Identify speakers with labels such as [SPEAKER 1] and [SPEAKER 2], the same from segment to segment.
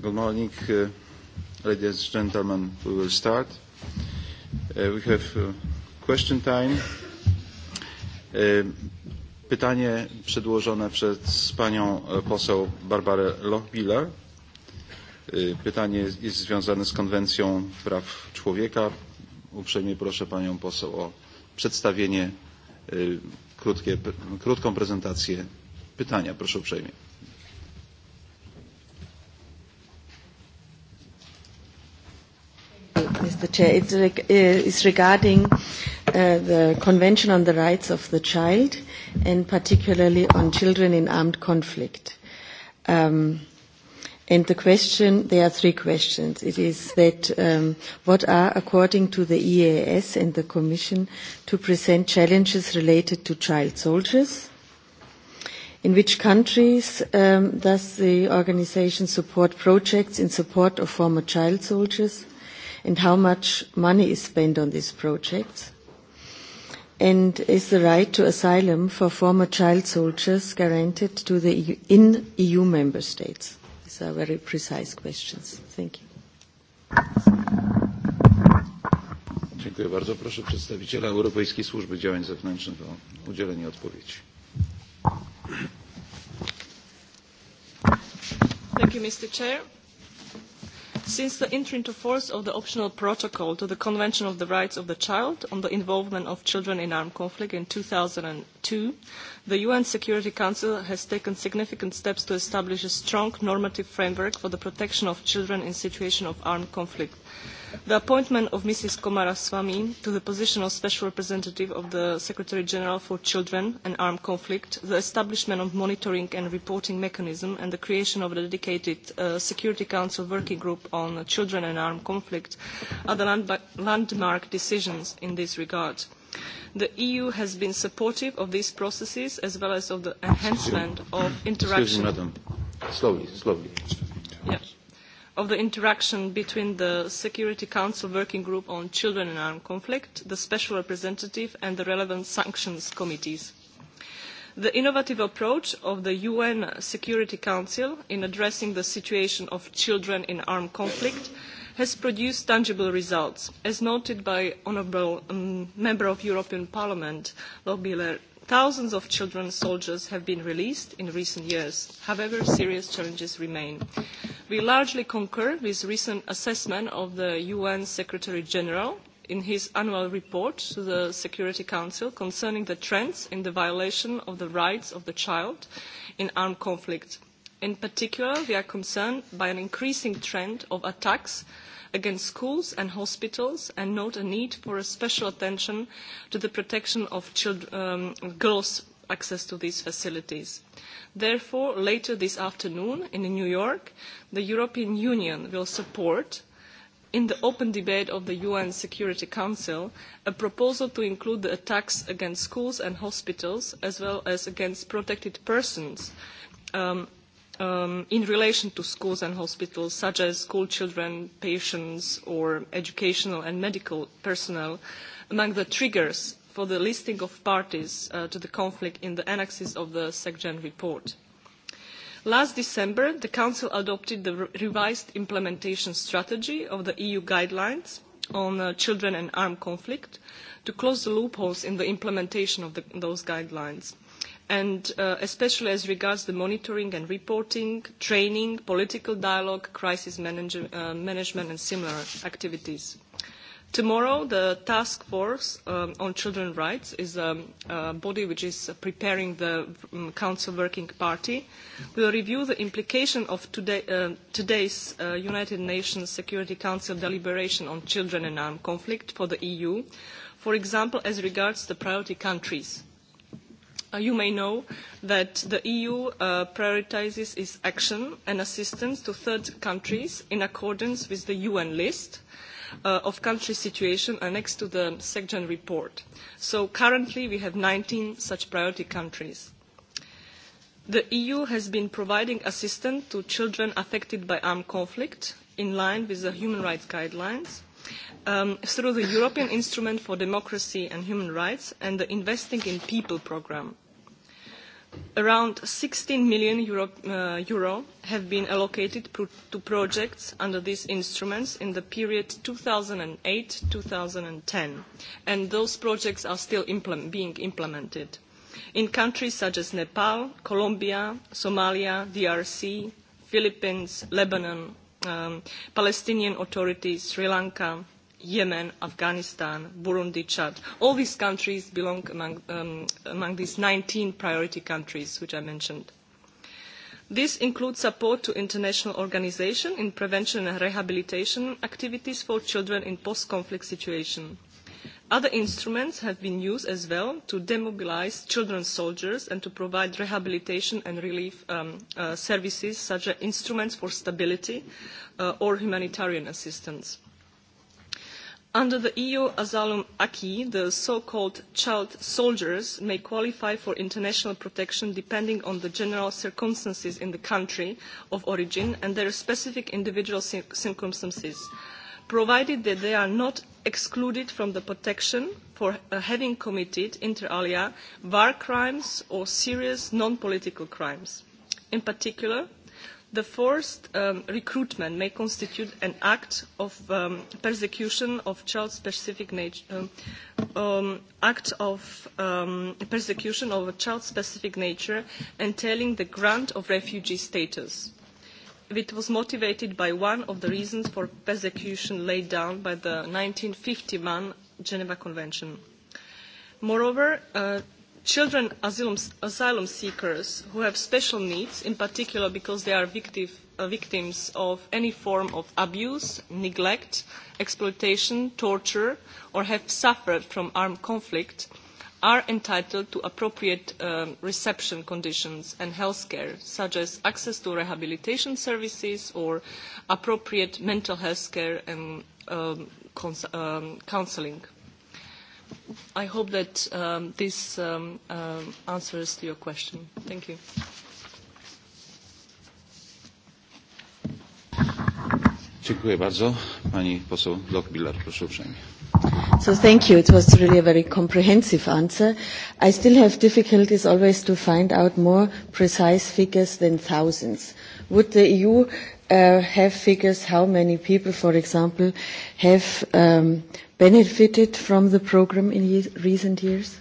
[SPEAKER 1] Good morning, uh, ladies and gentlemen. We will start. Uh, we have uh, question time. Uh, pytanie przedłożone przez panią e, poseł Barbarę Lochbiller. E, pytanie jest związane z Konwencją Praw Człowieka. Uprzejmie proszę panią poseł o przedstawienie, e, krótkie, krótką prezentację pytania. Proszę uprzejmie.
[SPEAKER 2] the Chair. It reg- uh, is regarding uh, the Convention on the Rights of the Child and particularly on children in armed conflict. Um, and the question, there are three questions. It is that um, what are, according to the EAS and the Commission, to present challenges related to child soldiers? In which countries um, does the organization support projects in support of former child soldiers? and how much money is spent on these projects? And is the right to asylum for former child soldiers guaranteed to the EU, in EU member states? These are very precise questions. Thank you.
[SPEAKER 1] Dziękuję bardzo. Proszę przedstawiciela Europejskiej Służby Działań Zewnętrznych o udzielenie odpowiedzi.
[SPEAKER 3] Thank you, Mr. Chair. Since the entry into force of the optional protocol to the Convention of the Rights of the Child on the involvement of children in armed conflict in 2002, the UN Security Council has taken significant steps to establish a strong normative framework for the protection of children in situations of armed conflict. The appointment of Mrs. Komaraswamy to the position of Special Representative of the Secretary General for Children and Armed Conflict, the establishment of monitoring and reporting mechanism, and the creation of a dedicated uh, Security Council working group on children and armed conflict are the land landmark decisions in this regard. The EU has been supportive of these processes as well as of the enhancement of interaction. Excuse me, madam.
[SPEAKER 1] Slowly, slowly. Yes. Yeah
[SPEAKER 3] of the interaction between the Security Council Working Group on Children in Armed Conflict, the Special Representative and the relevant sanctions committees. The innovative approach of the UN Security Council in addressing the situation of children in armed conflict has produced tangible results, as noted by honourable um, member of European Parliament, Lochbihler Thousands of children soldiers have been released in recent years. However, serious challenges remain. We largely concur with recent assessment of the UN Secretary General in his annual report to the Security Council concerning the trends in the violation of the rights of the child in armed conflict. In particular, we are concerned by an increasing trend of attacks against schools and hospitals and note a need for a special attention to the protection of um, girls' access to these facilities. Therefore, later this afternoon in New York, the European Union will support in the open debate of the UN Security Council a proposal to include the attacks against schools and hospitals as well as against protected persons um, um, in relation to schools and hospitals, such as school children, patients, or educational and medical personnel, among the triggers for the listing of parties uh, to the conflict in the annexes of the SecGen report. Last December, the Council adopted the re revised implementation strategy of the EU guidelines on uh, children and armed conflict to close the loopholes in the implementation of the, those guidelines and uh, especially as regards the monitoring and reporting, training, political dialogue, crisis manager, uh, management and similar activities. Tomorrow, the Task Force um, on Children's Rights is a, um, a, body which is preparing the um, Council Working Party. will review the implication of today, uh, today's uh, United Nations Security Council deliberation on children and armed conflict for the EU, for example, as regards the priority countries Uh, you may know that the EU uh, prioritizes its action and assistance to third countries in accordance with the UN list uh, of country situation annexed to the SECGEN report. So currently we have 19 such priority countries. The EU has been providing assistance to children affected by armed conflict in line with the human rights guidelines um, through the European Instrument for Democracy and Human Rights and the Investing in People programme. Around 16 million euro, uh, euro have been allocated pro to projects under these instruments in the period 2008-2010, and those projects are still being implemented in countries such as Nepal, Colombia, Somalia, DRC, Philippines, Lebanon, um, Palestinian Authority, Sri Lanka, Yemen, Afghanistan, Burundi, Chad. All these countries belong among, um, among these 19 priority countries which I mentioned. This includes support to international organizations in prevention and rehabilitation activities for children in post-conflict situations. Other instruments have been used as well to demobilize children soldiers and to provide rehabilitation and relief um, uh, services, such as instruments for stability uh, or humanitarian assistance. Under the EU asylum acquis, the so-called child soldiers may qualify for international protection depending on the general circumstances in the country of origin and their specific individual circumstances, provided that they are not excluded from the protection for uh, having committed, inter alia, war crimes or serious non-political crimes. In particular, the forced um, recruitment may constitute an act of um, persecution of child-specific nature, um, um, act of um, persecution of a child-specific nature entailing the grant of refugee status it was motivated by one of the reasons for persecution laid down by the 1951 Geneva Convention. Moreover, uh, children asylum, asylum seekers who have special needs, in particular because they are victim, uh, victims of any form of abuse, neglect, exploitation, torture, or have suffered from armed conflict, are entitled to appropriate um, reception conditions and health care, such as access to rehabilitation services or appropriate mental health care and um, um, counseling. I hope that um, this um, um, answers to your question. Thank you.
[SPEAKER 1] Dziękuję bardzo. Pani poseł Lochbiller, proszę uprzejmie.
[SPEAKER 2] So thank you. It was really a very comprehensive answer. I still have difficulties always to find out more precise figures than thousands. Would the EU uh, have figures how many people, for example, have um, benefited from the program in ye recent years?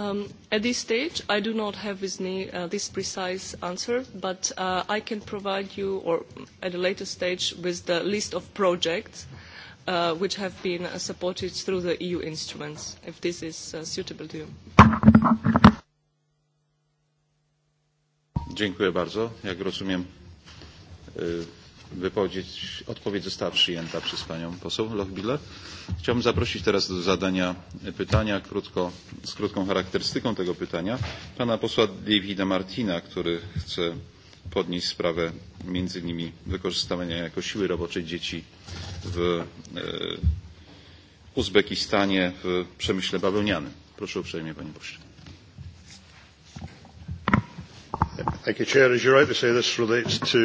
[SPEAKER 3] Um, at this stage, I do not have with me uh, this precise answer, but uh, I can provide you, or at a later stage, with the list of projects uh, which have been uh, supported through the EU instruments, if this is uh, suitable to you.
[SPEAKER 1] Dziękuję bardzo. Jak rozumiem, y wypowiedź, odpowiedź została przyjęta przez panią poseł Lochbiller. Chciałbym zaprosić teraz do zadania pytania krótko, z krótką charakterystyką tego pytania pana posła Davida Martina, który chce podnieść sprawę między innymi wykorzystywania jako siły roboczej dzieci w e, Uzbekistanie w przemyśle bawełnianym. Proszę uprzejmie panie pośle.
[SPEAKER 4] Thank you, Chair. As you're right say, this relates to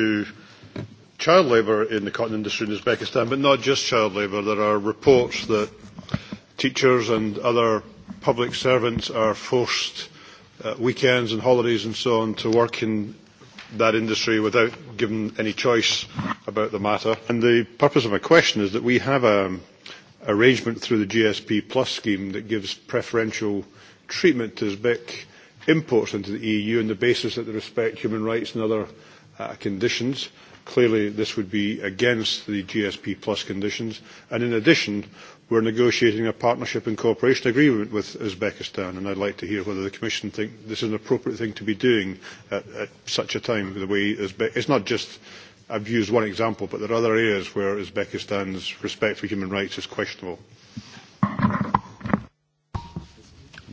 [SPEAKER 4] child labour in the cotton industry in Uzbekistan, but not just child labour. There are reports that teachers and other public servants are forced uh, weekends and holidays and so on to work in that industry without given any choice about the matter. And the purpose of my question is that we have an um, arrangement through the GSP Plus scheme that gives preferential treatment to Uzbek imports into the EU on the basis that they respect human rights and other uh, conditions. Clearly, this would be against the GSP conditions. And in addition, we're negotiating a partnership and cooperation agreement with Uzbekistan, and I'd like to hear whether the Commission think this is an appropriate thing to be doing at, such a time. The way it's not just I've used one example, but there are other
[SPEAKER 1] areas where Uzbekistan's respect for human rights is questionable.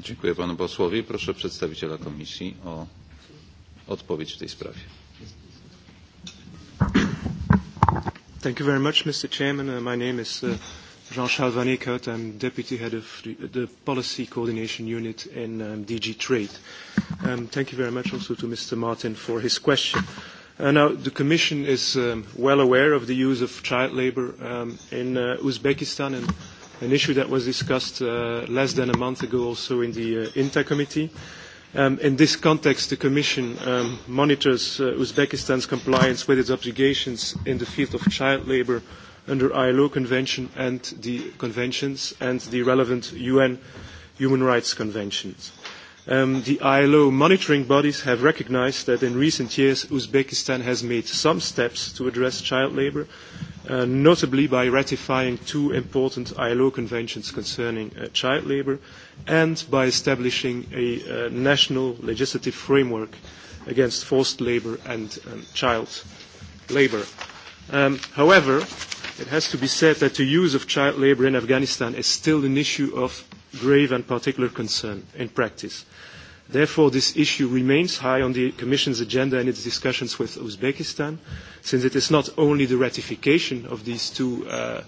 [SPEAKER 1] Dziękuję panu posłowi. Proszę przedstawiciela komisji o
[SPEAKER 5] odpowiedź w tej sprawie. Thank you very much, Mr. Chairman. Uh, my name is uh, Jean-Charles Van Eekhout. I'm Deputy Head of the, the Policy Coordination Unit in um, DG Trade. Um, thank you very much also to Mr. Martin for his question. Uh, now, the Commission is um, well aware of the use of child labor um, in uh, Uzbekistan, and an issue that was discussed uh, less than a month ago also in the uh, INTA Committee. Uh, Um, in this context, the Commission um, monitors uh, Uzbekistan's compliance with its obligations in the field of child labour under ILO convention and the conventions and the relevant UN human rights conventions. Um, the ILO monitoring bodies have recognised that in recent years Uzbekistan has made some steps to address child labour, Uh, notably by ratifying two important ILO conventions concerning uh, child labour and by establishing a uh, national legislative framework against forced labour and um, child labour. Um, however, it has to be said that the use of child labour in Afghanistan is still an issue of grave and particular concern in practice. Therefore, this issue remains high on the Commission's agenda in its discussions with Uzbekistan, since it is not only the ratification of these two uh,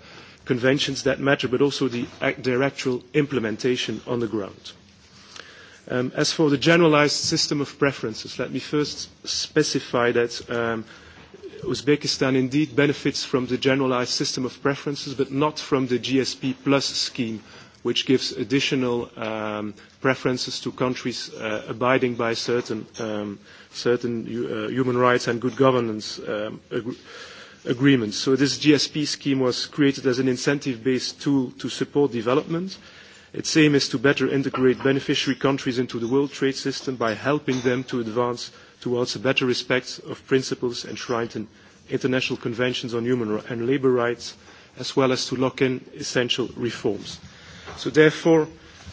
[SPEAKER 5] conventions that matter, but also the, their actual implementation on the ground. Um, as for the generalized system of preferences, let me first specify that um, Uzbekistan indeed benefits from the generalized system of preferences, but not from the GSP plus scheme, which gives additional um, preferences to countries uh, abiding by certain, um, certain uh, human rights and good governance um, ag agreements. So this GSP scheme was created as an incentive-based tool to support development. Its aim is to better integrate beneficiary countries into the world trade system by helping them to advance towards a better respect of principles enshrined in international conventions on human and labour rights, as well as to lock in essential reforms. So therefore,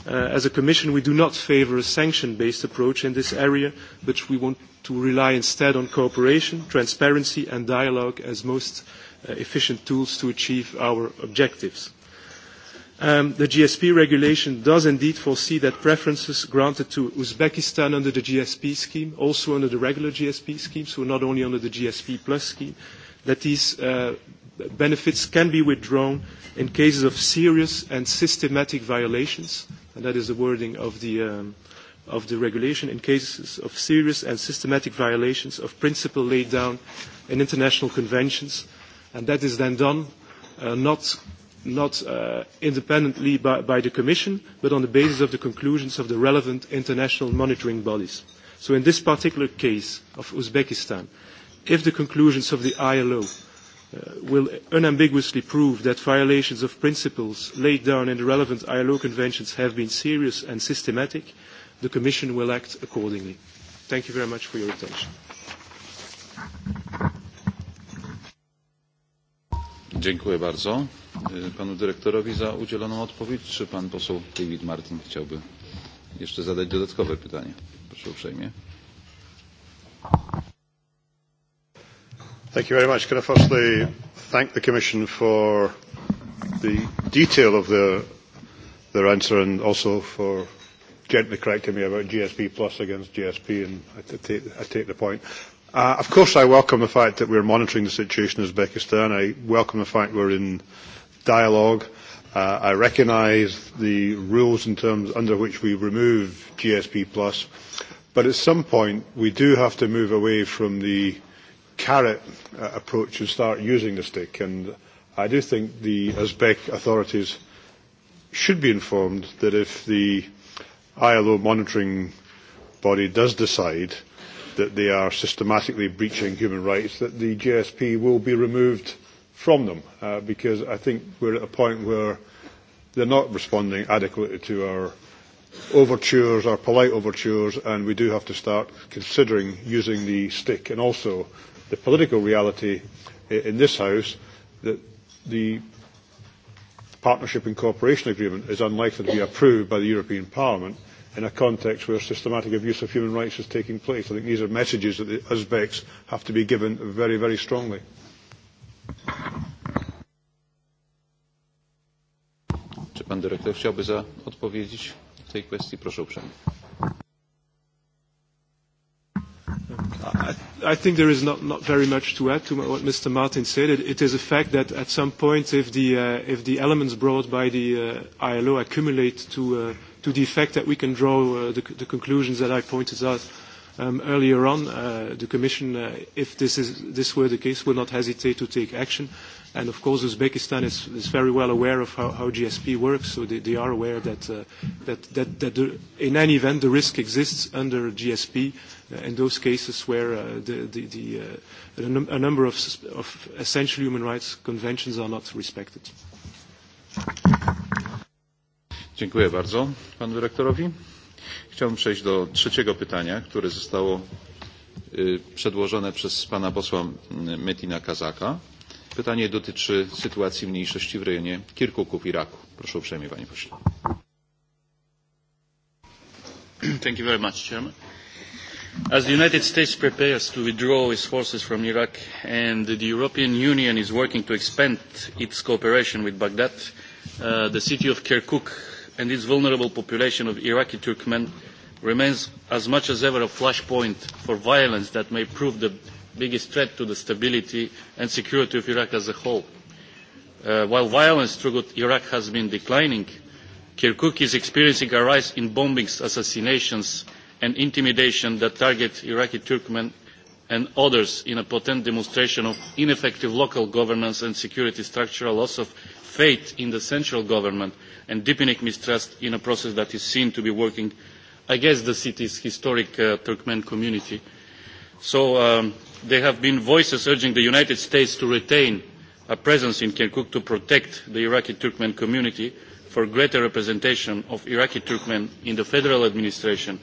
[SPEAKER 5] uh, as a Commission, we do not favour a sanction-based approach in this area, but we want to rely instead on cooperation, transparency and dialogue as most uh, efficient tools to achieve our objectives. Um, the GSP regulation does indeed foresee that preferences granted to Uzbekistan under the GSP scheme, also under the regular GSP scheme, so not only under the GSP plus scheme, that these uh, benefits can be withdrawn in cases of serious and systematic violations, and that is the wording of the, um, of the regulation, in cases of serious and systematic violations of principle laid down in international conventions, and that is then done uh, not, not uh, independently by, by the Commission, but on the basis of the conclusions of the relevant international monitoring bodies. So in this particular case of Uzbekistan, if the conclusions of the ILO Uh, will unambiguously prove that violations of principles laid down in the relevant ILO conventions have been serious and systematic, the Commission will act accordingly. Thank you very much for your attention.
[SPEAKER 1] Dziękuję bardzo panu dyrektorowi za udzieloną odpowiedź. Czy pan poseł David Martin chciałby jeszcze zadać dodatkowe pytanie? Proszę uprzejmie. Thank you very much. Can I
[SPEAKER 4] firstly thank the Commission for the detail of their, their answer and also for gently correcting me about GSP plus against GSP, and I take, I take the point. Uh, of course, I welcome the fact that we're monitoring the situation in Uzbekistan. I welcome the fact we're in dialogue. Uh, I recognise the rules in terms under which we remove GSP plus, but at some point we do have to move away from the carrot uh, approach and start using the stick. And I do think the Uzbek authorities should be informed that if the ILO monitoring body does decide that they are systematically breaching human rights, that the GSP will be removed from them, uh, because I think we're at a point where they're not responding adequately to our overtures, our polite overtures, and we do have to start considering using the stick and also the political reality in this House that the partnership and cooperation agreement is unlikely to be approved by the European Parliament in a context where systematic abuse of human rights is taking place. I think these are messages that the Uzbeks have to be given very, very strongly.
[SPEAKER 1] Czy pan dyrektor chciałby za odpowiedzieć
[SPEAKER 5] w tej kwestii? Proszę uprzejmie. I think there is not, not very much to add to what Mr. Martin said. It, it is a fact that at some point, if the, uh, if the elements brought by the uh, ILO accumulate to, uh, to the effect that we can draw uh, the, the conclusions that I pointed out Um, earlier on, uh, the Commission, uh, if this, is, this were the case, would not hesitate to take action. And of course, Uzbekistan is, is very well aware of how, how GSP works, so they, they are aware that, uh, that, that, that the, in any event the risk exists under GSP uh, in those cases where uh, the, the, the, uh, a, num a number of, of essential human rights conventions are not respected.
[SPEAKER 1] Dziękuję bardzo panu dyrektorowi. Chciałbym przejść do trzeciego pytania, które zostało przedłożone przez pana posła Metina Kazaka. Pytanie dotyczy sytuacji mniejszości w rejonie Kirkuku w Iraku. Proszę uprzejmie, panie pośle.
[SPEAKER 6] Thank you very much, Chairman. As the United States prepares to withdraw its forces from Iraq and the European Union is working to expand its cooperation with Baghdad, uh, the city of Kirkuk and its vulnerable population of Iraqi Turkmen remains as much as ever a flashpoint for violence that may prove the biggest threat to the stability and security of Iraq as a whole. Uh, while violence throughout Iraq has been declining, Kirkuk is experiencing a rise in bombings, assassinations and intimidation that target Iraqi Turkmen and others in a potent demonstration of ineffective local governance and security structure, a loss of faith in the central government and deepening mistrust in a process that is seen to be working against the city's historic uh, Turkmen community. So um, there have been voices urging the United States to retain a presence in Kirkuk to protect the Iraqi Turkmen community for greater representation of Iraqi Turkmen in the federal administration,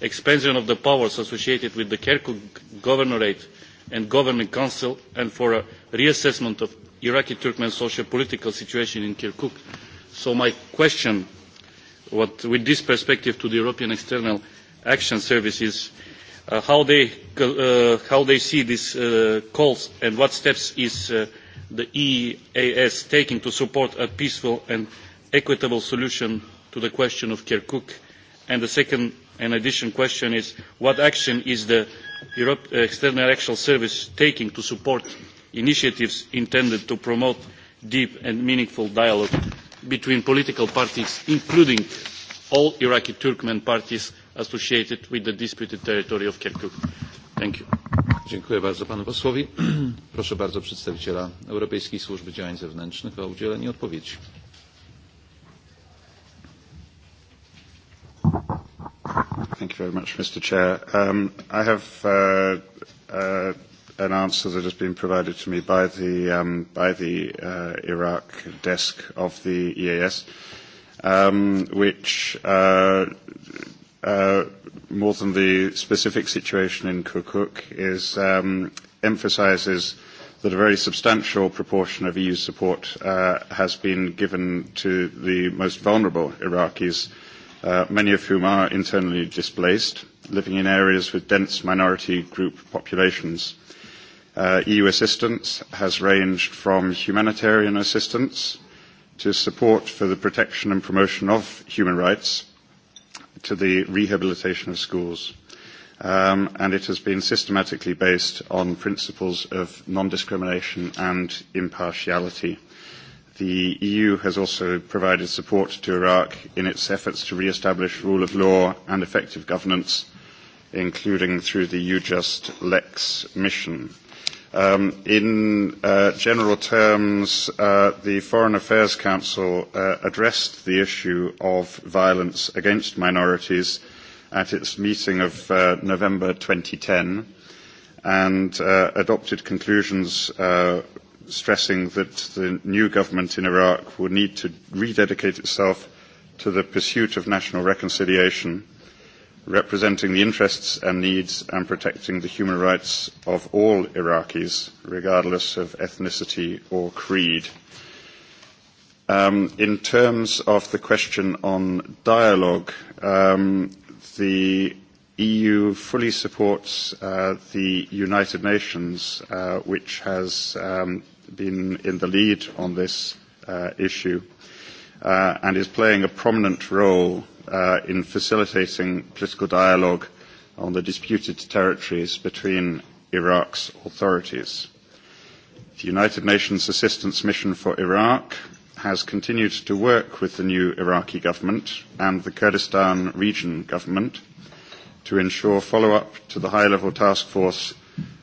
[SPEAKER 6] expansion of the powers associated with the Kirkuk governorate and governing council, and for a reassessment of Iraqi Turkmen socio-political situation in Kirkuk. So my question what, with this perspective to the European External Action Service is uh, how, they, uh, how they see these uh, calls and what steps is uh, the EAS taking to support a peaceful and equitable solution to the question of Kirkuk? And the second and additional question is what action is the Europe uh, External Action Service taking to support initiatives intended to promote deep and meaningful dialogue between political parties, including all Iraqi Turkmen parties associated with the disputed territory of Kirkuk. Thank you. Dziękuję bardzo panu posłowi. Proszę bardzo przedstawiciela Europejskiej Służby
[SPEAKER 1] Działań Zewnętrznych o udzielenie odpowiedzi.
[SPEAKER 7] Thank you very much, Mr. Chair. Um, I have uh, uh, an answer that has been provided to me by the, um, by the uh, Iraq desk of the EAS, um, which uh, uh, more than the specific situation in Kirkuk is um, emphasizes that a very substantial proportion of EU support uh, has been given to the most vulnerable Iraqis, uh, many of whom are internally displaced, living in areas with dense minority group populations. Uh, Uh, EU assistance has ranged from humanitarian assistance to support for the protection and promotion of human rights to the rehabilitation of schools. Um, and it has been systematically based on principles of non-discrimination and impartiality. The EU has also provided support to Iraq in its efforts to re-establish rule of law and effective governance, including through the UJust Lex mission. Um, in uh, general terms, uh, the Foreign Affairs Council uh, addressed the issue of violence against minorities at its meeting of uh, November 2010 and uh, adopted conclusions uh, stressing that the new government in Iraq would need to rededicate itself to the pursuit of national reconciliation representing the interests and needs and protecting the human rights of all Iraqis, regardless of ethnicity or creed. Um, in terms of the question on dialogue, um, the EU fully supports uh, the United Nations, uh, which has um, been in the lead on this uh, issue uh, and is playing a prominent role uh, in facilitating political dialogue on the disputed territories between Iraq's authorities. The United Nations Assistance Mission for Iraq has continued to work with the new Iraqi government and the Kurdistan region government to ensure follow-up to the high-level task force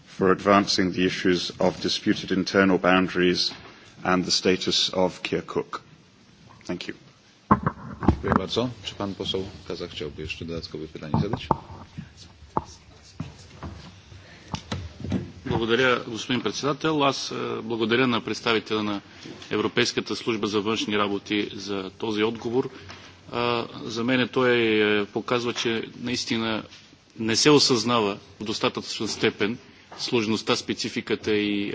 [SPEAKER 7] for advancing the issues of disputed internal boundaries and the status of Kirkuk.
[SPEAKER 1] Thank you. Dziękuję bardzo. Czy pan poseł Kaza chciałby jeszcze dodatkowe pytanie zadać?
[SPEAKER 6] Благодаря, господин председател. Аз благодаря на представителя на Европейската служба за външни работи за този отговор. За мен той показва, че наистина не се осъзнава в достатъчна степен сложността, спецификата и,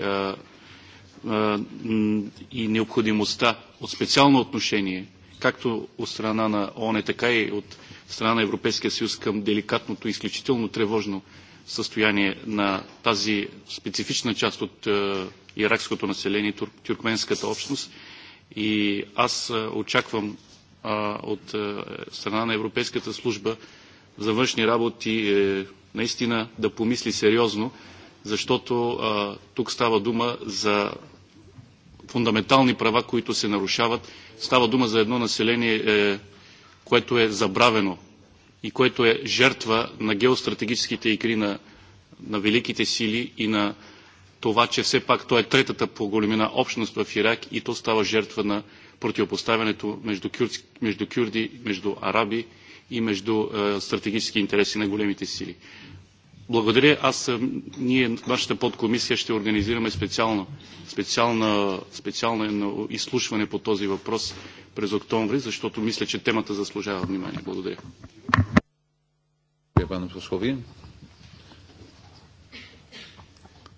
[SPEAKER 6] и необходимостта от специално отношение както от страна на ООН, така и от страна на Европейския съюз към деликатното, изключително тревожно състояние на тази специфична част от иракското население, тюркменската общност. И аз очаквам от страна на Европейската служба за външни работи наистина да помисли сериозно, защото тук става дума за фундаментални права, които се нарушават. Става дума за едно население, което е забравено и което е жертва на геостратегическите игри на, на великите сили и на това, че все пак то е третата по големина общност в Ирак и то става жертва на противопоставянето между, кюр, между кюрди, между араби и между е, стратегически интереси на големите сили. Благодаря. Аз ние, нашата подкомисия, ще организираме специално, специална, специално изслушване по този въпрос през октомври, защото мисля, че темата заслужава внимание. Благодаря. Благодаря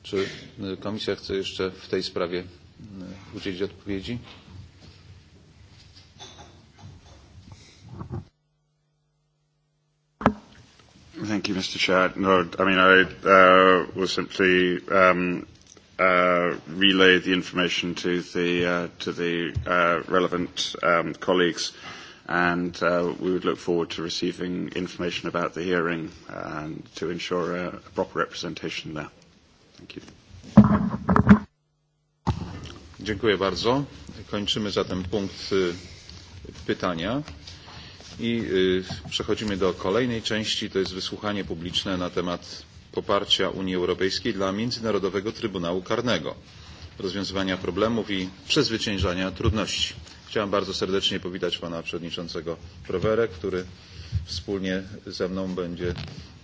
[SPEAKER 1] Czy komisja chce jeszcze w tej sprawie udzielić odpowiedzi?
[SPEAKER 7] Thank you, Mr. Chair. No, I mean, I uh, will simply um, uh, relay the information to the, uh, to the uh, relevant um, colleagues, and uh, we would look forward to receiving information about the hearing and to ensure a, a proper representation there. Thank you.
[SPEAKER 1] Dziękuję bardzo. Kończymy zatem punkt pytania. I przechodzimy do kolejnej części, to jest wysłuchanie publiczne na temat poparcia Unii Europejskiej dla Międzynarodowego Trybunału Karnego, rozwiązywania problemów i przezwyciężania trudności. Chciałem bardzo serdecznie powitać pana przewodniczącego Prowerek, który wspólnie ze mną będzie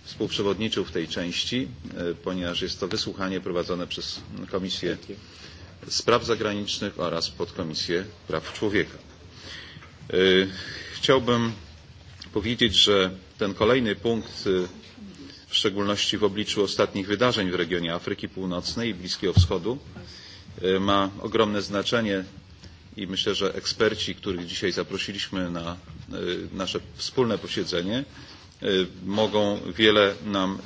[SPEAKER 1] współprzewodniczył w tej części, ponieważ jest to wysłuchanie prowadzone przez Komisję Spraw Zagranicznych oraz Podkomisję Praw Człowieka. Chciałbym powiedzieć, że ten kolejny punkt, w szczególności w obliczu ostatnich wydarzeń w regionie Afryki Północnej i Bliskiego Wschodu, ma ogromne znaczenie i myślę, że eksperci, których dzisiaj zaprosiliśmy na nasze wspólne posiedzenie, mogą wiele nam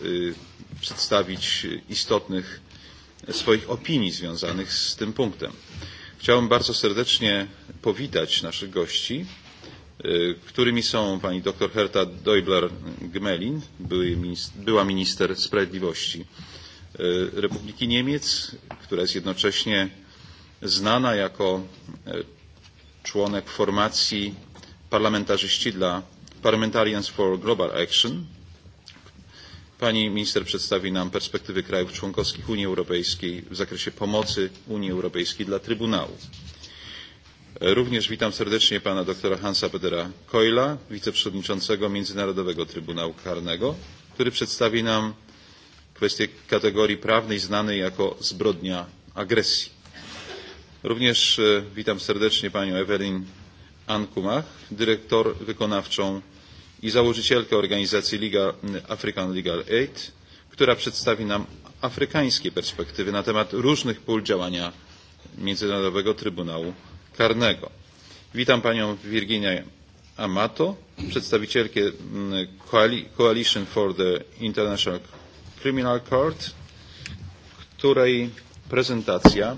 [SPEAKER 1] przedstawić istotnych swoich opinii związanych z tym punktem. Chciałbym bardzo serdecznie powitać naszych gości E, którymi są pani dr Herta Deubler-Gmelin, była minister sprawiedliwości e, Republiki Niemiec, która jest jednocześnie znana jako e, członek formacji parlamentarzyści dla Parliamentarians for Global Action. Pani minister przedstawi nam perspektywy krajów członkowskich Unii Europejskiej w zakresie pomocy Unii Europejskiej dla Trybunału. E, również witam serdecznie pana doktora Hansa Petera Koila, wiceprzewodniczącego Międzynarodowego Trybunału Karnego, który przedstawi nam kwestię kategorii prawnej znanej jako zbrodnia agresji. Również e, witam serdecznie panią Ewelin Ankumach, dyrektor wykonawczą i założycielkę organizacji Liga, African Legal Aid, która przedstawi nam afrykańskie perspektywy na temat różnych pól działania Międzynarodowego Trybunału karnego. Witam panią Virginia Amato, przedstawicielkę mm, Coalition for the International Criminal Court, której prezentacja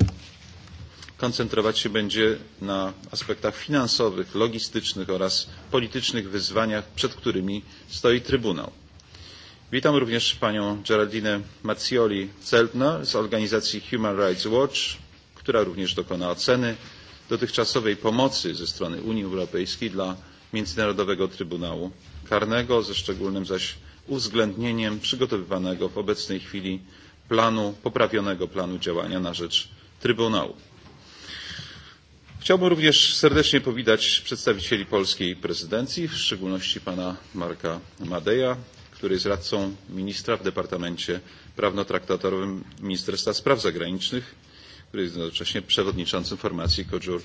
[SPEAKER 1] koncentrować się będzie na aspektach finansowych, logistycznych oraz politycznych wyzwaniach, przed którymi stoi Trybunał. Witam również panią Geraldine Mazzioli-Celtner z organizacji Human Rights Watch, która również dokona oceny dotychczasowej pomocy ze strony Unii Europejskiej dla Międzynarodowego Trybunału Karnego, ze szczególnym zaś uwzględnieniem przygotowywanego w obecnej chwili planu, poprawionego planu działania na rzecz Trybunału. Chciałbym również serdecznie powitać przedstawicieli polskiej prezydencji, w szczególności pana Marka Madeja, który jest radcą ministra w Departamencie Prawno-Traktatowym Ministerstwa Spraw Zagranicznych który jest jednocześnie przewodniczącym formacji COJUR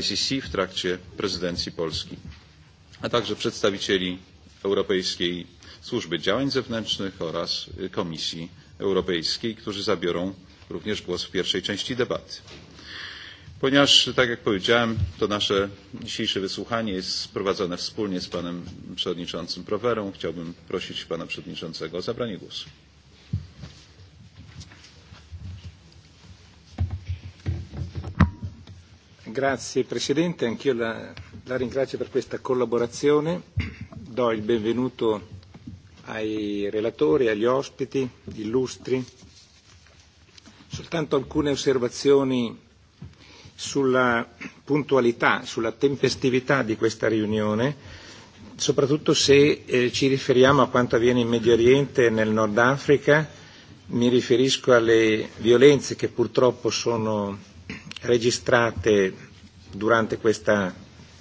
[SPEAKER 1] ICC w trakcie prezydencji Polski, a także przedstawicieli Europejskiej Służby Działań Zewnętrznych oraz Komisji Europejskiej, którzy zabiorą również głos w pierwszej części debaty. Ponieważ, tak jak powiedziałem, to nasze dzisiejsze wysłuchanie jest prowadzone wspólnie z panem przewodniczącym Prowerą, chciałbym prosić pana przewodniczącego o zabranie głosu.
[SPEAKER 8] Grazie Presidente, anch'io la, la ringrazio per questa collaborazione. Do il benvenuto ai relatori, agli ospiti illustri. Soltanto alcune osservazioni sulla puntualità, sulla tempestività di questa riunione, soprattutto se eh, ci riferiamo a quanto avviene in Medio Oriente e nel Nord Africa, mi riferisco alle violenze che purtroppo sono registrate durante questa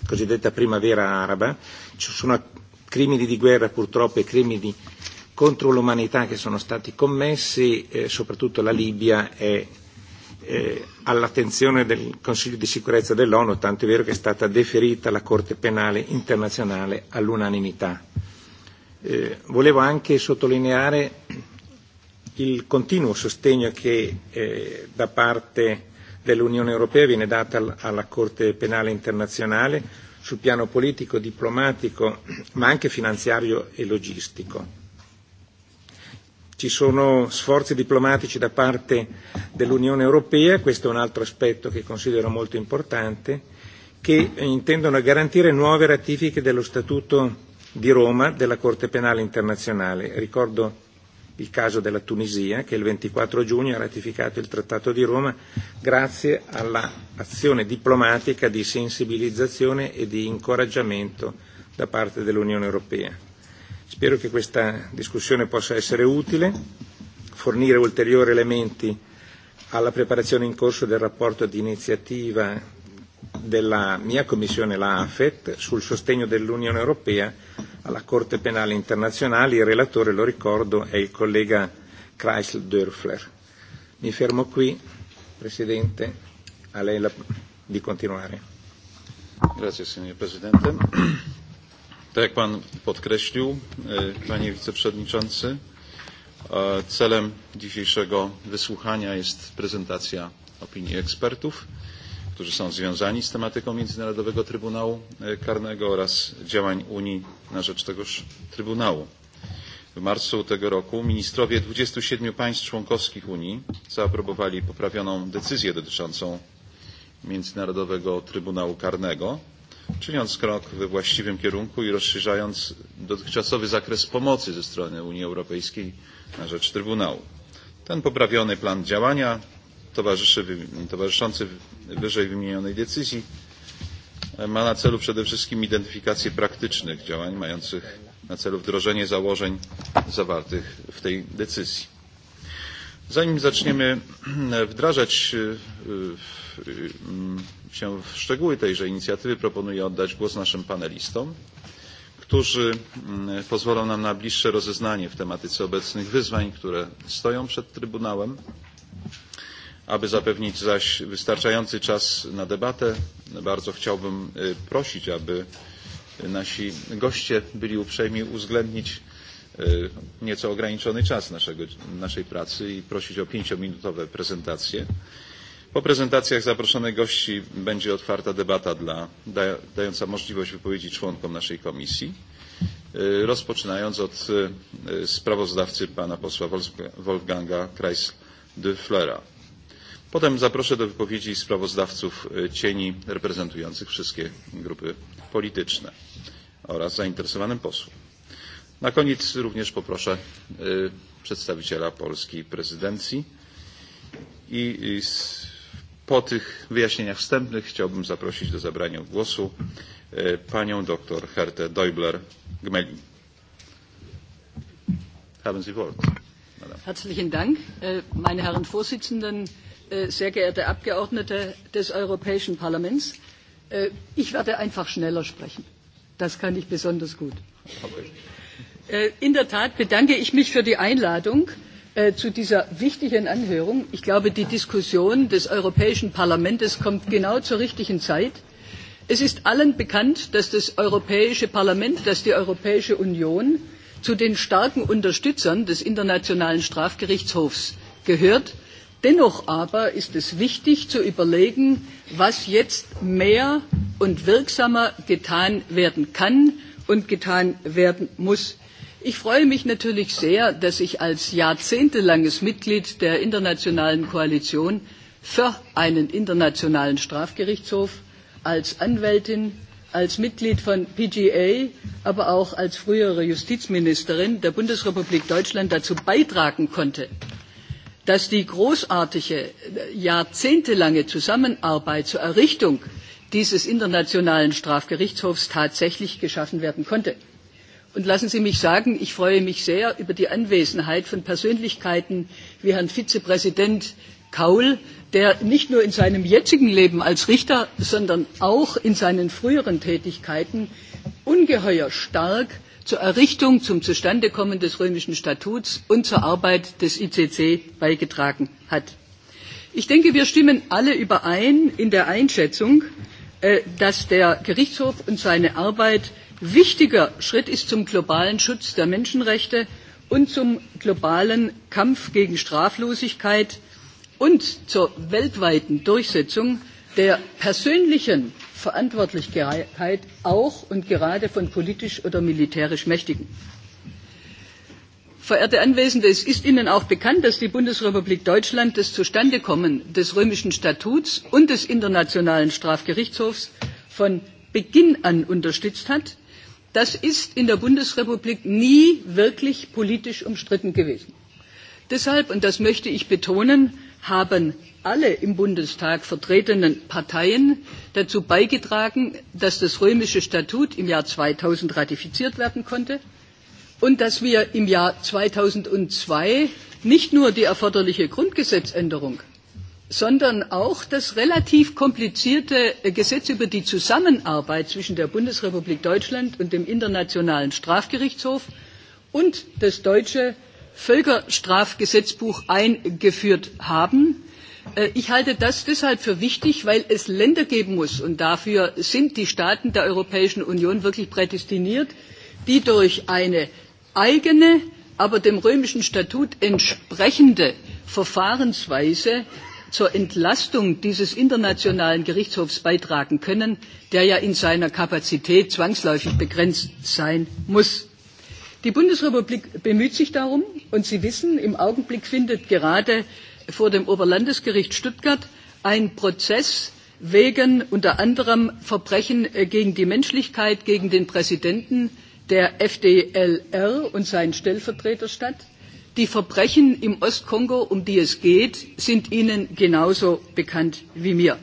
[SPEAKER 8] cosiddetta primavera araba. Ci sono crimini di guerra purtroppo e crimini contro l'umanità che sono stati commessi, eh, soprattutto la Libia è e, eh, all'attenzione del Consiglio di sicurezza dell'ONU, tanto è vero che è stata deferita la Corte penale internazionale all'unanimità. Eh, volevo anche sottolineare il continuo sostegno che eh, da parte dell'Unione Europea viene data alla Corte Penale Internazionale sul piano politico, diplomatico, ma anche finanziario e logistico. Ci sono sforzi diplomatici da parte dell'Unione Europea, questo è un altro aspetto che considero molto importante, che intendono garantire nuove ratifiche dello Statuto di Roma della Corte Penale Internazionale. Ricordo il caso della Tunisia, che il 24 giugno ha ratificato il Trattato di Roma grazie all'azione diplomatica di sensibilizzazione e di incoraggiamento da parte dell'Unione Europea. Spero che questa discussione possa essere utile, fornire ulteriori elementi alla preparazione in corso del rapporto di iniziativa della mia Commissione, la AFET, sul sostegno dell'Unione Europea alla Corte Penale Internazionale. Il relatore, lo ricordo, è il collega Kreisl Dörfler. Mi fermo qui, Presidente, a lei la... di continuare. Grazie, signor Presidente. Tak jak Pan
[SPEAKER 1] podkreślił, e, Panie Wiceprzewodniczący, e, celem dzisiejszego wysłuchania jest prezentacja opinii ekspertów którzy są związani z tematyką Międzynarodowego Trybunału e, Karnego oraz działań Unii na rzecz tegoż Trybunału. W marcu tego roku ministrowie 27 państw członkowskich Unii zaaprobowali poprawioną decyzję dotyczącą Międzynarodowego Trybunału Karnego, czyniąc krok we właściwym kierunku i rozszerzając dotychczasowy zakres pomocy ze strony Unii Europejskiej na rzecz Trybunału. Ten poprawiony plan działania towarzyszy, towarzyszący wyżej wymienionej decyzji e, ma na celu przede wszystkim identyfikację praktycznych działań mających na celu wdrożenie założeń zawartych w tej decyzji. Zanim zaczniemy e, wdrażać e, się w szczegóły tejże inicjatywy, proponuję oddać głos naszym panelistom, którzy mm, pozwolą nam na bliższe rozeznanie w tematyce obecnych wyzwań, które stoją przed Trybunałem Aby zapewnić zaś wystarczający czas na debatę, bardzo chciałbym prosić, aby nasi goście byli uprzejmi uwzględnić nieco ograniczony czas naszego, naszej pracy i prosić o pięciominutowe prezentacje. Po prezentacjach zaproszonych gości będzie otwarta debata dla, da, dająca możliwość wypowiedzi członkom naszej komisji, rozpoczynając od sprawozdawcy pana posła Wolfganga Kreis-Dürflera. Potem zaproszę do wypowiedzi sprawozdawców e, cieni reprezentujących wszystkie grupy polityczne oraz zainteresowanych posłów. Na koniec również poproszę e, przedstawiciela polskiej prezydencji i po tych wyjaśnieniach wstępnych chciałbym zaprosić do zabrania głosu e, panią dr Hertę Deubler-Gmelin. Haben Sie Wort.
[SPEAKER 9] Herzlichen Dank, meine Herren Vorsitzenden, Äh, sehr geehrte Abgeordnete des Europäischen Parlaments, äh, ich werde einfach schneller sprechen. Das kann ich besonders gut. Äh, in der Tat bedanke ich mich für die Einladung zu dieser wichtigen Anhörung. Ich glaube, die Diskussion des Europäischen Parlaments kommt genau zur richtigen Zeit. Es ist allen bekannt, dass das Europäische Parlament, dass die Europäische Union zu den starken Unterstützern des Internationalen Strafgerichtshofs gehört Dennoch aber ist es wichtig zu überlegen, was jetzt mehr und wirksamer getan werden kann und getan werden muss. Ich freue mich natürlich sehr, dass ich als jahrzehntelanges Mitglied der internationalen Koalition für einen internationalen Strafgerichtshof als Anwältin, als Mitglied von PGA, aber auch als frühere Justizministerin der Bundesrepublik Deutschland dazu beitragen konnte, dass die großartige jahrzehntelange Zusammenarbeit zur Errichtung dieses internationalen Strafgerichtshofs tatsächlich geschaffen werden konnte. Und lassen Sie mich sagen, ich freue mich sehr über die Anwesenheit von Persönlichkeiten wie Herrn Vizepräsident Kaul, der nicht nur in seinem jetzigen Leben als Richter, sondern auch in seinen früheren Tätigkeiten ungeheuer stark zur Errichtung, zum Zustandekommen des römischen Statuts und zur Arbeit des ICC beigetragen hat. Ich denke, wir stimmen alle überein in der Einschätzung, äh, dass der Gerichtshof und seine Arbeit wichtiger Schritt ist zum globalen Schutz der Menschenrechte und zum globalen Kampf gegen Straflosigkeit und zur weltweiten Durchsetzung der persönlichen Verantwortlichkeit auch und gerade von politisch oder militärisch Mächtigen. Verehrte Anwesende, es ist Ihnen auch bekannt, dass die Bundesrepublik Deutschland das Zustandekommen des römischen Statuts und des Internationalen Strafgerichtshofs von Beginn an unterstützt hat. Das ist in der Bundesrepublik nie wirklich politisch umstritten gewesen. Deshalb, und das möchte ich betonen, haben alle im Bundestag vertretenen Parteien dazu beigetragen, dass das römische Statut im Jahr 2000 ratifiziert werden konnte und dass wir im Jahr 2002 nicht nur die erforderliche Grundgesetzänderung, sondern auch das relativ komplizierte äh, Gesetz über die Zusammenarbeit zwischen der Bundesrepublik Deutschland und dem Internationalen Strafgerichtshof und das deutsche Völkerstrafgesetzbuch eingeführt haben. Äh, ich halte das deshalb für wichtig, weil es Länder geben muss, und dafür sind die Staaten der Europäischen Union wirklich prädestiniert, die durch eine eigene, aber dem römischen Statut entsprechende Verfahrensweise zur Entlastung dieses internationalen Gerichtshofs beitragen können, der ja in seiner Kapazität zwangsläufig begrenzt sein muss. Die Bundesrepublik bemüht sich darum, und Sie wissen, im Augenblick findet gerade vor dem Oberlandesgericht Stuttgart ein Prozess wegen unter anderem Verbrechen äh, gegen die Menschlichkeit gegen den Präsidenten der FDLR und seinen Stellvertreter statt. Die Verbrechen im Ostkongo, um die es geht, sind Ihnen genauso bekannt wie mir.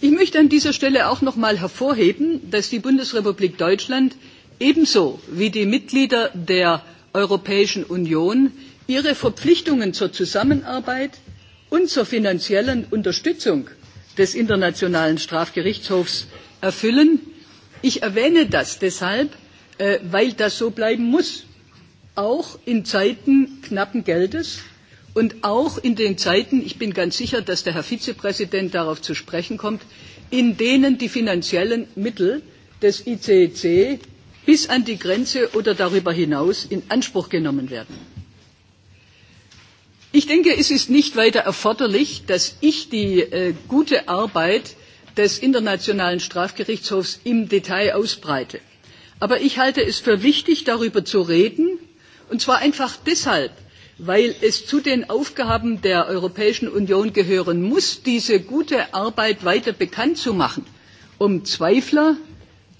[SPEAKER 9] Ich möchte an dieser Stelle auch noch einmal hervorheben, dass die Bundesrepublik Deutschland ebenso wie die Mitglieder der Europäischen Union ihre Verpflichtungen zur Zusammenarbeit und zur finanziellen Unterstützung des Internationalen Strafgerichtshofs erfüllen. Ich erwähne das deshalb, äh, weil das so bleiben muss, auch in Zeiten knappen Geldes und auch in den Zeiten, ich bin ganz sicher, dass der Herr Vizepräsident darauf zu sprechen kommt, in denen die finanziellen Mittel des ICC e bis an die Grenze oder darüber hinaus in Anspruch genommen werden. Ich denke, es ist nicht weiter erforderlich, dass ich die äh, gute Arbeit des Internationalen Strafgerichtshofs im Detail ausbreite. Aber ich halte es für wichtig, darüber zu reden, und zwar einfach deshalb, weil es zu den Aufgaben der Europäischen Union gehören muss, diese gute Arbeit weiter bekannt zu machen, um Zweifler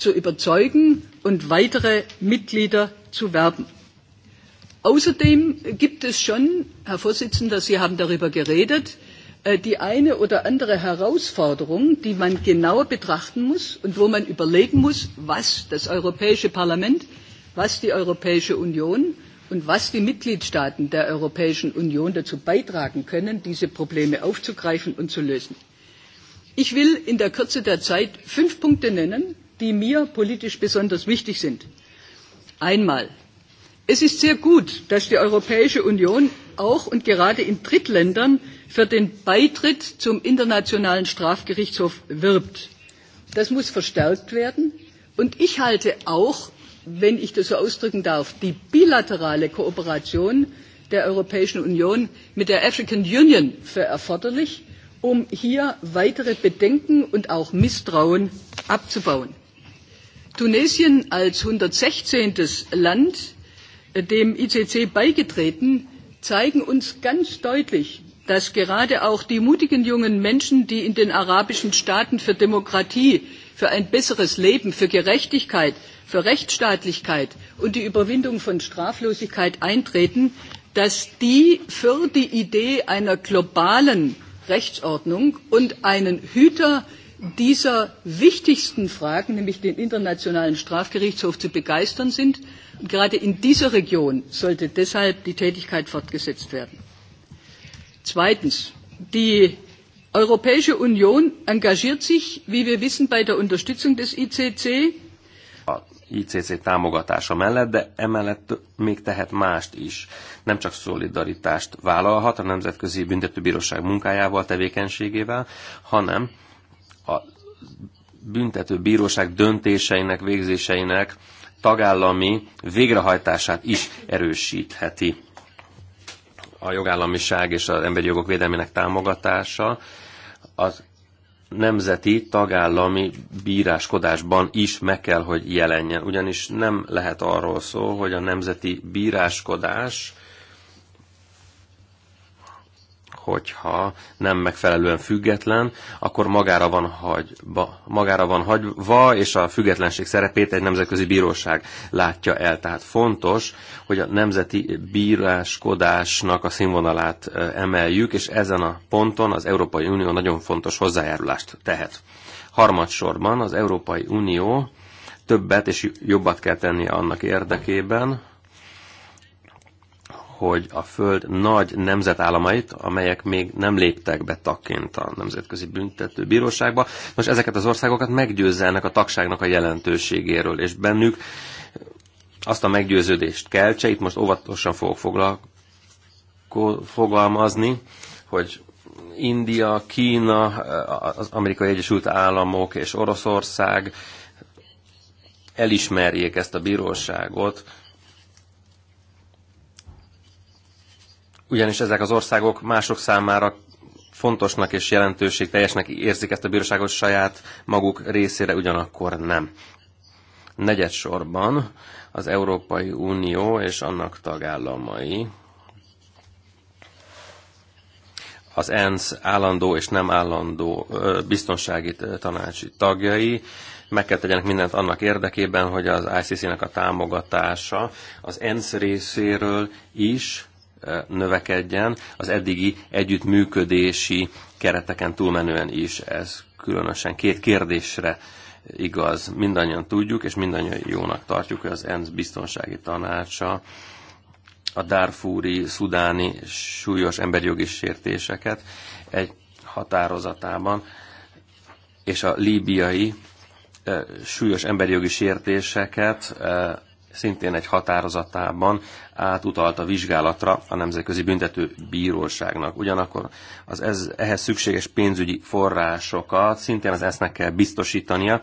[SPEAKER 9] zu überzeugen und weitere Mitglieder zu werben. Außerdem gibt es schon, Herr Vorsitzender, Sie haben darüber geredet, äh, die eine oder andere Herausforderung, die man genauer betrachten muss und wo man überlegen muss, was das Europäische Parlament, was die Europäische Union und was die Mitgliedstaaten der Europäischen Union dazu beitragen können, diese Probleme aufzugreifen und zu lösen. Ich will in der Kürze der Zeit fünf Punkte nennen, die mir politisch besonders wichtig sind. Einmal Es ist sehr gut, dass die Europäische Union auch und gerade in Drittländern für den Beitritt zum Internationalen Strafgerichtshof wirbt. Das muss verstärkt werden. Und ich halte auch, wenn ich das so ausdrücken darf, die bilaterale Kooperation der Europäischen Union mit der African Union für erforderlich, um hier weitere Bedenken und auch Misstrauen abzubauen. Tunesien als 116. Land äh, dem ICC beigetreten, zeigen uns ganz deutlich, dass gerade auch die mutigen jungen Menschen, die in den arabischen Staaten für Demokratie, für ein besseres Leben, für Gerechtigkeit, für Rechtsstaatlichkeit und die Überwindung von Straflosigkeit eintreten, dass die für die Idee einer globalen Rechtsordnung und einen Hüter dieser wichtigsten Fragen, nämlich den Internationalen Strafgerichtshof, zu begeistern sind. Und gerade in dieser Region sollte deshalb die Tätigkeit fortgesetzt werden. Zweitens. Die Europäische Union engagiert sich, wie wir wissen, bei der Unterstützung des ICC.
[SPEAKER 10] ICC támogatása mellett, de emellett még tehet mást is. Nem csak szolidaritást vállalhat a Nemzetközi Büntetőbíróság munkájával, tevékenységével, hanem a büntető bíróság döntéseinek, végzéseinek tagállami végrehajtását is erősítheti a jogállamiság és az emberi jogok védelmének támogatása az nemzeti tagállami bíráskodásban is meg kell, hogy jelenjen. Ugyanis nem lehet arról szó, hogy a nemzeti bíráskodás hogyha nem megfelelően független, akkor magára van, hagyva, magára van hagyva, és a függetlenség szerepét egy nemzetközi bíróság látja el. Tehát fontos, hogy a nemzeti bíráskodásnak a színvonalát emeljük, és ezen a ponton az Európai Unió nagyon fontos hozzájárulást tehet. Harmadsorban az Európai Unió többet és jobbat kell tennie annak érdekében, hogy a Föld nagy nemzetállamait, amelyek még nem léptek be tagként a Nemzetközi Büntető Bíróságba, most ezeket az országokat ennek a tagságnak a jelentőségéről, és bennük azt a meggyőződést keltse, itt most óvatosan fogok fogalmazni, hogy India, Kína, az Amerikai Egyesült Államok és Oroszország elismerjék ezt a bíróságot, ugyanis ezek az országok mások számára fontosnak és jelentőségteljesnek érzik ezt a bíróságot saját maguk részére, ugyanakkor nem. Negyedsorban az Európai Unió és annak tagállamai az ENSZ állandó és nem állandó biztonsági tanácsi tagjai meg kell tegyenek mindent annak érdekében, hogy az ICC-nek a támogatása az ENSZ részéről is növekedjen az eddigi együttműködési kereteken túlmenően is. Ez különösen két kérdésre igaz. Mindannyian tudjuk, és mindannyian jónak tartjuk, hogy az ENSZ biztonsági tanácsa a Darfúri, szudáni súlyos emberjogi sértéseket egy határozatában, és a líbiai súlyos emberjogi sértéseket szintén egy határozatában átutalt a vizsgálatra a Nemzetközi Büntető Bíróságnak. Ugyanakkor az ez, ehhez szükséges pénzügyi forrásokat szintén az esznek kell biztosítania,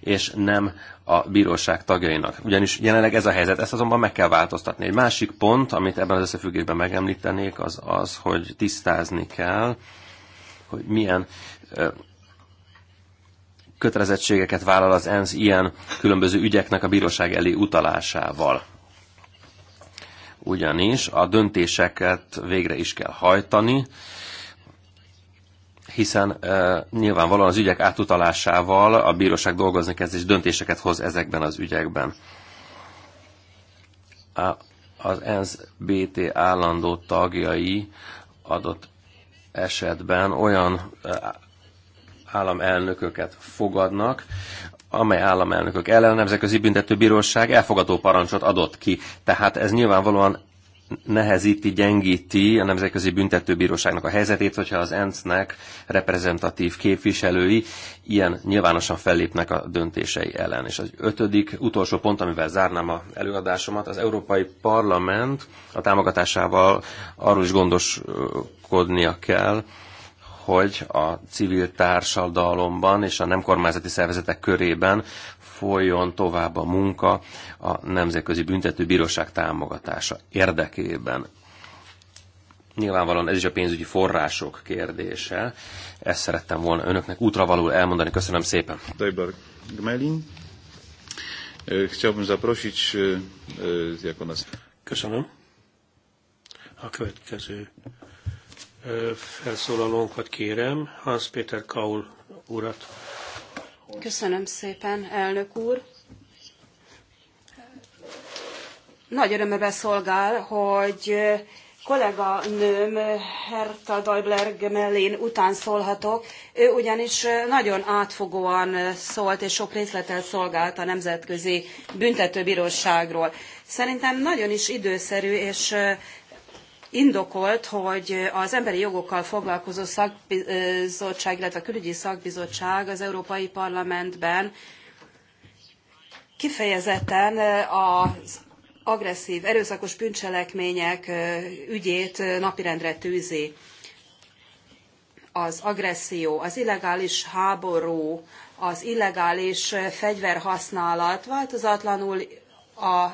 [SPEAKER 10] és nem a bíróság tagjainak. Ugyanis jelenleg ez a helyzet, ezt azonban meg kell változtatni. Egy másik pont, amit ebben az összefüggésben megemlítenék, az az, hogy tisztázni kell, hogy milyen kötelezettségeket vállal az ENSZ ilyen különböző ügyeknek a bíróság elé utalásával. Ugyanis a döntéseket végre is kell hajtani, hiszen e, nyilvánvalóan az ügyek átutalásával a bíróság dolgozni kezd és döntéseket hoz ezekben az ügyekben. A, az ENSZ BT állandó tagjai adott esetben olyan államelnököket fogadnak, amely államelnökök ellen a Nemzetközi Büntetőbíróság elfogadó parancsot adott ki. Tehát ez nyilvánvalóan nehezíti, gyengíti a Nemzetközi Büntetőbíróságnak a helyzetét, hogyha az ENSZ-nek reprezentatív képviselői ilyen nyilvánosan fellépnek a döntései ellen. És az ötödik, utolsó pont, amivel zárnám a előadásomat, az Európai Parlament a támogatásával arról is gondoskodnia kell, hogy a civil társadalomban és a nem kormányzati szervezetek körében folyjon tovább a munka a Nemzetközi Büntetőbíróság támogatása érdekében. Nyilvánvalóan ez is a pénzügyi források kérdése. Ezt szerettem volna önöknek útravalul elmondani. Köszönöm
[SPEAKER 1] szépen. Dajbar Gmelin. E, chciałbym zaprosić e, e, jako nas. Köszönöm.
[SPEAKER 11] A következő felszólalónkat kérem, Hans-Péter Kaul urat.
[SPEAKER 12] Köszönöm szépen, elnök úr. Nagy örömömre szolgál, hogy kollega nőm Herta Deubler Gemellin után szólhatok. Ő ugyanis nagyon átfogóan szólt és sok részletet szolgált a Nemzetközi Büntetőbíróságról. Szerintem nagyon is időszerű és indokolt, hogy az emberi jogokkal foglalkozó szakbizottság, illetve a külügyi szakbizottság az Európai Parlamentben kifejezetten az agresszív, erőszakos bűncselekmények ügyét napirendre tűzi. Az agresszió, az illegális háború, az illegális fegyverhasználat változatlanul a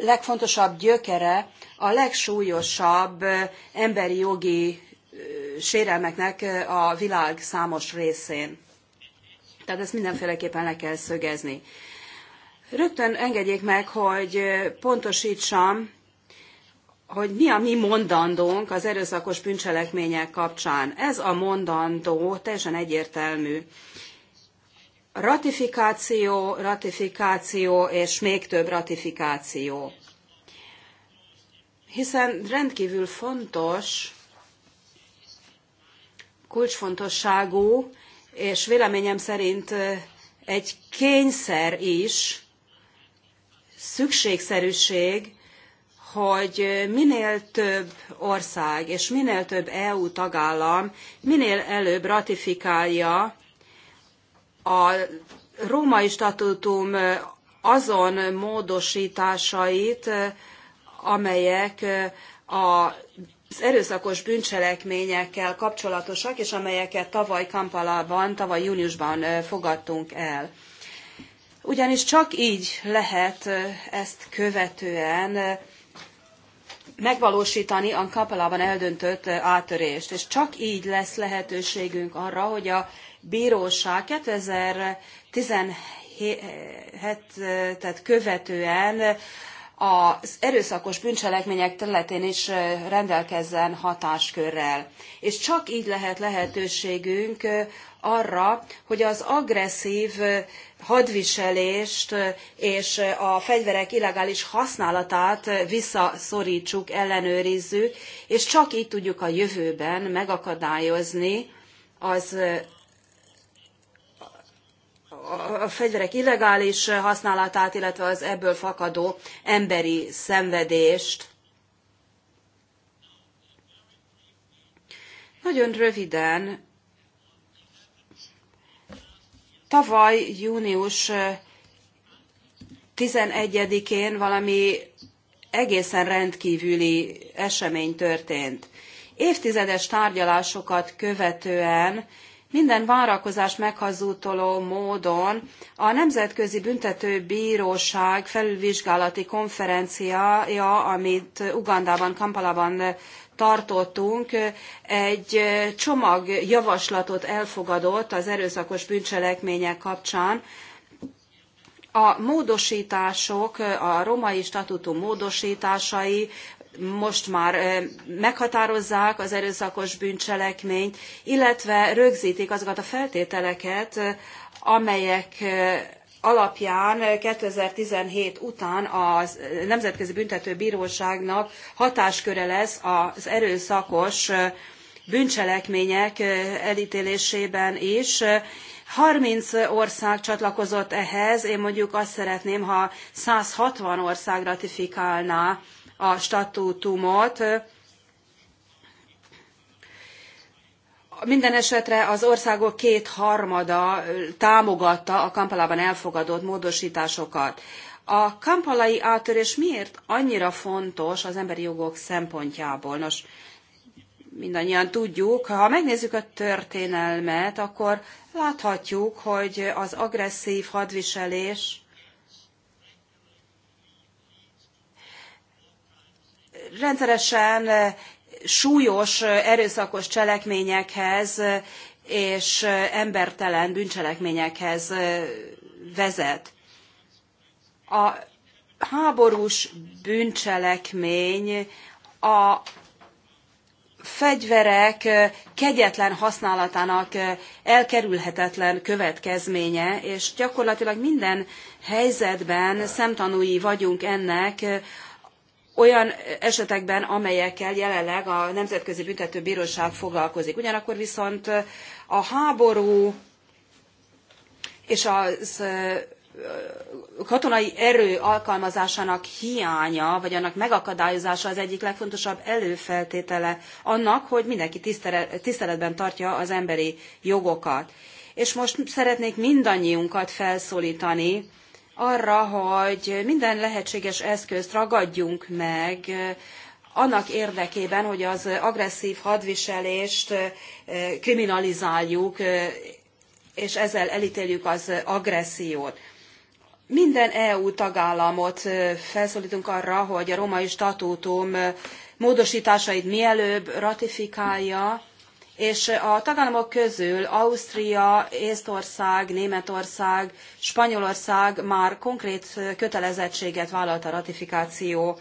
[SPEAKER 12] legfontosabb gyökere a legsúlyosabb emberi jogi sérelmeknek a világ számos részén. Tehát ezt mindenféleképpen le kell szögezni. Rögtön engedjék meg, hogy pontosítsam, hogy mi a mi mondandónk az erőszakos bűncselekmények kapcsán. Ez a mondandó teljesen egyértelmű ratifikáció, ratifikáció és még több ratifikáció. Hiszen rendkívül fontos, kulcsfontosságú, és véleményem szerint egy kényszer is, szükségszerűség, hogy minél több ország és minél több EU tagállam minél előbb ratifikálja a római statutum azon módosításait, amelyek az erőszakos bűncselekményekkel kapcsolatosak, és amelyeket tavaly Kampalában, tavaly júniusban fogadtunk el. Ugyanis csak így lehet ezt követően megvalósítani a kapelában eldöntött átörést. És csak így lesz lehetőségünk arra, hogy a bíróság 2017-et követően az erőszakos bűncselekmények területén is rendelkezzen hatáskörrel. És csak így lehet lehetőségünk arra, hogy az agresszív hadviselést és a fegyverek illegális használatát visszaszorítsuk, ellenőrizzük, és csak így tudjuk a jövőben megakadályozni az a fegyverek illegális használatát, illetve az ebből fakadó emberi szenvedést. Nagyon röviden Tavaly június 11-én valami egészen rendkívüli esemény történt. Évtizedes tárgyalásokat követően minden várakozás meghazútoló módon a Nemzetközi Büntető Bíróság felülvizsgálati konferenciája, amit Ugandában, Kampalában tartottunk, egy csomag javaslatot elfogadott az erőszakos bűncselekmények kapcsán. A módosítások, a romai statutum módosításai most már meghatározzák az erőszakos bűncselekményt, illetve rögzítik azokat a feltételeket, amelyek alapján 2017 eh, után a eh, Nemzetközi Büntetőbíróságnak hatásköre lesz az erőszakos eh, bűncselekmények elítélésében is. 30 ország csatlakozott ehhez, én mondjuk azt szeretném, ha 160 ország ratifikálná a statútumot, Minden esetre az országok kétharmada támogatta a Kampalában elfogadott módosításokat. A kampalai áttörés miért annyira fontos az emberi jogok szempontjából? Nos, mindannyian tudjuk, ha megnézzük a történelmet, akkor láthatjuk, hogy az agresszív hadviselés rendszeresen súlyos erőszakos cselekményekhez és embertelen bűncselekményekhez vezet. A háborús bűncselekmény a fegyverek kegyetlen használatának elkerülhetetlen következménye, és gyakorlatilag minden helyzetben szemtanúi vagyunk ennek olyan esetekben, amelyekkel jelenleg a Nemzetközi Büntetőbíróság foglalkozik. Ugyanakkor viszont a háború és a katonai erő alkalmazásának hiánya, vagy annak megakadályozása az egyik legfontosabb előfeltétele annak, hogy mindenki tiszteletben tartja az emberi jogokat. És most szeretnék mindannyiunkat felszólítani, arra, hogy minden lehetséges eszközt ragadjunk meg eh, annak érdekében, hogy az agresszív hadviselést eh, kriminalizáljuk, eh, és ezzel elítéljük az agressziót. Minden EU tagállamot felszólítunk arra, hogy a római statútum módosításait mielőbb ratifikálja, és a tagállamok közül Ausztria, Észtország, Németország, Spanyolország már konkrét kötelezettséget vállalt a ratifikáció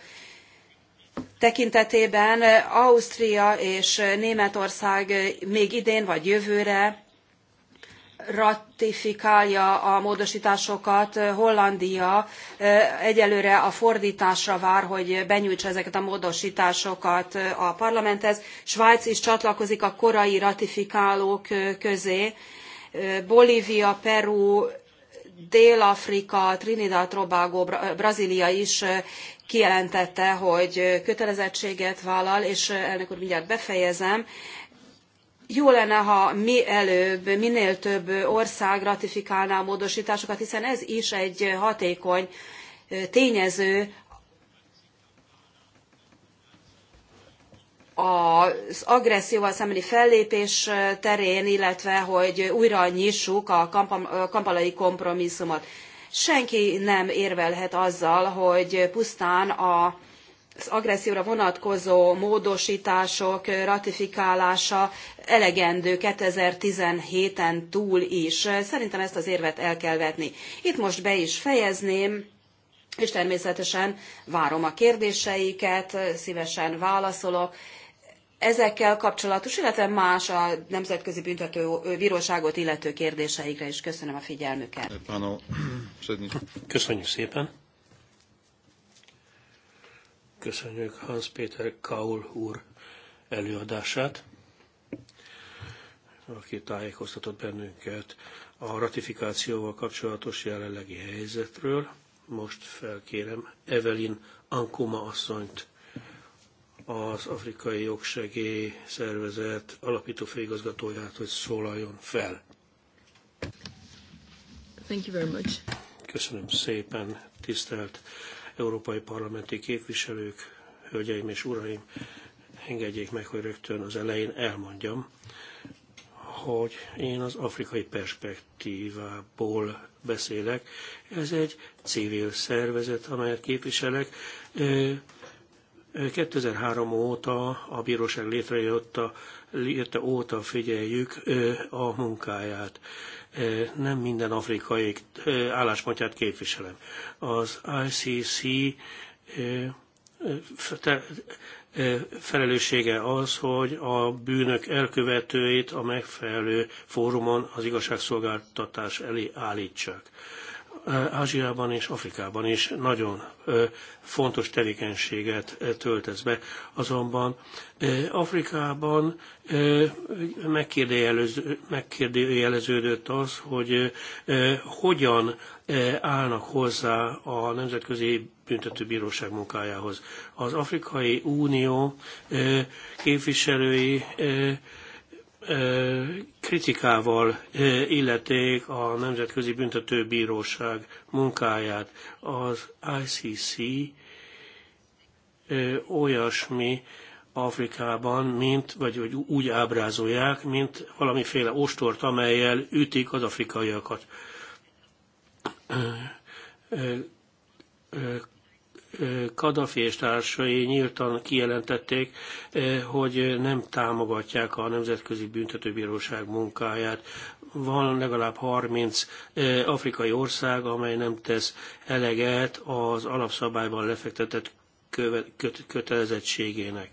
[SPEAKER 12] tekintetében. Ausztria és Németország még idén vagy jövőre ratifikálja a módosításokat, Hollandia egyelőre a fordításra vár, hogy benyújtsa ezeket a módosításokat a parlamenthez. Svájc is csatlakozik a korai ratifikálók közé. Bolívia, Peru, Dél-Afrika, Trinidad, Tobago, Brazília is kijelentette, hogy kötelezettséget vállal, és elnök úr, mindjárt befejezem, jó lenne, ha mi előbb, minél több ország ratifikálná a módosításokat, hiszen ez is egy hatékony tényező az agresszióval szembeni fellépés terén, illetve hogy újra nyissuk a kampalai kompromisszumot. Senki nem érvelhet azzal, hogy pusztán a az agresszióra vonatkozó módosítások ratifikálása elegendő 2017-en túl is. Szerintem ezt az érvet el kell vetni. Itt most be is fejezném, és természetesen várom a kérdéseiket, szívesen válaszolok. Ezekkel kapcsolatos, illetve más a Nemzetközi Büntető Bíróságot illető kérdéseikre is köszönöm a figyelmüket.
[SPEAKER 11] Köszönjük szépen. Köszönjük Hans Péter Kaul úr előadását, aki tájékoztatott bennünket a ratifikációval kapcsolatos jelenlegi helyzetről. Most felkérem Evelyn Ankuma asszonyt, az Afrikai Jogsegély Szervezet alapító főigazgatóját, hogy szólaljon fel.
[SPEAKER 2] Thank you very much.
[SPEAKER 11] Köszönöm szépen, tisztelt európai parlamenti képviselők, hölgyeim és uraim, engedjék meg, hogy rögtön az elején elmondjam, hogy én az afrikai perspektívából beszélek. Ez egy civil szervezet, amelyet képviselek. 2003 óta a bíróság létrejött, létre óta figyeljük a munkáját nem minden afrikai álláspontját képviselem. Az ICC felelőssége az, hogy a bűnök elkövetőit a megfelelő fórumon az igazságszolgáltatás elé állítsák. Ázsiában és Afrikában is nagyon fontos tevékenységet ez be. Azonban Afrikában megkérdőjeleződött az, hogy hogyan állnak hozzá a Nemzetközi Büntetőbíróság munkájához. Az Afrikai Unió képviselői kritikával illeték a Nemzetközi Büntetőbíróság munkáját. Az ICC olyasmi Afrikában, mint, vagy, vagy úgy ábrázolják, mint valamiféle ostort, amelyel ütik az afrikaiakat Kadafi és társai nyíltan kijelentették, eh, hogy nem támogatják a Nemzetközi Büntetőbíróság munkáját. Van legalább 30 eh, afrikai ország, amely nem tesz eleget az alapszabályban lefektetett kötelezettségének.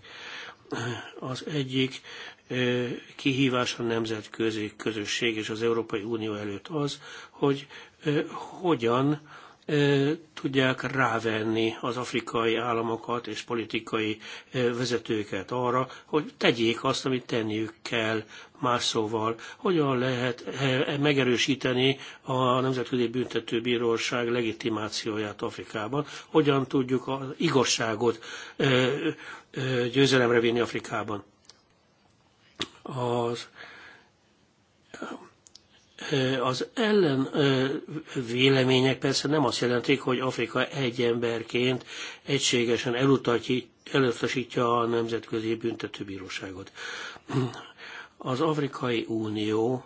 [SPEAKER 11] Az egyik eh, kihívás a nemzetközi közösség és az Európai Unió előtt az, hogy hogyan tudják rávenni az afrikai államokat és politikai vezetőket arra, hogy tegyék azt, amit tenniük kell más szóval. Hogyan lehet megerősíteni a Nemzetközi Büntetőbíróság legitimációját Afrikában? Hogyan tudjuk az igazságot győzelemre vinni Afrikában? Az az ellen vélemények persze nem azt jelentik, hogy Afrika egy emberként egységesen elutasítja a Nemzetközi Büntetőbíróságot. Az Afrikai Unió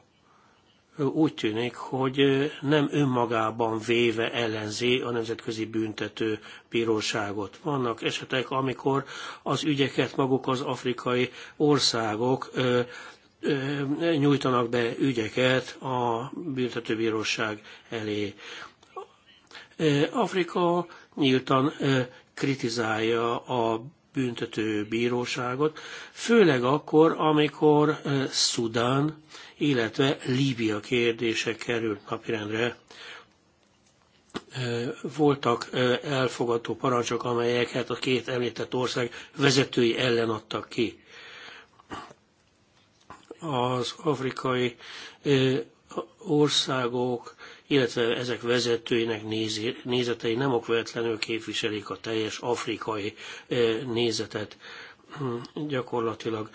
[SPEAKER 11] úgy tűnik, hogy nem önmagában véve ellenzi a Nemzetközi Büntető Bíróságot. Vannak esetek, amikor az ügyeket maguk az afrikai országok nyújtanak be ügyeket a büntetőbíróság elé. Afrika nyíltan kritizálja a büntető bíróságot, főleg akkor, amikor Szudán, illetve Líbia kérdése került napirendre. Voltak elfogadó parancsok, amelyeket a két említett ország vezetői ellen adtak ki az afrikai országok, illetve ezek vezetőinek nézetei nem okvetlenül képviselik a teljes afrikai nézetet. Hm, gyakorlatilag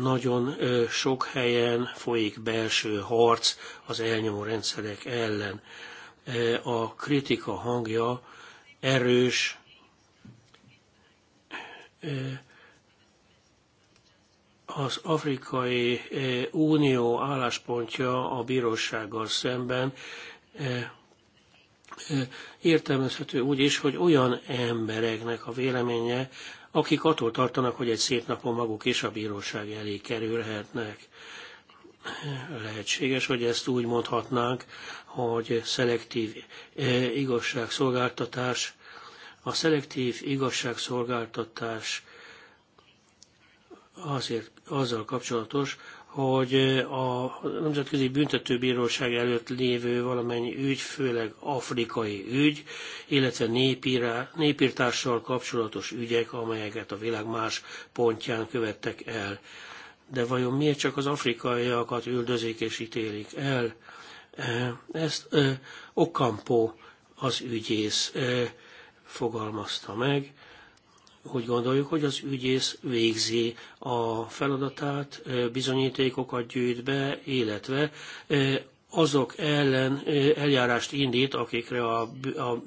[SPEAKER 11] nagyon sok helyen folyik belső harc az elnyomó rendszerek ellen. A kritika hangja erős, az Afrikai eh, Unió álláspontja a bírósággal szemben eh, eh, értelmezhető úgy is, hogy olyan embereknek a véleménye, akik attól tartanak, hogy egy szép napon maguk is a bíróság elé kerülhetnek. Lehetséges, hogy ezt úgy mondhatnánk, hogy szelektív igazságszolgáltatás. A szelektív igazságszolgáltatás azért azzal kapcsolatos, hogy a Nemzetközi Büntetőbíróság előtt lévő valamennyi ügy, főleg afrikai ügy, illetve népírtással kapcsolatos ügyek, amelyeket a világ más pontján követtek el. De vajon miért csak az afrikaiakat üldözik és ítélik el? E, ezt e, Okampo az ügyész e, fogalmazta meg úgy gondoljuk, hogy az ügyész végzi a feladatát, bizonyítékokat gyűjt be, illetve azok ellen eljárást indít, akikre a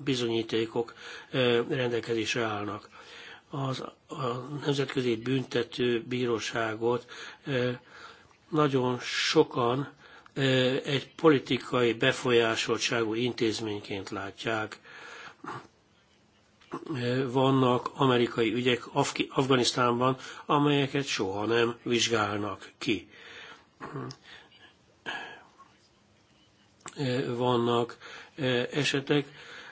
[SPEAKER 11] bizonyítékok rendelkezésre állnak. Az, a Nemzetközi Büntető Bíróságot nagyon sokan egy politikai befolyásoltságú intézményként látják vannak amerikai ügyek Afganisztánban, amelyeket soha nem vizsgálnak ki. Eh, vannak eh, esetek,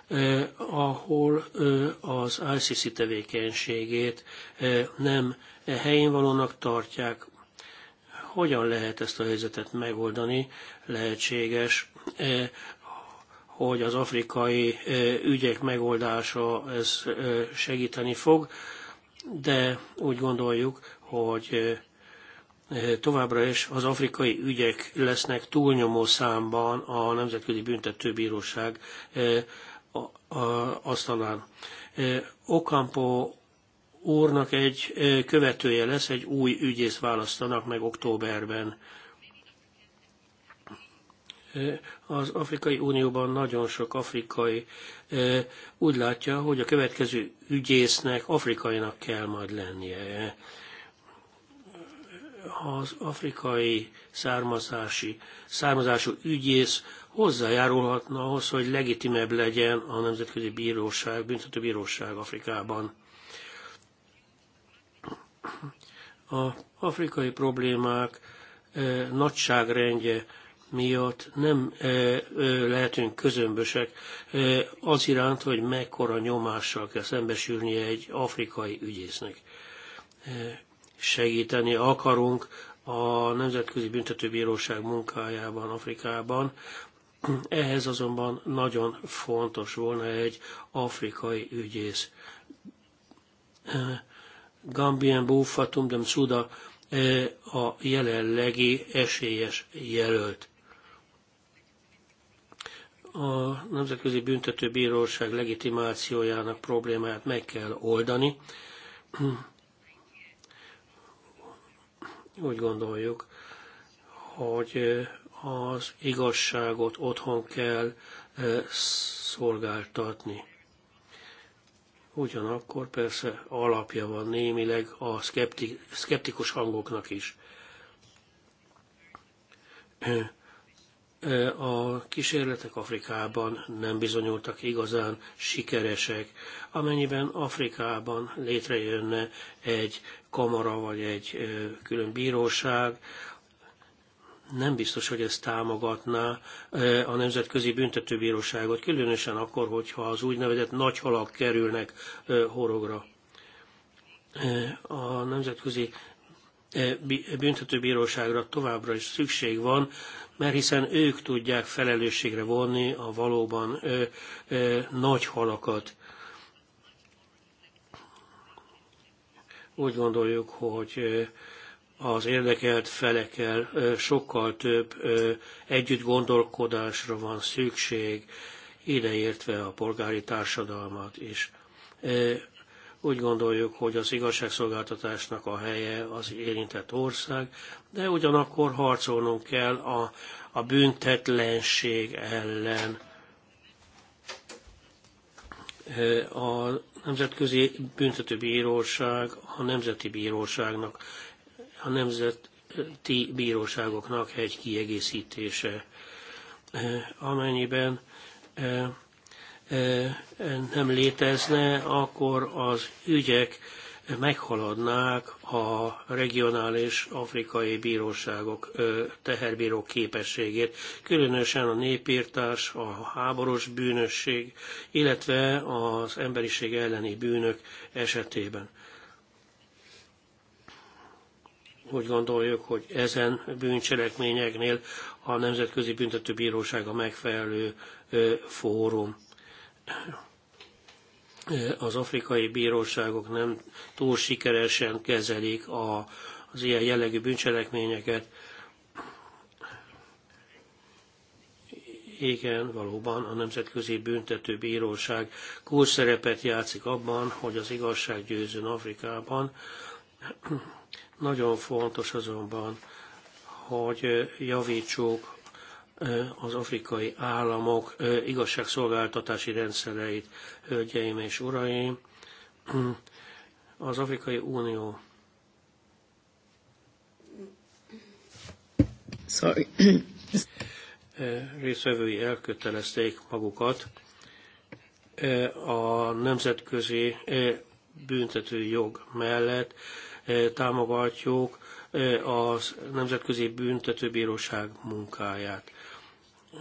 [SPEAKER 11] eh, ahol az ICC tevékenységét nem valónak tartják. Hogyan lehet ezt a helyzetet megoldani? Lehetséges hogy az afrikai ügyek megoldása ez segíteni fog, de úgy gondoljuk, hogy továbbra is az afrikai ügyek lesznek túlnyomó számban a Nemzetközi Büntetőbíróság asztalán. Okampo úrnak egy követője lesz, egy új ügyész választanak meg októberben az Afrikai Unióban nagyon sok afrikai e, úgy látja, hogy a következő ügyésznek afrikainak kell majd lennie. Az afrikai származási, származású ügyész hozzájárulhatna ahhoz, hogy legitimebb legyen a Nemzetközi Bíróság, bíróság Afrikában a afrikai problémák e, nagyságrendje miatt nem e, e, lehetünk közömbösek e, az iránt, hogy mekkora nyomással kell szembesülnie egy afrikai ügyésznek. E, segíteni akarunk a Nemzetközi Büntetőbíróság munkájában Afrikában. Ehhez azonban nagyon fontos volna egy afrikai ügyész. Gambien Boufatum Suda a jelenlegi esélyes jelölt a Nemzetközi büntető bíróság legitimációjának problémáját meg kell oldani. Úgy gondoljuk, hogy az igazságot otthon kell e, szolgáltatni. Ugyanakkor persze alapja van némileg a szkeptikus hangoknak is a kísérletek Afrikában nem bizonyultak igazán sikeresek. Amennyiben Afrikában létrejönne egy kamara vagy egy külön bíróság, nem biztos, hogy ez támogatná a Nemzetközi Büntetőbíróságot, különösen akkor, hogyha az úgynevezett nagy halak kerülnek horogra. A Nemzetközi Büntetőbíróságra továbbra is szükség van, mert hiszen ők tudják felelősségre vonni a valóban ö, ö, nagy halakat. Úgy gondoljuk, hogy ö, az érdekelt felekkel sokkal több együtt gondolkodásra van szükség, ideértve a polgári társadalmat is. Úgy gondoljuk, hogy az igazságszolgáltatásnak a helye az érintett ország, de ugyanakkor harcolnunk kell a, a büntetlenség ellen. A Nemzetközi Büntetőbíróság a Nemzeti Bíróságnak, a Nemzeti Bíróságoknak egy kiegészítése, amennyiben nem létezne, akkor az ügyek meghaladnák a regionális afrikai bíróságok teherbíró képességét, különösen a népírtás, a háborús bűnösség, illetve az emberiség elleni bűnök esetében. Úgy gondoljuk, hogy ezen bűncselekményeknél a Nemzetközi Büntetőbíróság a megfelelő fórum az afrikai bíróságok nem túl sikeresen kezelik a, az ilyen jellegű bűncselekményeket. Igen, valóban a Nemzetközi Büntető Bíróság kulcs szerepet játszik abban, hogy az igazság győzön Afrikában. Nagyon fontos azonban, hogy javítsuk az afrikai államok igazságszolgáltatási rendszereit, hölgyeim és uraim. Az Afrikai Unió Sorry. részvevői elkötelezték magukat a nemzetközi büntető jog mellett támogatjuk a Nemzetközi Büntetőbíróság munkáját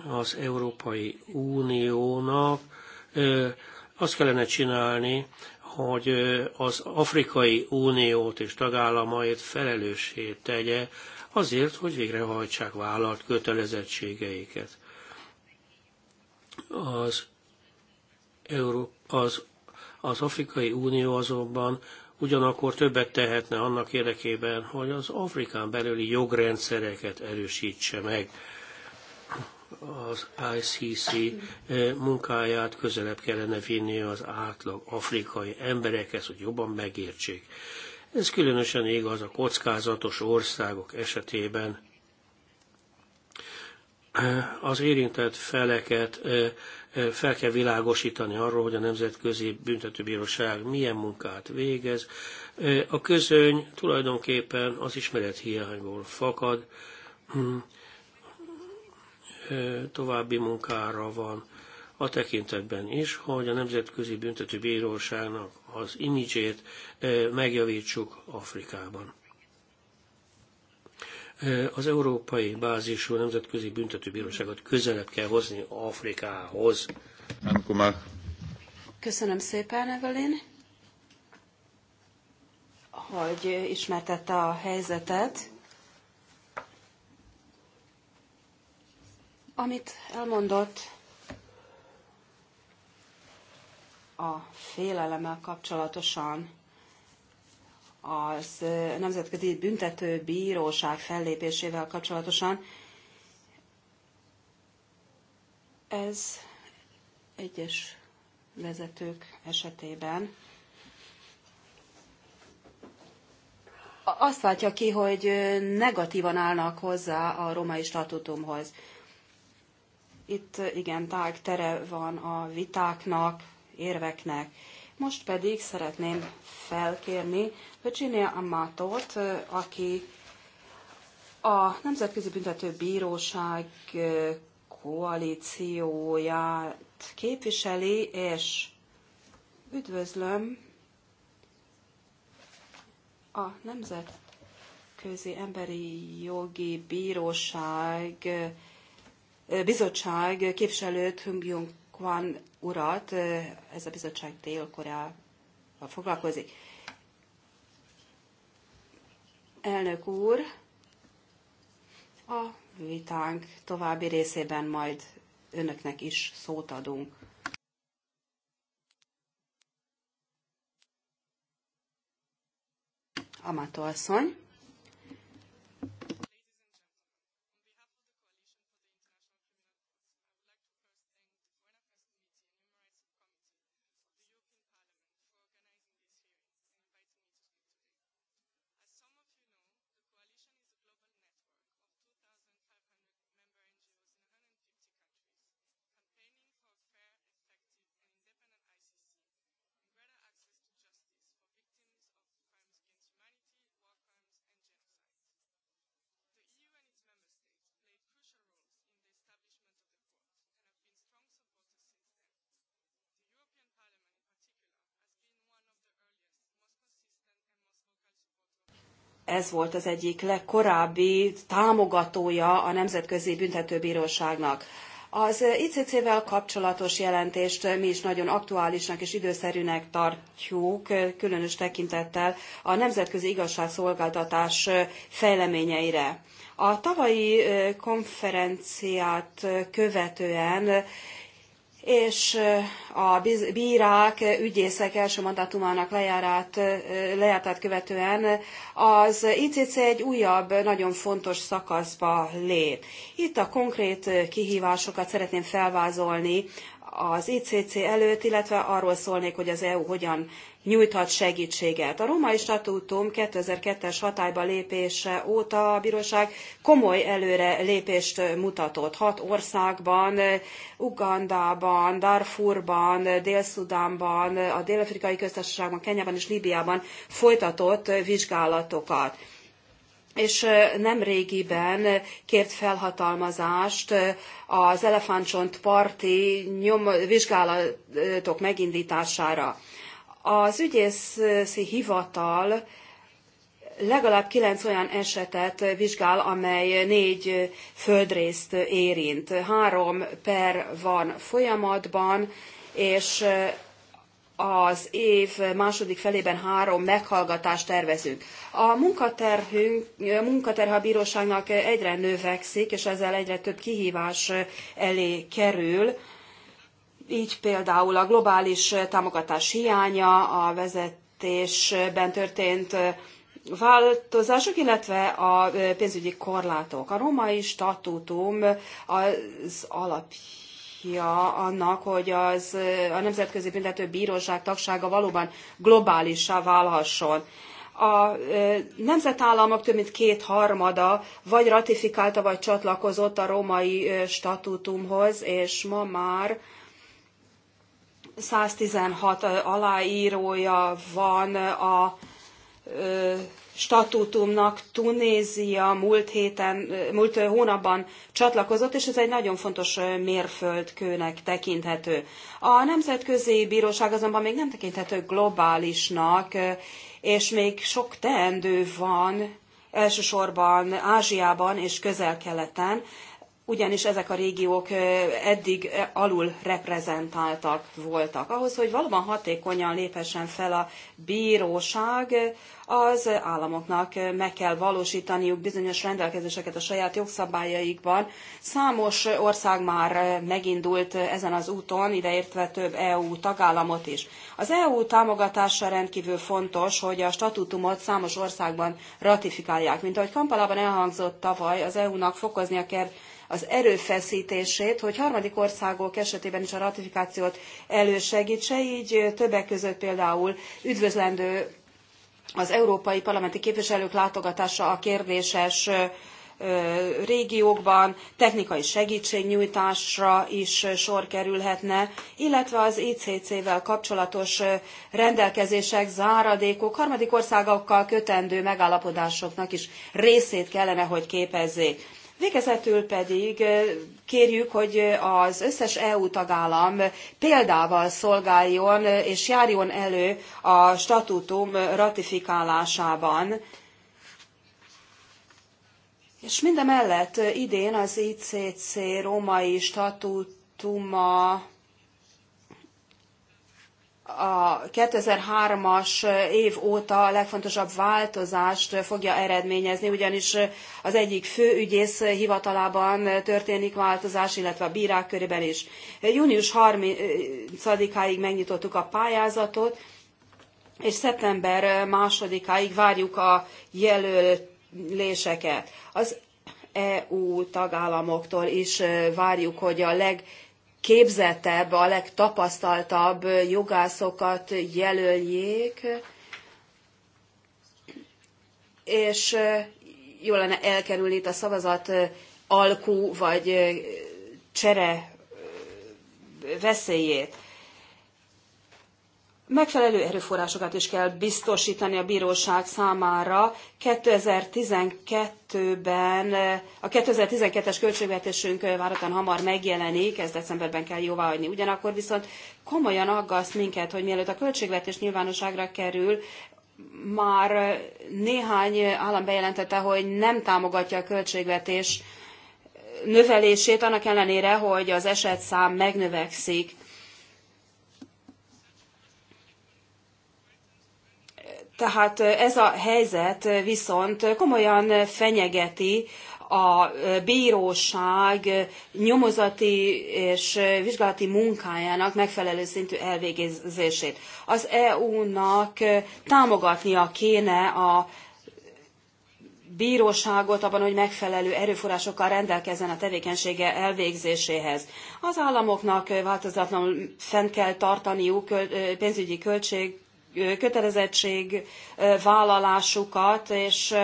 [SPEAKER 11] az Európai Uniónak azt kellene csinálni, hogy az Afrikai Uniót és tagállamait felelőssé tegye azért, hogy végrehajtsák vállalt kötelezettségeiket. Az, Euró- az, az Afrikai Unió azonban ugyanakkor többet tehetne annak érdekében, hogy az Afrikán belüli jogrendszereket erősítse meg az ICC eh, munkáját közelebb kellene vinni az átlag afrikai emberekhez, hogy jobban megértsék. Ez különösen igaz a kockázatos országok esetében. Eh, az érintett feleket eh, fel kell világosítani arról, hogy a Nemzetközi Büntetőbíróság milyen munkát végez. A közöny tulajdonképpen az ismeret hiányból fakad hmm további munkára van a tekintetben is, hogy a Nemzetközi Büntető Bíróságnak az imidzsét megjavítsuk Afrikában. Az európai bázisú Nemzetközi Büntetőbíróságot közelebb kell hozni Afrikához.
[SPEAKER 12] Köszönöm szépen, Evelyn, hogy ismertette a helyzetet. Amit elmondott a félelemmel kapcsolatosan, az Nemzetközi Büntető Bíróság fellépésével kapcsolatosan, ez egyes vezetők esetében azt váltja ki, hogy negatívan állnak hozzá a római statutumhoz. Itt igen tág tere van a vitáknak, érveknek. Most pedig szeretném felkérni Virginia Amatot, aki a Nemzetközi Büntető Bíróság koalícióját képviseli, és üdvözlöm a Nemzetközi Emberi Jogi Bíróság bizottság képviselőt, Hung Jung Kwan urat, eh, ez a bizottság Dél-Koreával foglalkozik. Elnök úr, a vitánk további részében majd önöknek is szót adunk. Amato asszony. ez volt az egyik legkorábbi támogatója a Nemzetközi Büntetőbíróságnak. Az ICC-vel kapcsolatos jelentést mi is nagyon aktuálisnak és időszerűnek tartjuk, különös tekintettel a nemzetközi igazságszolgáltatás fejleményeire. A tavalyi konferenciát követően és eh, a bírák, eh, ügyészek első mandátumának lejárát, eh, lejártát követően az ICC egy újabb, nagyon fontos szakaszba lép. Itt a konkrét kihívásokat szeretném felvázolni az ICC előtt, illetve arról szólnék, hogy az EU hogyan nyújthat segítséget. A római statútum 2002-es hatályba lépése óta a bíróság komoly előre lépést mutatott. Hat országban, Ugandában, Darfurban, Dél-Szudánban, a Dél-Afrikai Köztársaságban, Kenyában és Líbiában folytatott vizsgálatokat és nem régiben kért felhatalmazást az elefántcsont parti nyom, vizsgálatok megindítására. Az ügyészi hivatal legalább kilenc olyan esetet vizsgál, amely négy földrészt érint. Három per van folyamatban, és az év második felében három meghallgatást tervezünk. A munkaterhünk, munkaterhe a bíróságnak egyre növekszik, és ezzel egyre több kihívás elé kerül így például a globális támogatás hiánya, a vezetésben történt változások, illetve a pénzügyi korlátok. A római statútum az alapja annak, hogy az, a Nemzetközi Büntető Bíróság tagsága valóban globálissá válhasson. A nemzetállamok több mint kétharmada vagy ratifikálta, vagy csatlakozott a római statútumhoz, és ma már 116 aláírója van a statútumnak Tunézia múlt, héten, múlt hónapban csatlakozott, és ez egy nagyon fontos mérföldkőnek tekinthető. A Nemzetközi Bíróság azonban még nem tekinthető globálisnak, és még sok teendő van, elsősorban Ázsiában és közel-keleten, ugyanis ezek a régiók eddig alul reprezentáltak voltak. Ahhoz, hogy valóban hatékonyan lépessen fel a bíróság, az államoknak meg kell valósítaniuk bizonyos rendelkezéseket a saját jogszabályaikban. Számos ország már megindult ezen az úton, ideértve több EU tagállamot is. Az EU támogatása rendkívül fontos, hogy a statutumot számos országban ratifikálják. Mint ahogy Kampalában elhangzott tavaly, az EU-nak fokoznia kell az erőfeszítését, hogy harmadik országok esetében is a ratifikációt elősegítse, így többek között például üdvözlendő az európai parlamenti képviselők látogatása a kérdéses régiókban technikai segítségnyújtásra is sor kerülhetne, illetve az ICC-vel kapcsolatos rendelkezések, záradékok, harmadik országokkal kötendő megállapodásoknak is részét kellene, hogy képezzék. Végezetül pedig kérjük, hogy az összes EU tagállam példával szolgáljon és járjon elő a statútum ratifikálásában. És mindemellett idén az ICC római statútuma a 2003-as év óta a legfontosabb változást fogja eredményezni, ugyanis az egyik főügyész hivatalában történik változás, illetve a bírák körében is. Június 30-áig megnyitottuk a pályázatot, és szeptember 2-áig várjuk a jelöléseket. Az EU tagállamoktól is várjuk, hogy a leg legképzettebb, a legtapasztaltabb jogászokat jelöljék, és jó lenne elkerülni itt a szavazat alkú vagy csere veszélyét. Megfelelő erőforrásokat is kell biztosítani a bíróság számára. 2012-ben, a 2012-es költségvetésünk váratlan hamar megjelenik, ez decemberben kell jóváhagyni. Ugyanakkor viszont komolyan aggaszt minket, hogy mielőtt a költségvetés nyilvánosságra kerül, már néhány állam bejelentette, hogy nem támogatja a költségvetés növelését, annak ellenére, hogy az esetszám megnövekszik Tehát ez a helyzet viszont komolyan fenyegeti a bíróság nyomozati és vizsgálati munkájának megfelelő szintű elvégzését. Az EU-nak támogatnia kéne a bíróságot abban, hogy megfelelő erőforrásokkal rendelkezzen a tevékenysége elvégzéséhez. Az államoknak változatlanul fent kell tartaniuk pénzügyi költség kötelezettség vállalásukat, és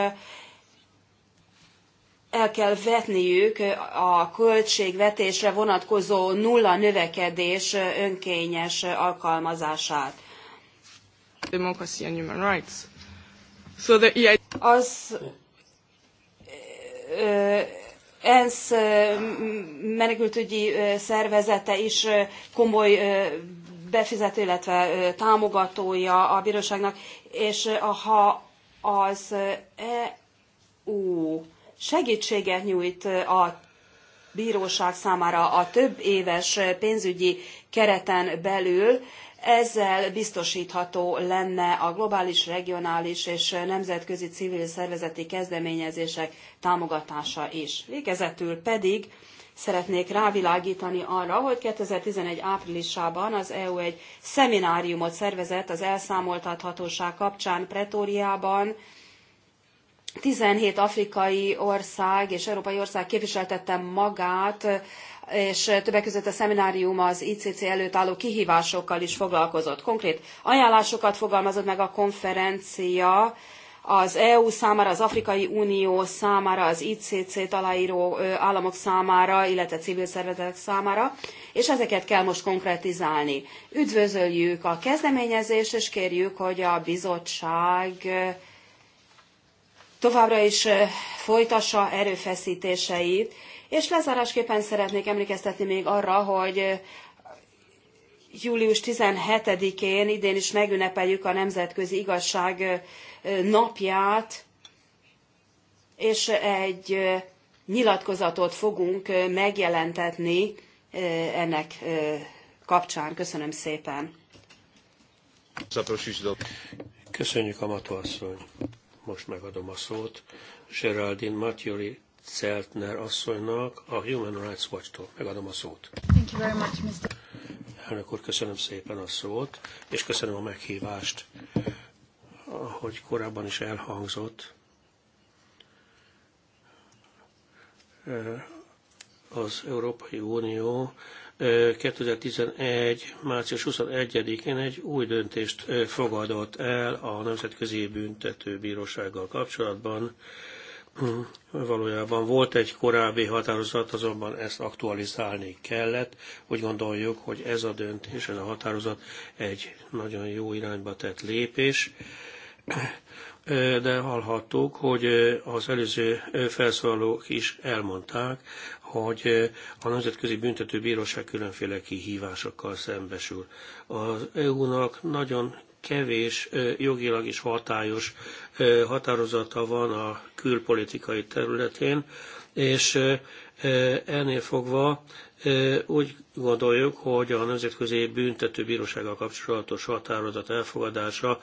[SPEAKER 12] el kell vetniük a költségvetésre vonatkozó nulla növekedés önkényes alkalmazását. Democracy and human rights. So the e Az ENSZ menekültügyi szervezete is komoly befizető, illetve támogatója a bíróságnak, és ha az EU segítséget nyújt a bíróság számára a több éves pénzügyi kereten belül, ezzel biztosítható lenne a globális, regionális és nemzetközi civil szervezeti kezdeményezések támogatása is. Végezetül pedig szeretnék rávilágítani arra, hogy 2011 áprilisában az EU egy szemináriumot szervezett az elszámoltathatóság kapcsán Pretóriában, 17 afrikai ország és európai ország képviseltette magát, és többek között a szeminárium az ICC előtt álló kihívásokkal is foglalkozott. Konkrét ajánlásokat fogalmazott meg a konferencia, az EU számára, az Afrikai Unió számára, az ICC-t aláíró államok számára, illetve civil szervezetek számára, és ezeket kell most konkretizálni. Üdvözöljük a kezdeményezést, és kérjük, hogy a bizottság továbbra is folytassa erőfeszítéseit, és lezárásképpen szeretnék emlékeztetni még arra, hogy július 17-én idén is megünnepeljük a Nemzetközi Igazság napját, és egy nyilatkozatot fogunk megjelentetni ennek kapcsán. Köszönöm szépen.
[SPEAKER 11] Köszönjük a matasszony. Most megadom a szót Geraldine Matyori Celtner asszonynak a Human Rights Watch-tól. Megadom a szót. Thank you very much, Mr. Elnök úr, köszönöm szépen a szót, és köszönöm a meghívást, ahogy korábban is elhangzott. Az Európai Unió 2011. március 21-én egy új döntést fogadott el a Nemzetközi Büntetőbírósággal kapcsolatban. Hm, valójában volt egy korábbi határozat, azonban ezt aktualizálni kellett. Úgy gondoljuk, hogy ez a döntés, ez a határozat egy nagyon jó irányba tett lépés de hallhattuk, hogy az előző felszólalók is elmondták, hogy a Nemzetközi Büntető Bíróság különféle kihívásokkal szembesül. Az EU-nak nagyon kevés jogilag is hatályos határozata van a külpolitikai területén, és ennél fogva úgy gondoljuk, hogy a Nemzetközi Büntetőbírósággal kapcsolatos határozat elfogadása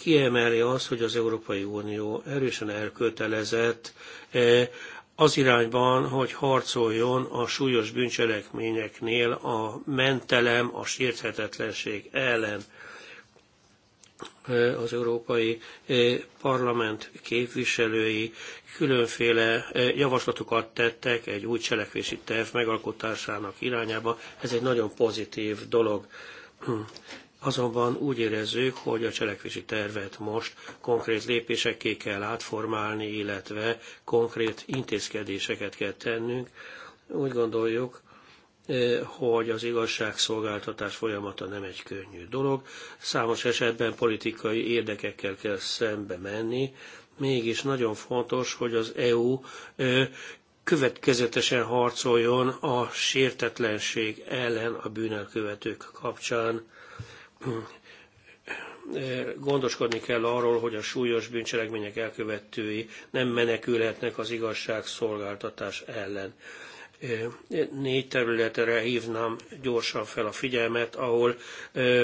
[SPEAKER 11] kiemeli azt, hogy az Európai Unió erősen elkötelezett az irányban, hogy harcoljon a súlyos bűncselekményeknél a mentelem, a sérthetetlenség ellen az Európai Parlament képviselői különféle javaslatokat tettek egy új cselekvési terv megalkotásának irányába. Ez egy nagyon pozitív dolog. Azonban úgy érezzük, hogy a cselekvési tervet most konkrét lépésekké kell átformálni, illetve konkrét intézkedéseket kell tennünk. Úgy gondoljuk, hogy az igazságszolgáltatás folyamata nem egy könnyű dolog. Számos esetben politikai érdekekkel kell szembe menni, mégis nagyon fontos, hogy az EU következetesen harcoljon a sértetlenség ellen a bűnelkövetők kapcsán. Gondoskodni kell arról, hogy a súlyos bűncselekmények elkövetői nem menekülhetnek az igazságszolgáltatás ellen Négy területre hívnám gyorsan fel a figyelmet, ahol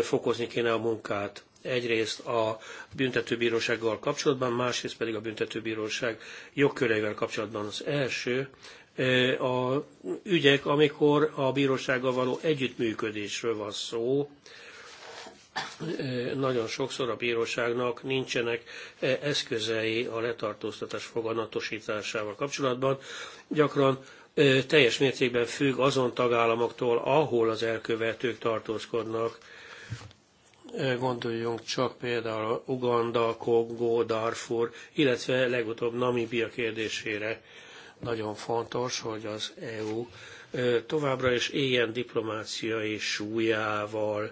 [SPEAKER 11] fokozni kéne a munkát. Egyrészt a büntetőbírósággal kapcsolatban, másrészt pedig a büntetőbíróság jogköreivel kapcsolatban. Az első, a ügyek, amikor a bírósággal való együttműködésről van szó, nagyon sokszor a bíróságnak nincsenek eszközei a letartóztatás foganatosításával kapcsolatban. Gyakran teljes mértékben függ azon tagállamoktól, ahol az elkövetők tartózkodnak. Gondoljunk csak például Uganda, Kongó, Darfur, illetve legutóbb Namibia kérdésére. Nagyon fontos, hogy az EU továbbra is éljen diplomáciai súlyával,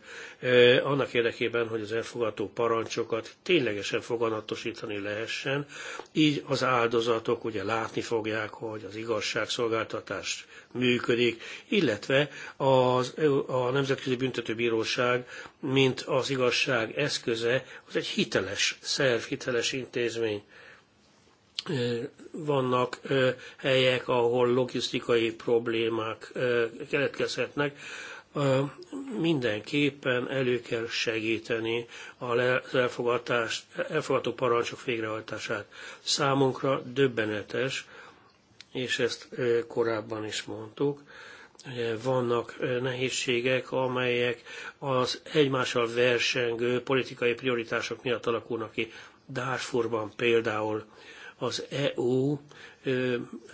[SPEAKER 11] annak érdekében, hogy az elfogadó parancsokat ténylegesen foganatosítani lehessen, így az áldozatok ugye látni fogják, hogy az igazságszolgáltatás működik, illetve az, a Nemzetközi Büntetőbíróság, mint az igazság eszköze, az egy hiteles szerv, hiteles intézmény vannak helyek, ahol logisztikai problémák keletkezhetnek, mindenképpen elő kell segíteni az elfogadás, elfogadó parancsok végrehajtását. Számunkra döbbenetes, és ezt korábban is mondtuk, vannak nehézségek, amelyek az egymással versengő politikai prioritások miatt alakulnak ki. Darfurban például az EU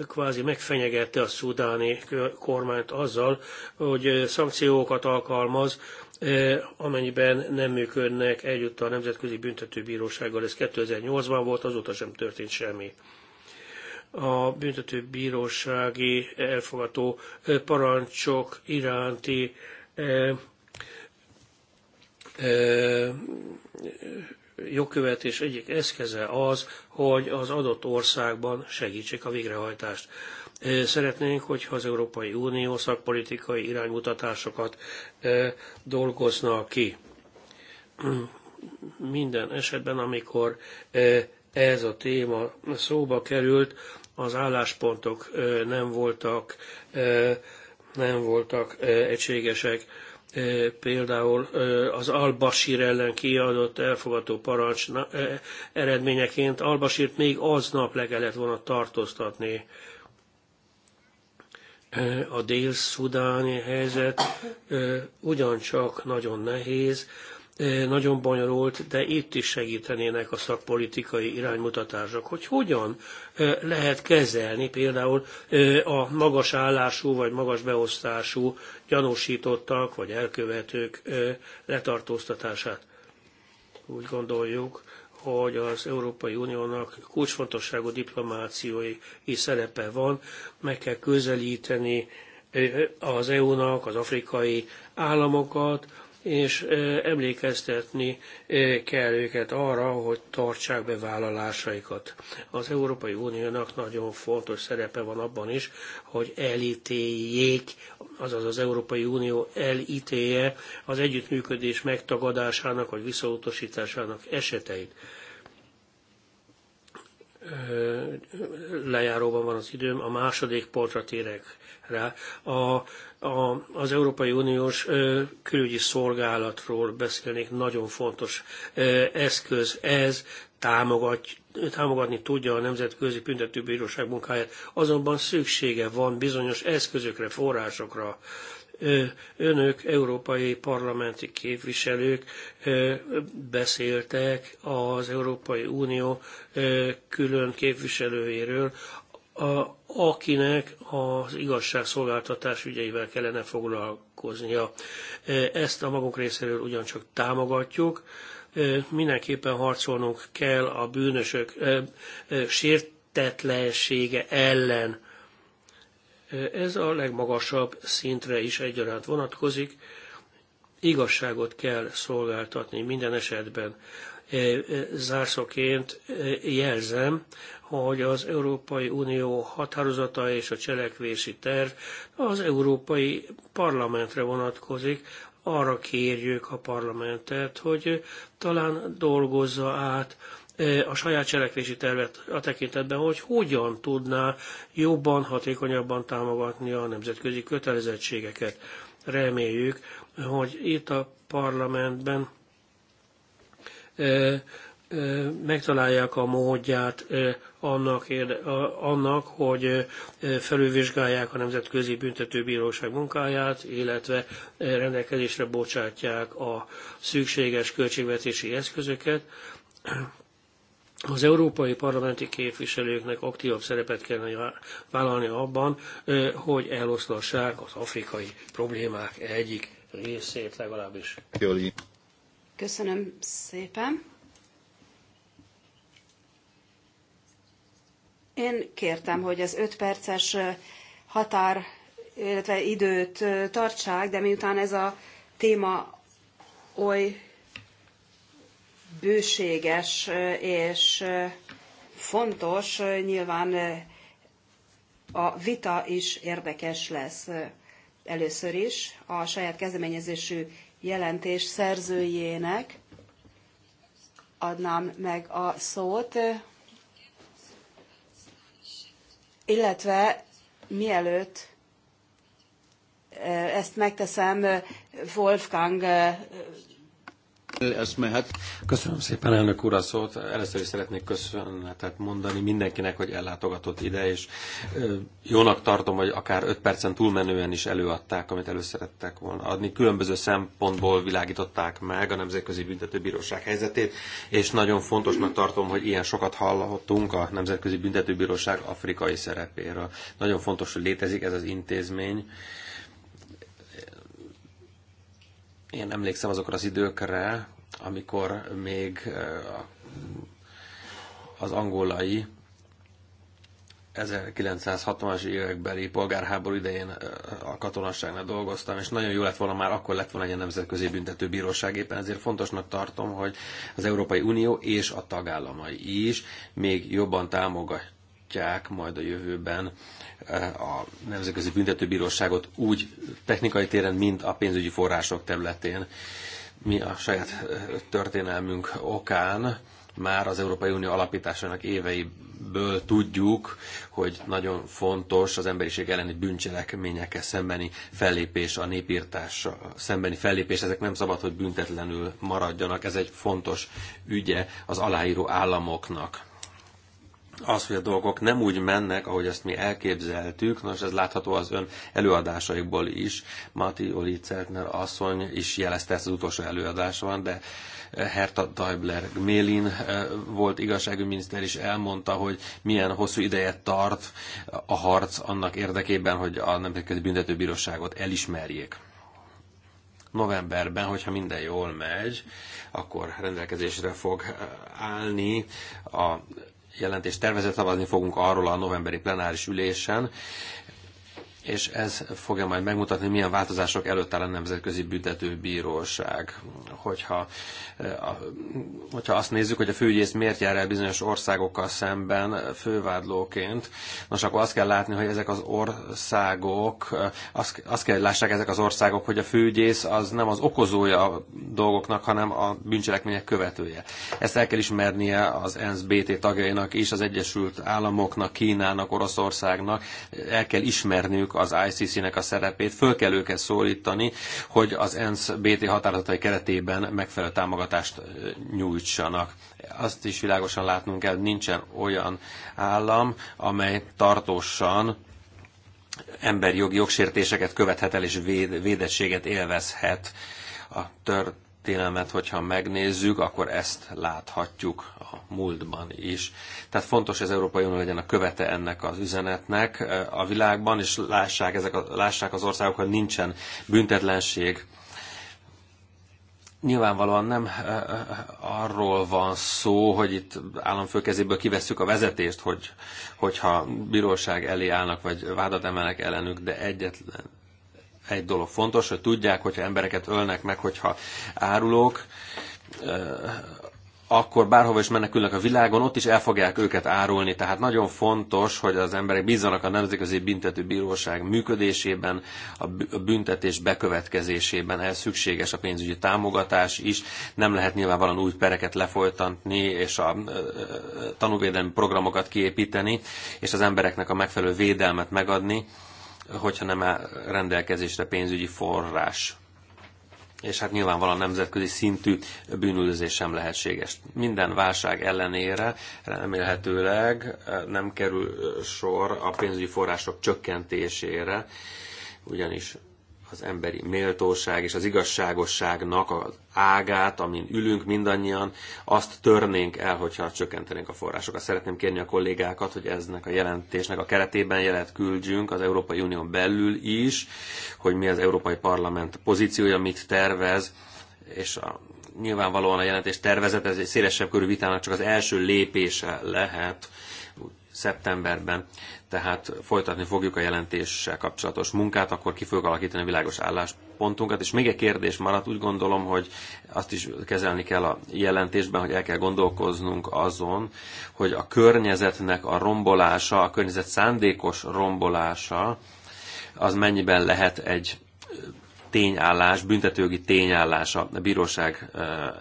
[SPEAKER 11] kvázi megfenyegette a szudáni kormányt azzal, hogy szankciókat alkalmaz, amennyiben nem működnek együtt a Nemzetközi Büntetőbírósággal. Ez 2008-ban volt, azóta sem történt semmi a büntetőbírósági elfogató parancsok iránti jogkövetés egyik eszköze az, hogy az adott országban segítsék a végrehajtást. Szeretnénk, hogyha az Európai Unió szakpolitikai iránymutatásokat dolgozna ki. Minden esetben, amikor ez a téma szóba került, az álláspontok nem voltak, nem voltak egységesek E, például e, az Al-Bashir ellen kiadott elfogadó parancs e, eredményeként Al-Bashirt még aznap le kellett volna tartóztatni. A dél-szudáni helyzet ugyancsak nagyon nehéz, nagyon bonyolult, de itt is segítenének a szakpolitikai iránymutatások, hogy hogyan lehet kezelni például a magas állású vagy magas beosztású gyanúsítottak vagy elkövetők letartóztatását. Úgy gondoljuk, hogy az Európai Uniónak kulcsfontosságú diplomáciai szerepe van, meg kell közelíteni az EU-nak az afrikai államokat, és emlékeztetni kell őket arra, hogy tartsák be vállalásaikat. Az Európai Uniónak nagyon fontos szerepe van abban is, hogy elítéljék, azaz az Európai Unió elítélje az együttműködés megtagadásának vagy visszautasításának eseteit lejáróban van az időm, a második portra térek rá. A, a, az Európai Uniós külügyi szolgálatról beszélnék, nagyon fontos eszköz ez, támogat, támogatni tudja a Nemzetközi Büntetőbíróság munkáját, azonban szüksége van bizonyos eszközökre, forrásokra önök, európai parlamenti képviselők beszéltek az Európai Unió külön képviselőjéről, a, akinek az igazságszolgáltatás ügyeivel kellene foglalkoznia. Ezt a magunk részéről ugyancsak támogatjuk. Mindenképpen harcolnunk kell a bűnösök sértetlensége ellen ez a legmagasabb szintre is egyaránt vonatkozik. Igazságot kell szolgáltatni minden esetben. E, e, Zárszoként e, jelzem, hogy az Európai Unió határozata és a cselekvési terv az Európai Parlamentre vonatkozik, arra kérjük a parlamentet, hogy talán dolgozza át E, a saját cselekvési tervet a tekintetben, hogy hogyan tudná jobban, hatékonyabban támogatni a nemzetközi kötelezettségeket. Reméljük, hogy itt a parlamentben e, e, megtalálják a módját annak, annak, hogy felülvizsgálják a Nemzetközi Büntetőbíróság munkáját, illetve rendelkezésre bocsátják a szükséges költségvetési eszközöket az európai parlamenti képviselőknek aktívabb szerepet kellene vállalni abban, hogy eloszlassák az afrikai problémák egyik részét legalábbis.
[SPEAKER 12] Köszönöm szépen. Én kértem, hogy az öt perces határ, illetve időt tartsák, de miután ez a téma oly bőséges és fontos, nyilván a vita is érdekes lesz először is a saját kezdeményezésű jelentés szerzőjének adnám meg a szót, illetve mielőtt ezt megteszem, Wolfgang
[SPEAKER 10] Köszönöm szépen, elnök úr, a szót. Először is szeretnék köszönetet mondani mindenkinek, hogy ellátogatott ide, és jónak tartom, hogy akár 5 percen túlmenően is előadták, amit előszerettek volna adni. Különböző szempontból világították meg a Nemzetközi Büntetőbíróság helyzetét, és nagyon fontosnak tartom, hogy ilyen sokat hallhattunk a Nemzetközi Büntetőbíróság afrikai szerepéről. Nagyon fontos, hogy létezik ez az intézmény én emlékszem azokra az időkre, amikor még eh, az angolai 1960-as évekbeli polgárháború idején eh, a katonasságnál dolgoztam, és nagyon jó lett volna már akkor lett volna egy nemzetközi büntetőbíróság. Éppen ezért fontosnak tartom, hogy az Európai Unió és a tagállamai is még jobban támogat, alakítják majd a jövőben eh, a Nemzetközi Büntetőbíróságot úgy technikai téren, mint a pénzügyi források területén. Mi a saját eh, történelmünk okán már az Európai Unió alapításának éveiből tudjuk, hogy nagyon fontos az emberiség elleni bűncselekményekkel szembeni fellépés, a népírtás szembeni fellépés, ezek nem szabad, hogy büntetlenül maradjanak, ez egy fontos ügye az aláíró államoknak az, hogy a dolgok nem úgy mennek, ahogy ezt mi elképzeltük, nos ez látható az ön előadásaikból is. Mati Oli Certner asszony is jelezte ezt az utolsó előadásban, de eh, Herta Daibler Gmélin eh, volt igazságügyminiszter is elmondta, hogy milyen hosszú ideje tart a harc annak érdekében, hogy a Nemzetközi Büntetőbíróságot elismerjék novemberben, hogyha minden jól megy, akkor rendelkezésre fog eh, állni a jelentés tervezet szavazni fogunk arról a novemberi plenáris ülésen és ez fogja majd megmutatni, milyen változások előtt áll a Nemzetközi Büntetőbíróság. Hogyha, eh, hogyha azt nézzük, hogy a főügyész miért jár el bizonyos országokkal szemben fővádlóként, most akkor azt kell látni, hogy ezek az országok, eh, azt, azt kell, lássák ezek az országok, hogy a főügyész az nem az okozója a dolgoknak, hanem a bűncselekmények követője. Ezt el kell ismernie az ENSZ BT tagjainak is, az Egyesült Államoknak, Kínának, Oroszországnak, el kell ismerniük növeljük az ICC-nek a szerepét, föl kell őket szólítani, hogy az ENSZ BT határozatai keretében megfelelő támogatást nyújtsanak. Azt is világosan látnunk kell, nincsen olyan állam, amely tartósan emberjogi jogsértéseket követhet el és véd, védettséget élvezhet a tört történelmet, hogyha megnézzük, akkor ezt láthatjuk a múltban is. Tehát fontos, hogy az Európai Unió legyen a követe ennek az üzenetnek a világban, és lássák, ezek a, lássák az országok, hogy nincsen büntetlenség. Nyilvánvalóan nem arról van szó, hogy itt államfőkezéből kivesszük a vezetést, hogy, hogyha bíróság elé állnak, vagy vádat emelnek ellenük, de egyetlen egy dolog fontos, hogy tudják, hogyha embereket ölnek meg, hogyha árulók, akkor bárhova is menekülnek a világon, ott is el fogják őket árulni. Tehát nagyon fontos, hogy az emberek bízzanak a Nemzetközi bíróság működésében, a büntetés bekövetkezésében. Ehhez szükséges a pénzügyi támogatás is. Nem lehet nyilvánvalóan új pereket lefolytatni, és a tanúvédelmi programokat kiépíteni, és az embereknek a megfelelő védelmet megadni hogyha nem áll rendelkezésre pénzügyi forrás. És hát nyilvánvalóan nemzetközi szintű bűnüldözés sem lehetséges. Minden válság ellenére remélhetőleg nem kerül sor a pénzügyi források csökkentésére, ugyanis az emberi méltóság és az igazságosságnak az ágát, amin ülünk mindannyian, azt törnénk el, hogyha csökkentenénk a forrásokat. Szeretném kérni a kollégákat, hogy eznek a jelentésnek a keretében jelet küldjünk az Európai Unión belül is, hogy mi az Európai Parlament pozíciója, mit tervez, és a, nyilvánvalóan a jelentés tervezet, ez egy szélesebb körű vitának csak az első lépése lehet, szeptemberben, tehát folytatni fogjuk a jelentéssel kapcsolatos munkát, akkor ki fogjuk alakítani a világos álláspontunkat. És még egy kérdés maradt, úgy gondolom, hogy azt is kezelni kell a jelentésben, hogy el kell gondolkoznunk azon, hogy a környezetnek a rombolása, a környezet szándékos rombolása, az mennyiben lehet egy tényállás, büntetőjogi tényállás a bíróság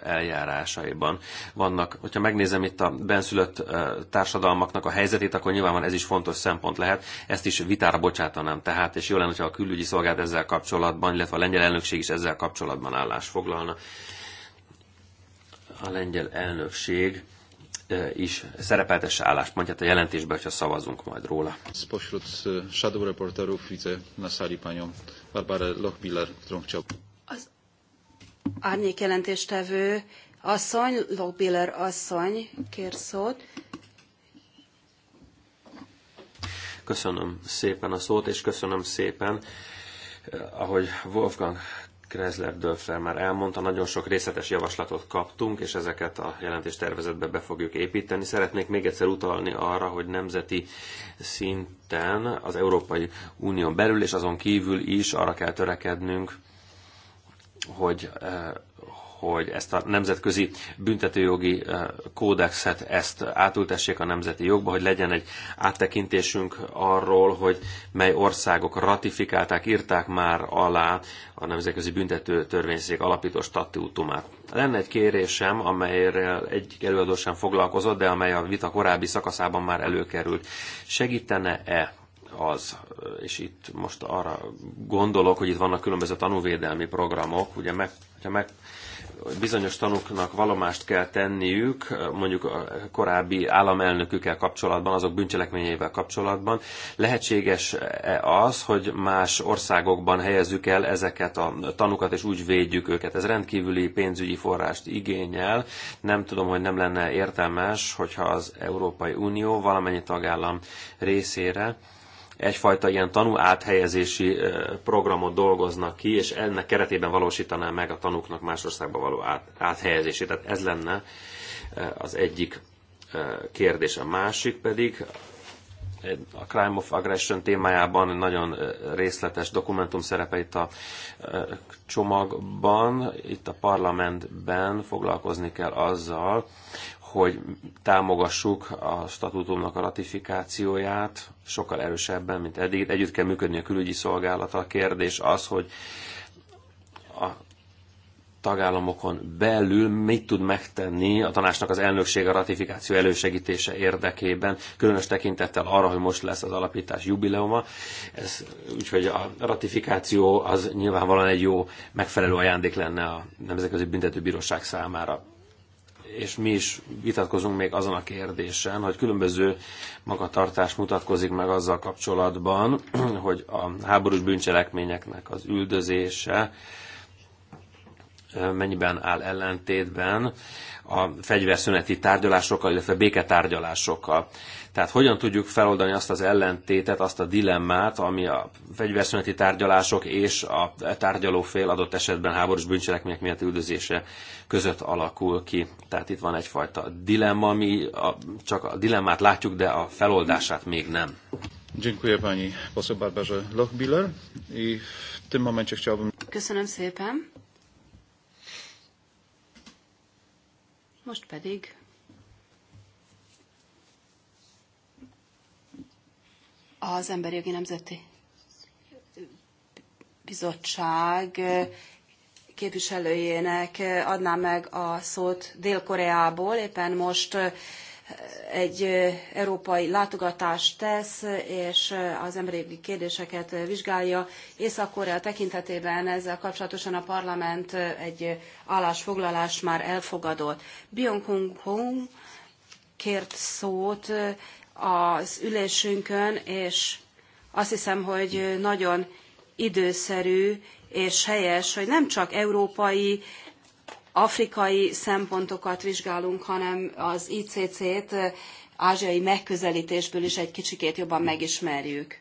[SPEAKER 10] eljárásaiban. Vannak, hogyha megnézem itt a benszülött társadalmaknak a helyzetét, akkor nyilvánvalóan ez is fontos szempont lehet. Ezt is vitára bocsátanám tehát, és jó lenne, hogyha a külügyi szolgált ezzel kapcsolatban, illetve a lengyel elnökség is ezzel kapcsolatban állás foglalna. A lengyel elnökség is szerepeltesse álláspontját a jelentésben,
[SPEAKER 1] hogyha szavazunk majd róla. Spośród e, shadow reporterów widzę na sali panią Barbara Lochbiller Trunkcsap.
[SPEAKER 12] Az árnyék jelentéstevő asszony, Lochbiller asszony, kér szót.
[SPEAKER 10] Köszönöm szépen a szót, és köszönöm szépen, eh, ahogy Wolfgang Kressler Dörfer már elmondta, nagyon sok részletes javaslatot kaptunk, és ezeket a jelentés tervezetbe be fogjuk építeni. Szeretnék még egyszer utalni arra, hogy nemzeti szinten az Európai Unión belül és azon kívül is arra kell törekednünk, hogy eh, hogy ezt a nemzetközi büntetőjogi eh, kódexet ezt átültessék a nemzeti jogba, hogy legyen egy áttekintésünk arról, hogy mely országok ratifikálták, írták már alá a Nemzetközi Büntető Törvényszék alapító statútumát. Lenne egy kérésem, amelyről egy előadó sem foglalkozott, de amely a vita korábbi szakaszában már előkerült. Segítene-e az, és itt most arra gondolok, hogy itt vannak különböző tanúvédelmi programok, ugye meg, ha meg bizonyos tanúknak valomást kell tenniük, mondjuk a korábbi államelnökükkel kapcsolatban, azok bűncselekményeivel kapcsolatban. Lehetséges -e az, hogy más országokban helyezzük el ezeket a tanukat, és úgy védjük őket? Ez rendkívüli pénzügyi forrást igényel. Nem tudom, hogy nem lenne értelmes, hogyha az Európai Unió valamennyi tagállam részére egyfajta ilyen tanú áthelyezési programot dolgoznak ki, és ennek keretében valósítaná meg a tanúknak más országba való áthelyezését. Tehát ez lenne az egyik kérdés. A másik pedig a Crime of Aggression témájában nagyon részletes dokumentum szerepe itt a csomagban. Itt a parlamentben foglalkozni kell azzal, hogy támogassuk a statutumnak a ratifikációját sokkal erősebben, mint eddig. Együtt kell működni a külügyi szolgálata. A kérdés az, hogy a tagállamokon belül mit tud megtenni a tanácsnak az elnökség a ratifikáció elősegítése érdekében, különös tekintettel arra, hogy most lesz az alapítás jubileuma. Ez, úgyhogy a ratifikáció az nyilvánvalóan egy jó, megfelelő ajándék lenne a Nemzetközi Büntetőbíróság számára és mi is vitatkozunk még azon a kérdésen, hogy különböző magatartás mutatkozik meg azzal kapcsolatban, hogy a háborús bűncselekményeknek az üldözése mennyiben áll ellentétben a fegyverszüneti tárgyalásokkal, illetve béketárgyalásokkal. Tehát hogyan tudjuk feloldani azt az ellentétet, azt a dilemmát, ami a fegyverszüneti tárgyalások és a tárgyalófél adott esetben háborús bűncselekmények miatt üldözése között alakul ki. Tehát itt van egyfajta dilemma, mi a, csak a dilemmát látjuk, de a feloldását
[SPEAKER 1] még nem. Dziękuję pani poseł Barbarze Lochbiller i w tym momencie chciałbym...
[SPEAKER 12] Köszönöm szépen. Most pedig Az Emberi Jogi Nemzeti Bizottság képviselőjének adná meg a szót Dél-Koreából. Éppen most egy európai látogatást tesz, és az emberi kérdéseket vizsgálja. Észak-Korea tekintetében ezzel kapcsolatosan a parlament egy állásfoglalást már elfogadott. Byung-Hung kért szót, az ülésünkön, és azt hiszem, hogy nagyon időszerű és helyes, hogy nem csak európai, afrikai szempontokat vizsgálunk, hanem az ICC-t ázsiai megközelítésből is egy kicsikét jobban megismerjük.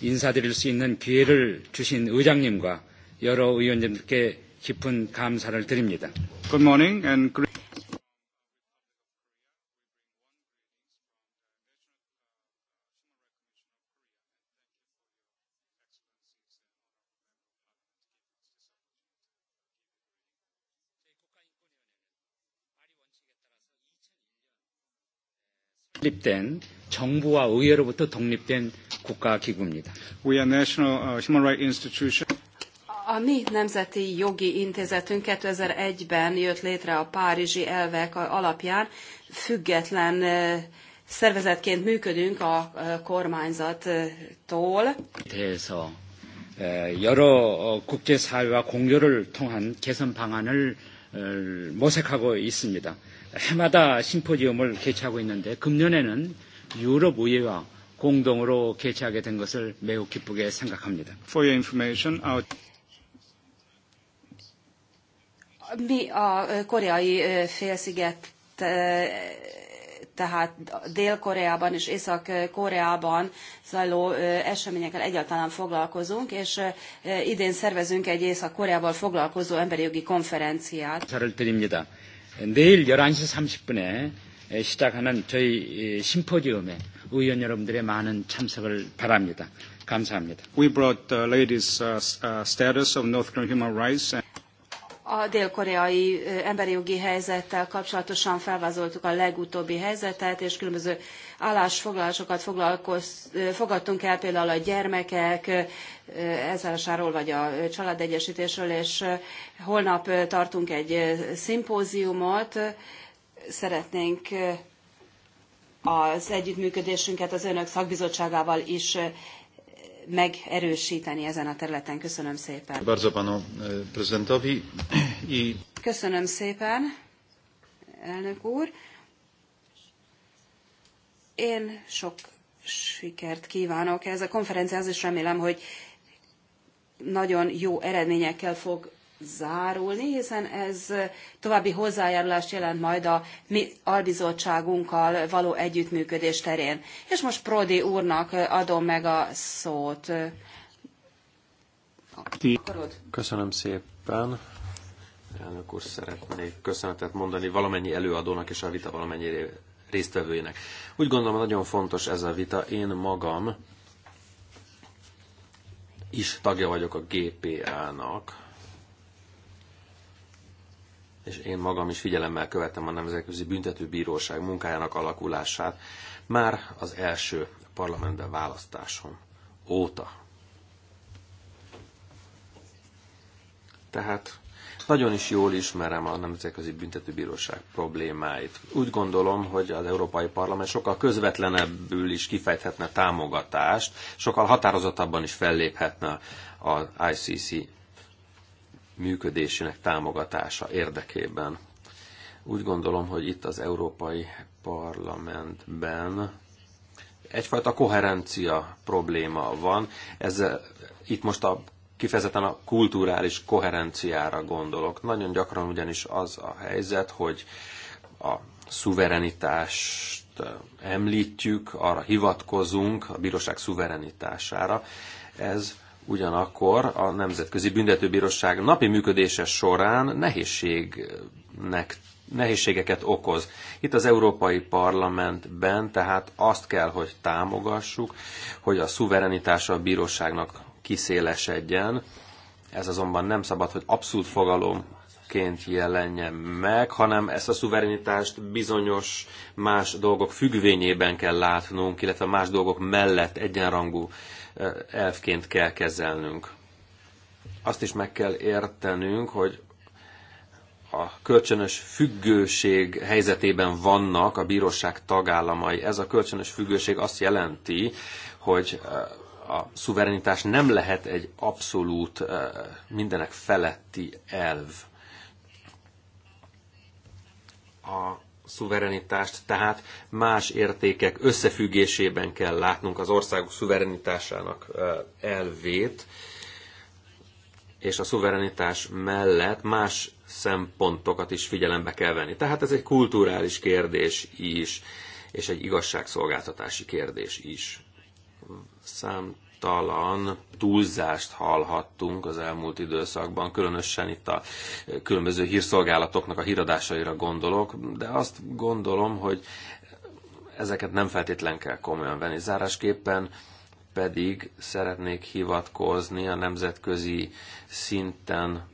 [SPEAKER 13] 인사드릴 수 있는 기회를 주신 의장님과 여러 의원님들께 깊은 감사를 드립니다. Good morning and 독립된 정부와 의회로부터 독립된 국가 기구입니다. We are national uh, human rights institution.
[SPEAKER 12] A mi nemzeti jogi intézetünk 2001-ben jött létre a párizsi elvek alapján, független szervezetként működünk a kormányzattól.
[SPEAKER 13] For your information, our
[SPEAKER 12] Mi a koreai félsziget tehát Dél-Koreában és Észak-Koreában zajló eseményekkel egyáltalán foglalkozunk, és idén szervezünk egy Észak-Koreával foglalkozó emberi jogi konferenciát.
[SPEAKER 13] 내일 11시 30분에 시작하는 저희 심포지엄에 의원 여러분들의 많은 참석을 바랍니다. 감사합니다. We brought the uh, uh, uh, status of North Korean human rights
[SPEAKER 12] a dél-koreai emberi jogi helyzettel kapcsolatosan felvázoltuk a legutóbbi helyzetet, és különböző állásfoglalásokat fogadtunk el, például a gyermekek elzárásáról, vagy a családegyesítésről, és holnap tartunk egy szimpóziumot. Szeretnénk az együttműködésünket az önök szakbizottságával is megerősíteni ezen a területen. Köszönöm szépen.
[SPEAKER 1] Bardzo panu e,
[SPEAKER 12] Köszönöm szépen, elnök úr. Én sok sikert kívánok ez a konferenciához, és remélem, hogy nagyon jó eredményekkel fog zárulni, hiszen ez további hozzájárulást jelent majd a mi albizottságunkkal való együttműködés terén. És most Prodi úrnak adom meg a szót.
[SPEAKER 10] Köszönöm szépen. Elnök úr, szeretnék köszönetet mondani valamennyi előadónak és a vita valamennyi résztvevőjének. Úgy gondolom, nagyon fontos ez a vita. Én magam is tagja vagyok a GPA-nak, és én magam is figyelemmel követem a Nemzetközi Büntetőbíróság munkájának alakulását már az első parlamentben választáson óta. Tehát nagyon is jól ismerem a Nemzetközi Büntetőbíróság problémáit. Úgy gondolom, hogy az Európai Parlament sokkal közvetlenebbül is kifejthetne támogatást, sokkal határozottabban is felléphetne az ICC működésének támogatása érdekében. Úgy gondolom, hogy itt az Európai Parlamentben egyfajta koherencia probléma van. Ez itt most a kifejezetten a kulturális koherenciára gondolok. Nagyon gyakran ugyanis az a helyzet, hogy a szuverenitást említjük, arra hivatkozunk, a bíróság szuverenitására. Ez Ugyanakkor a Nemzetközi Büntetőbíróság napi működése során nehézségnek, nehézségeket okoz. Itt az Európai Parlamentben tehát azt kell, hogy támogassuk, hogy a szuverenitása a bíróságnak kiszélesedjen. Ez azonban nem szabad, hogy abszolút fogalom ként jelenjen meg, hanem ezt a szuverenitást bizonyos más dolgok függvényében kell látnunk, illetve más dolgok mellett egyenrangú elfként kell kezelnünk. Azt is meg kell értenünk, hogy a kölcsönös függőség helyzetében vannak a bíróság tagállamai. Ez a kölcsönös függőség azt jelenti, hogy eh, a szuverenitás nem lehet egy abszolút eh, mindenek feletti elv. A szuverenitást, tehát más értékek összefüggésében kell látnunk az országok szuverenitásának elvét, és a szuverenitás mellett más szempontokat is figyelembe kell venni. Tehát ez egy kulturális kérdés is, és egy igazságszolgáltatási kérdés is. Szám számtalan túlzást hallhattunk az elmúlt időszakban, különösen itt a különböző hírszolgálatoknak a híradásaira gondolok, de azt gondolom, hogy ezeket nem feltétlen kell komolyan venni. Zárásképpen pedig szeretnék hivatkozni a nemzetközi szinten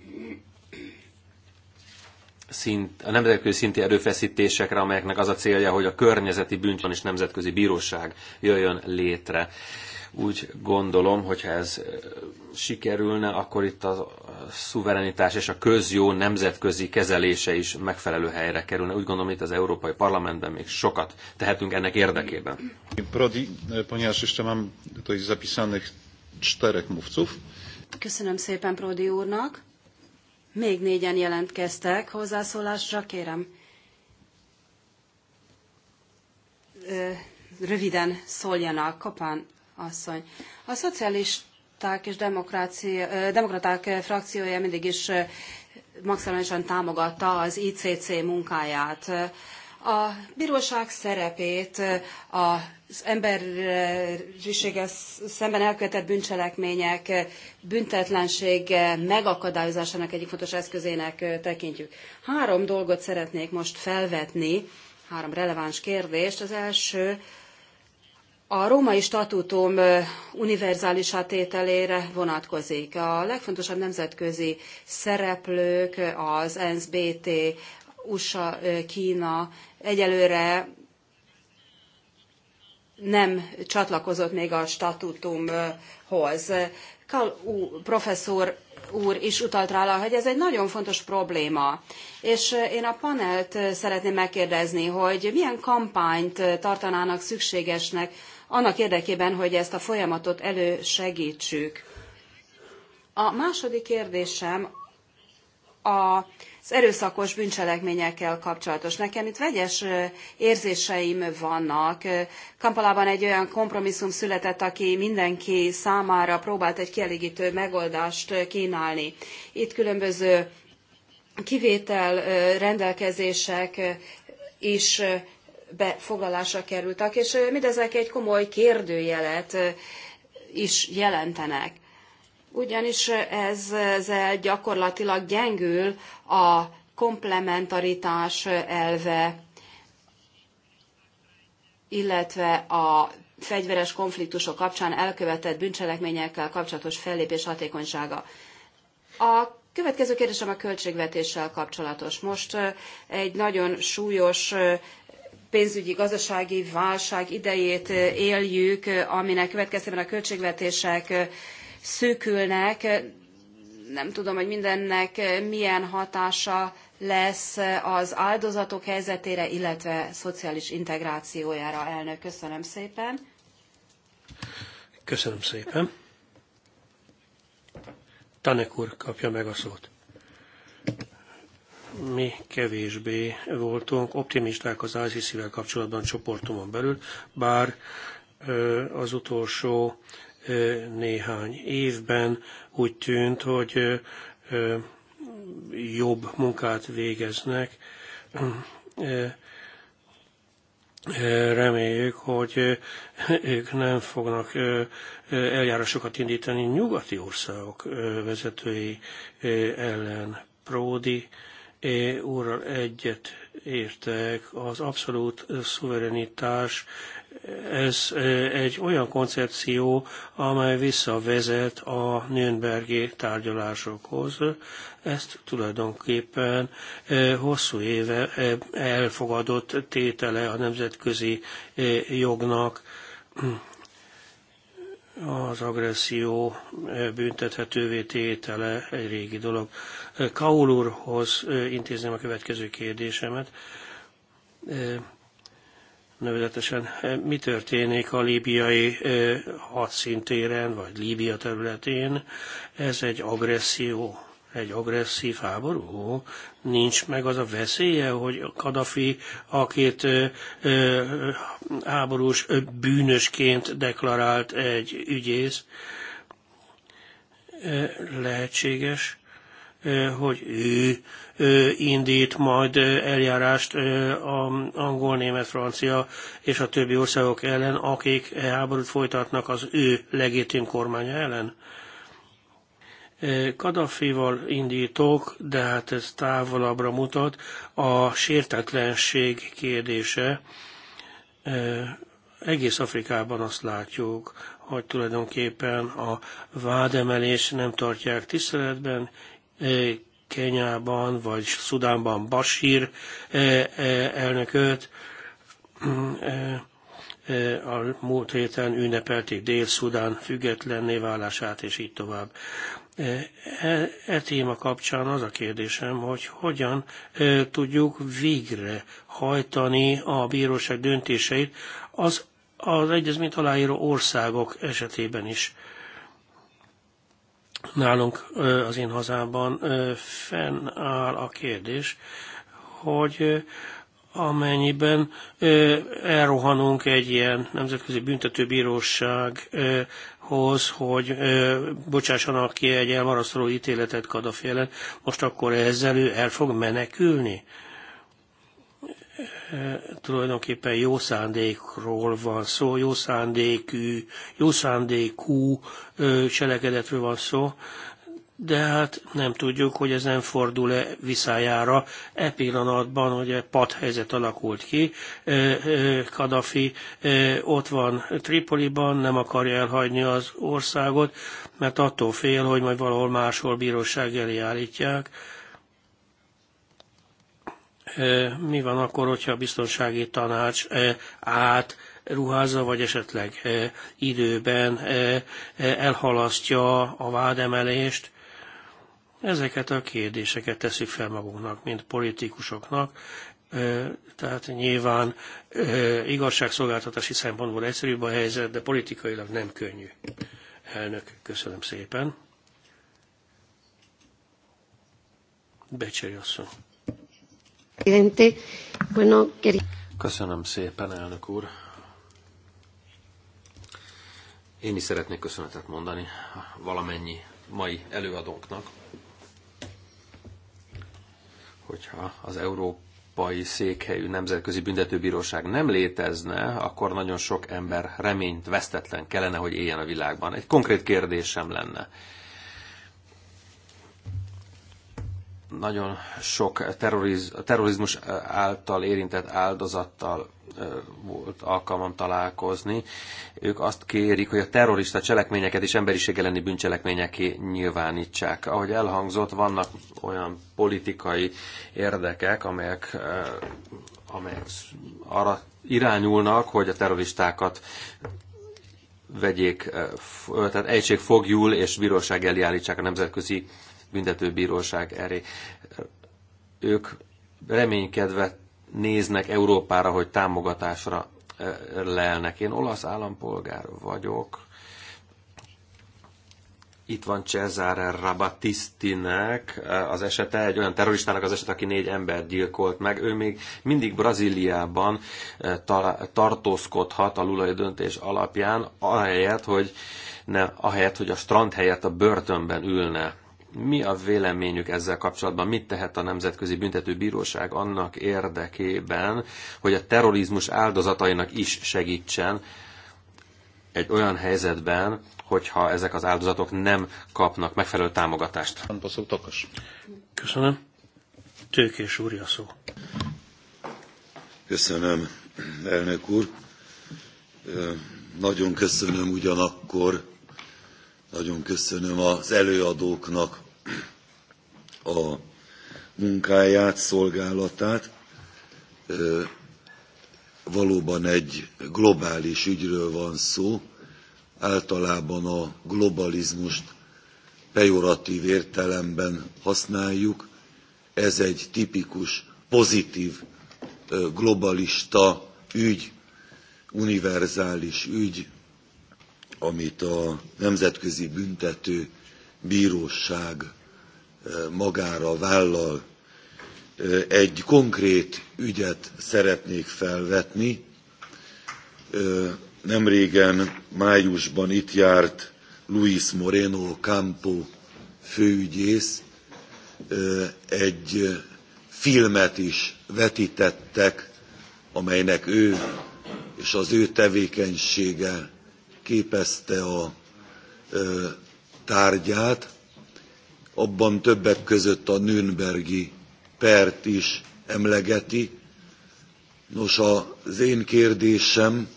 [SPEAKER 10] szint, a nemzetközi szinti erőfeszítésekre, amelyeknek az a célja, hogy a környezeti bűncsön és nemzetközi bíróság jöjjön létre. Úgy gondolom, hogyha ez sikerülne, akkor itt a szuverenitás és a közjó nemzetközi kezelése is megfelelő helyre kerülne. Úgy gondolom, itt az Európai Parlamentben még sokat tehetünk ennek érdekében.
[SPEAKER 1] Prodi, e, ponieważ jeszcze mam tutaj zapisanych czterech mówców.
[SPEAKER 12] Köszönöm szépen Prodi úrnak. Még négyen jelentkeztek hozzászólásra, kérem. Röviden szóljanak, Kopán asszony. A szocialisták és demokraták frakciója mindig is maximálisan támogatta az ICC munkáját. A bíróság szerepét az emberiséggel szemben elkövetett bűncselekmények büntetlensége megakadályozásának egyik fontos eszközének tekintjük. Három dolgot szeretnék most felvetni, három releváns kérdést. Az első a római statútum univerzális tételére vonatkozik. A legfontosabb nemzetközi szereplők, az ENSZ, BT, USA, Kína egyelőre nem csatlakozott még a statutumhoz. Kal ú, professzor úr is utalt rá, hogy ez egy nagyon fontos probléma. És én a panelt szeretném megkérdezni, hogy milyen kampányt tartanának szükségesnek annak érdekében, hogy ezt a folyamatot elősegítsük. A második kérdésem az erőszakos bűncselekményekkel kapcsolatos. Nekem itt vegyes érzéseim vannak. Kampalában egy olyan kompromisszum született, aki mindenki számára próbált egy kielégítő megoldást kínálni. Itt különböző kivétel rendelkezések is befoglalásra kerültek, és mindezek egy komoly kérdőjelet is jelentenek. Ugyanis ezzel gyakorlatilag gyengül a komplementaritás elve, illetve a fegyveres konfliktusok kapcsán elkövetett bűncselekményekkel kapcsolatos fellépés hatékonysága. A következő kérdésem a költségvetéssel kapcsolatos. Most egy nagyon súlyos pénzügyi gazdasági válság idejét éljük, aminek következtében a költségvetések szűkülnek. Nem tudom, hogy mindennek milyen hatása lesz az áldozatok helyzetére, illetve szociális integrációjára, elnök. Köszönöm szépen.
[SPEAKER 11] Köszönöm szépen. Tanek úr kapja meg a szót mi kevésbé voltunk optimisták az ICC-vel kapcsolatban csoportomon belül, bár az utolsó néhány évben úgy tűnt, hogy jobb munkát végeznek. Reméljük, hogy ők nem fognak eljárásokat indítani nyugati országok vezetői ellen. Pródi E úrral egyet értek, az abszolút szuverenitás, ez e, egy olyan koncepció, amely visszavezet a Nürnbergi tárgyalásokhoz. Ezt tulajdonképpen e, hosszú éve elfogadott tétele a nemzetközi jognak az agresszió büntethetővé tétele egy régi dolog. Kaul úrhoz intézném a következő kérdésemet. Nevezetesen mi történik a líbiai hadszintéren, vagy Líbia területén? Ez egy agresszió egy agresszív háború? Nincs meg az a veszélye, hogy Kadafi, akit ö, ö, háborús ö, bűnösként deklarált egy ügyész, ö, lehetséges, ö, hogy ő ö, indít majd eljárást ö, a angol, német, francia és a többi országok ellen, akik e háborút folytatnak az ő legitim kormánya ellen? Ö, Kadafival indítok, de hát ez távolabbra mutat, a sértetlenség kérdése. Egész Afrikában azt látjuk, hogy tulajdonképpen a vádemelés nem tartják tiszteletben, Kenyában vagy Szudánban Basír elnököt, a múlt héten ünnepelték Dél-Szudán függetlenné válását, és így tovább. E, e, e téma kapcsán az a kérdésem, hogy hogyan e, tudjuk végre hajtani a bíróság döntéseit az, az egyezményt aláíró országok esetében is. Nálunk e, az én hazámban e, fennáll a kérdés, hogy e, amennyiben e, elrohanunk egy ilyen nemzetközi büntetőbíróság e, ahhoz, hogy bocsássanak ki egy elmarasztaló ítéletet Kadafi ellen, most akkor ezzel ő el fog menekülni? tulajdonképpen jó szándékról van szó, jó szándékű, jó szándékú cselekedetről van szó de hát nem tudjuk, hogy ez nem fordul-e viszájára e pillanatban, hogy pat helyzet alakult ki. Kadafi ott van Tripoliban, nem akarja elhagyni az országot, mert attól fél, hogy majd valahol máshol bíróság elé állítják. Mi van akkor, hogyha a biztonsági tanács át ruházza, vagy esetleg időben elhalasztja a vádemelést, Ezeket a kérdéseket teszik fel magunknak, mint politikusoknak, tehát nyilván igazságszolgáltatási szempontból egyszerűbb a helyzet, de politikailag nem könnyű. Elnök, köszönöm szépen. Becseri asszony.
[SPEAKER 10] Köszönöm szépen, elnök úr. Én is szeretnék köszönetet mondani valamennyi mai előadónknak hogyha az európai székhelyű nemzetközi büntetőbíróság nem létezne, akkor nagyon sok ember reményt vesztetlen kellene, hogy éljen a világban. Egy konkrét kérdésem lenne. nagyon sok terroriz, terrorizmus által érintett áldozattal volt alkalmam találkozni. Ők azt kérik, hogy a terrorista cselekményeket és emberiség elleni bűncselekményeké nyilvánítsák. Ahogy elhangzott, vannak olyan politikai érdekek, amelyek, amelyek arra irányulnak, hogy a terroristákat vegyék, tehát egység fogjul és bíróság elé állítsák a nemzetközi büntetőbíróság elé. Ők reménykedve néznek Európára, hogy támogatásra e, lelnek. Én olasz állampolgár vagyok. Itt van Cesare Rabatistinek e, az esete, egy olyan terroristának az esete, aki négy ember gyilkolt meg. Ő még mindig Brazíliában e, tartózkodhat a lulai döntés alapján, ahelyett, hogy, ne, ahelyett, hogy a strand helyett a börtönben ülne. Mi a véleményük ezzel kapcsolatban? Mit tehet a Nemzetközi Büntetőbíróság annak érdekében, hogy a terrorizmus áldozatainak is segítsen egy olyan helyzetben, hogyha ezek az áldozatok nem kapnak megfelelő támogatást?
[SPEAKER 11] Köszönöm. Tőkés úr, a szó.
[SPEAKER 14] Köszönöm, elnök úr. Nagyon köszönöm ugyanakkor nagyon köszönöm az előadóknak a munkáját, szolgálatát. Valóban egy globális ügyről van szó. Általában a globalizmust pejoratív értelemben használjuk. Ez egy tipikus, pozitív, globalista ügy, univerzális ügy, amit a Nemzetközi Büntető Bíróság eh, magára vállal. Eh, egy konkrét ügyet szeretnék felvetni. Eh, Nemrégen májusban itt járt Luis Moreno Campo főügyész, egy filmet is vetítettek, amelynek ő és az ő tevékenysége képezte a ö, tárgyát, abban többek között a Nürnbergi pert is emlegeti. Nos, az én kérdésem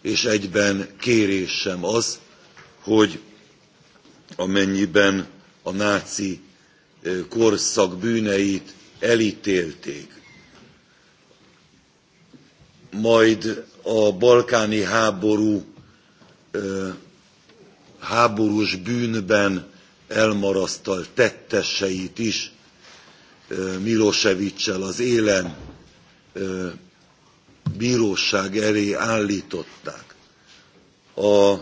[SPEAKER 14] és egyben kérésem az, hogy amennyiben a náci korszak bűneit elítélték, majd a balkáni háború háborús bűnben elmarasztalt tetteseit is Milosevicsel az élen bíróság elé állították. A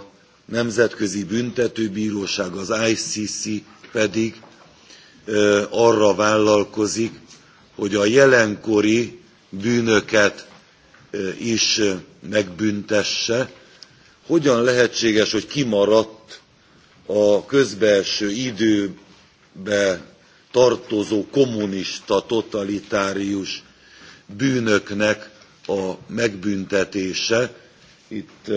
[SPEAKER 14] Nemzetközi Büntetőbíróság, az ICC pedig arra vállalkozik, hogy a jelenkori bűnöket is megbüntesse, hogyan lehetséges, hogy kimaradt a közbelső időbe tartozó kommunista, totalitárius bűnöknek a megbüntetése. Itt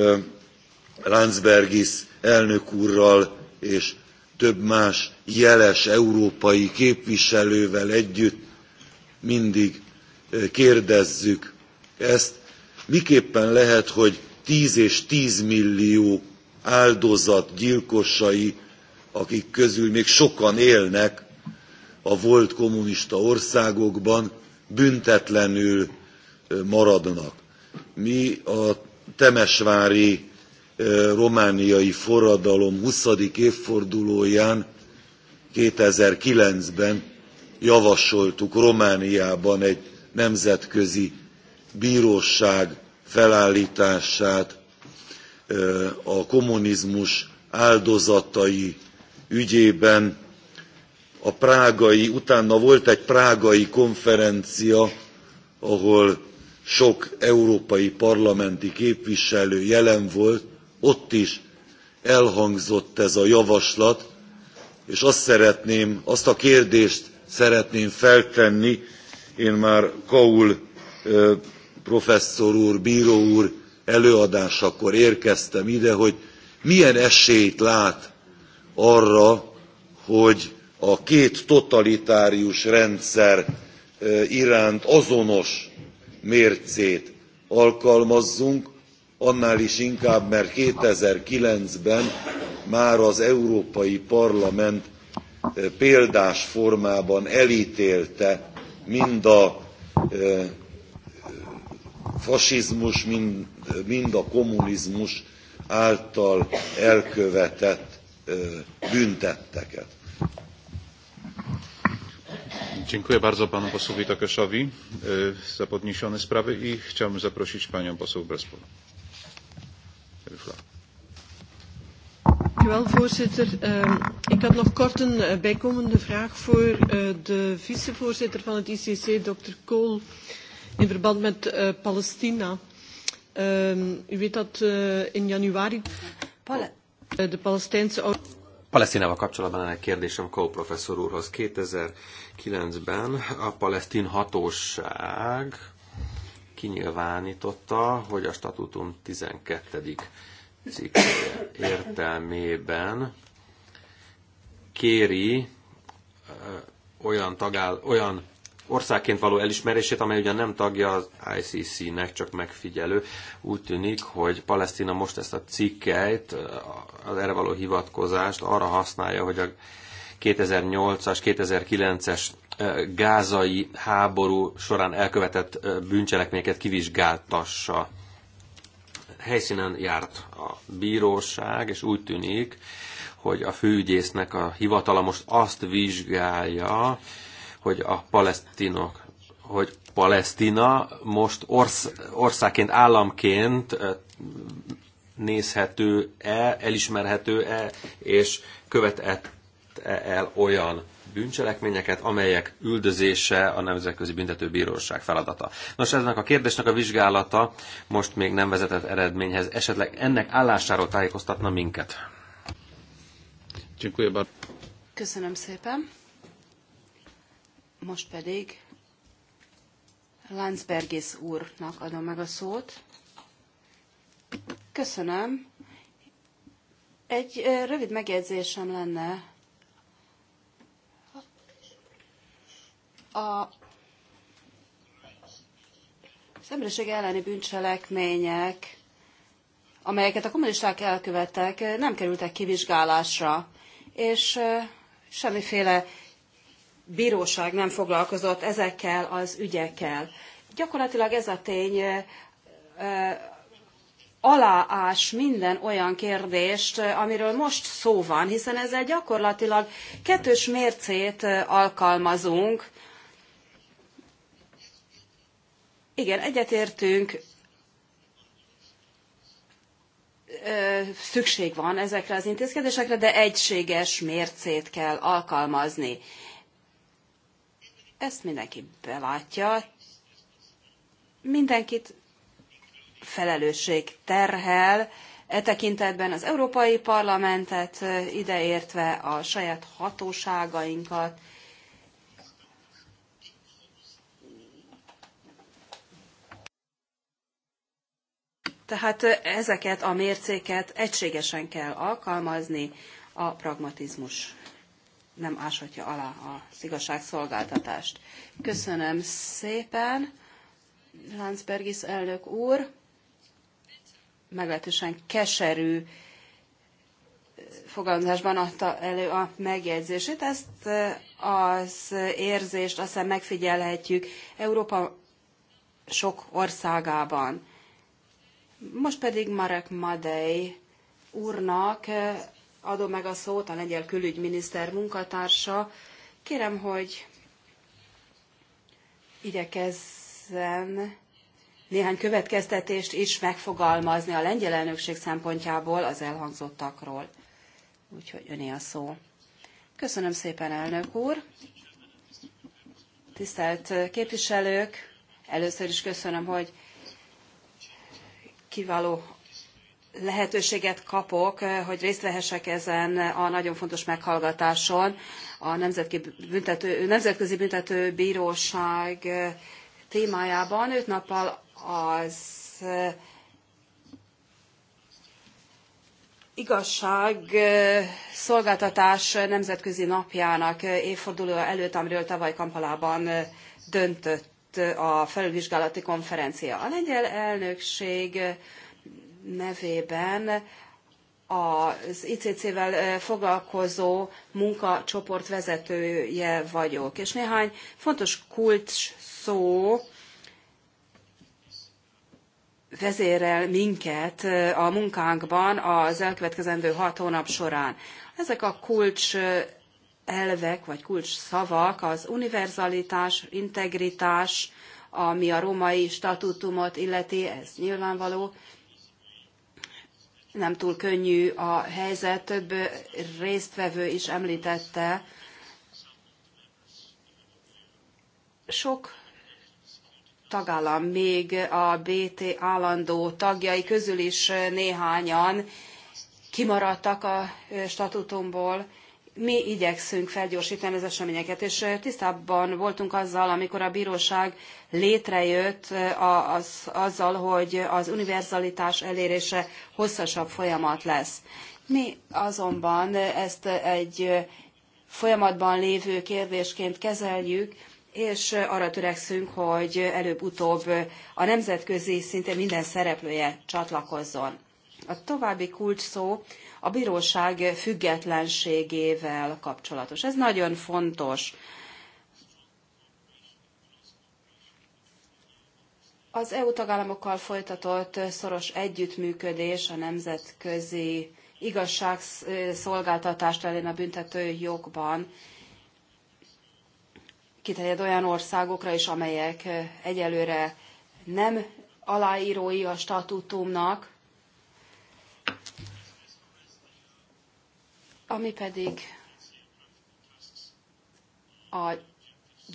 [SPEAKER 14] Landsbergis elnök úrral és több más jeles európai képviselővel együtt mindig kérdezzük ezt. Miképpen lehet, hogy 10 és 10 millió áldozat gyilkosai, akik közül még sokan élnek a volt kommunista országokban, büntetlenül maradnak. Mi a temesvári romániai forradalom 20. évfordulóján 2009-ben javasoltuk Romániában egy nemzetközi bíróság felállítását a kommunizmus áldozatai ügyében a prágai, utána volt egy prágai konferencia, ahol sok európai parlamenti képviselő jelen volt, ott is elhangzott ez a javaslat, és azt szeretném, azt a kérdést szeretném feltenni, én már Kaul professzor úr, bíró úr előadásakor érkeztem ide, hogy milyen esélyt lát arra, hogy a két totalitárius rendszer iránt azonos mércét alkalmazzunk, annál is inkább, mert 2009-ben már az Európai Parlament példás formában elítélte mind a fasizmus, mind, mind a kommunizmus által elkövetett büntetteket.
[SPEAKER 1] Dziękuję bardzo panu posłowi Tokeszowi e, za podniesione sprawy i chciałbym zaprosić panią poseł Brespol.
[SPEAKER 3] Dank voorzitter. Ehm, ik had nog kort een eh, bijkomende vraag voor eh, de vicevoorzitter van het ICC, dokter Kool in verband met uh, Palestina. Uh, u weet dat uh, in januari Pal- eh, de Palestijnse...
[SPEAKER 10] Palesztinával kapcsolatban egy kérdésem a Kó professzor úrhoz. 2009-ben a palesztin hatóság kinyilvánította, hogy a statutum 12. cikke értelmében kéri olyan, tagáll, olyan országként való elismerését, amely ugyan nem tagja az ICC-nek, csak megfigyelő. Úgy tűnik, hogy Palesztina most ezt a cikkeit, az erre való hivatkozást arra használja, hogy a 2008-as, 2009-es gázai háború során elkövetett bűncselekményeket kivizsgáltassa. Helyszínen járt a bíróság, és úgy tűnik, hogy a főügyésznek a hivatala most azt vizsgálja, hogy a palesztinok, hogy Palesztina most orsz, országként, államként nézhető-e, elismerhető-e, és követett -e el olyan bűncselekményeket, amelyek üldözése a Nemzetközi Büntetőbíróság feladata. Nos, ennek a kérdésnek a vizsgálata most még nem vezetett eredményhez. Esetleg ennek állásáról tájékoztatna minket.
[SPEAKER 12] Köszönöm szépen. Most pedig Láncbergész úrnak adom meg a szót. Köszönöm. Egy rövid megjegyzésem lenne. A az emberiség elleni bűncselekmények, amelyeket a kommunisták elkövettek, nem kerültek kivizsgálásra, és semmiféle bíróság nem foglalkozott ezekkel az ügyekkel. Gyakorlatilag ez a tény aláás minden olyan kérdést, amiről most szó van, hiszen ezzel gyakorlatilag kettős mércét alkalmazunk. Igen, egyetértünk, szükség van ezekre az intézkedésekre, de egységes mércét kell alkalmazni. Ezt mindenki belátja. Mindenkit felelősség terhel. E tekintetben az Európai Parlamentet ideértve a saját hatóságainkat, Tehát ezeket a mércéket egységesen kell alkalmazni a pragmatizmus nem áshatja alá az igazságszolgáltatást. Köszönöm szépen, Lánzbergis elnök úr. Meglehetősen keserű fogalmazásban adta elő a megjegyzését. Ezt e, az érzést aztán megfigyelhetjük Európa sok országában. Most pedig Marek Madej úrnak e, adom meg a szót, a lengyel külügyminiszter munkatársa. Kérem, hogy igyekezzen néhány következtetést is megfogalmazni a lengyel elnökség szempontjából az elhangzottakról. Úgyhogy öné a szó. Köszönöm szépen, elnök úr! Tisztelt képviselők! Először is köszönöm, hogy kiváló lehetőséget kapok, eh, hogy részt vehessek ezen a nagyon fontos meghallgatáson a Nemzetközi Büntető Bíróság eh, témájában. Öt nappal az eh, igazság szolgáltatás nemzetközi napjának évfordulója előtt, amiről tavaly Kampalában döntött a felülvizsgálati konferencia. A lengyel elnökség nevében az ICC-vel foglalkozó munkacsoport vezetője vagyok, és néhány fontos kulcs szó vezérel minket a munkánkban az elkövetkezendő hat hónap során. Ezek a kulcs elvek, vagy kulcs szavak az univerzalitás, integritás, ami a római statutumot illeti, ez nyilvánvaló, nem túl könnyű a helyzet. Több résztvevő is említette. Sok tagállam, még a BT állandó tagjai közül is néhányan kimaradtak a statutumból, mi igyekszünk felgyorsítani az eseményeket, és tisztában voltunk azzal, amikor a bíróság létrejött az, azzal, hogy az univerzalitás elérése hosszasabb folyamat lesz. Mi azonban ezt egy folyamatban lévő kérdésként kezeljük, és arra törekszünk, hogy előbb-utóbb a nemzetközi szinte minden szereplője csatlakozzon. A további kulcs szó a bíróság függetlenségével kapcsolatos. Ez nagyon fontos. Az EU tagállamokkal folytatott szoros együttműködés a nemzetközi igazságszolgáltatást ellen a büntető jogban kiterjed olyan országokra is, amelyek egyelőre nem aláírói a statutumnak, Ami pedig a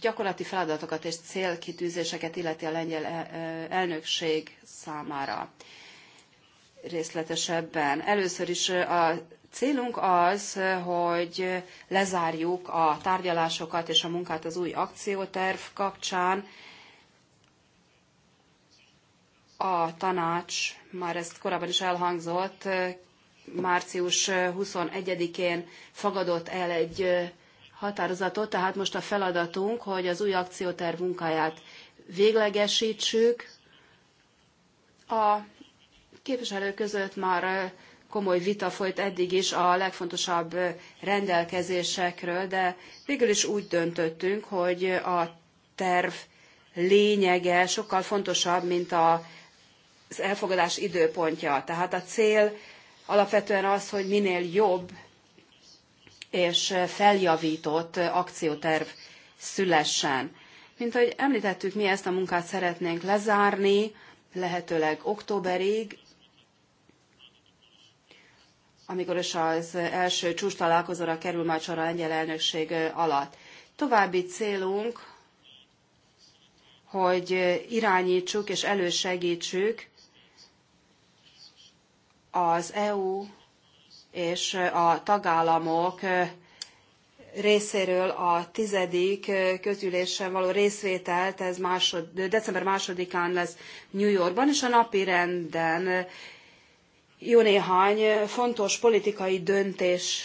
[SPEAKER 12] gyakorlati feladatokat és célkitűzéseket illeti a lengyel e- e- elnökség számára részletesebben. Először is a célunk az, hogy lezárjuk a tárgyalásokat és a munkát az új akcióterv kapcsán. A tanács, már ezt korábban is elhangzott, március 21-én fogadott el egy határozatot, tehát most a feladatunk, hogy az új akcióterv munkáját véglegesítsük. A képviselők között már komoly vita folyt eddig is a legfontosabb rendelkezésekről, de végül is úgy döntöttünk, hogy a terv lényege sokkal fontosabb, mint az elfogadás időpontja. Tehát a cél alapvetően az, hogy minél jobb és feljavított akcióterv szülessen. Mint ahogy említettük, mi ezt a munkát szeretnénk lezárni, lehetőleg októberig, amikor is az első csúcs találkozóra kerül majd sor a lengyel elnökség alatt. További célunk, hogy irányítsuk és elősegítsük az EU és a tagállamok részéről a tizedik közülésen való részvételt, ez másod, december másodikán lesz New Yorkban, és a napi renden jó néhány fontos politikai döntés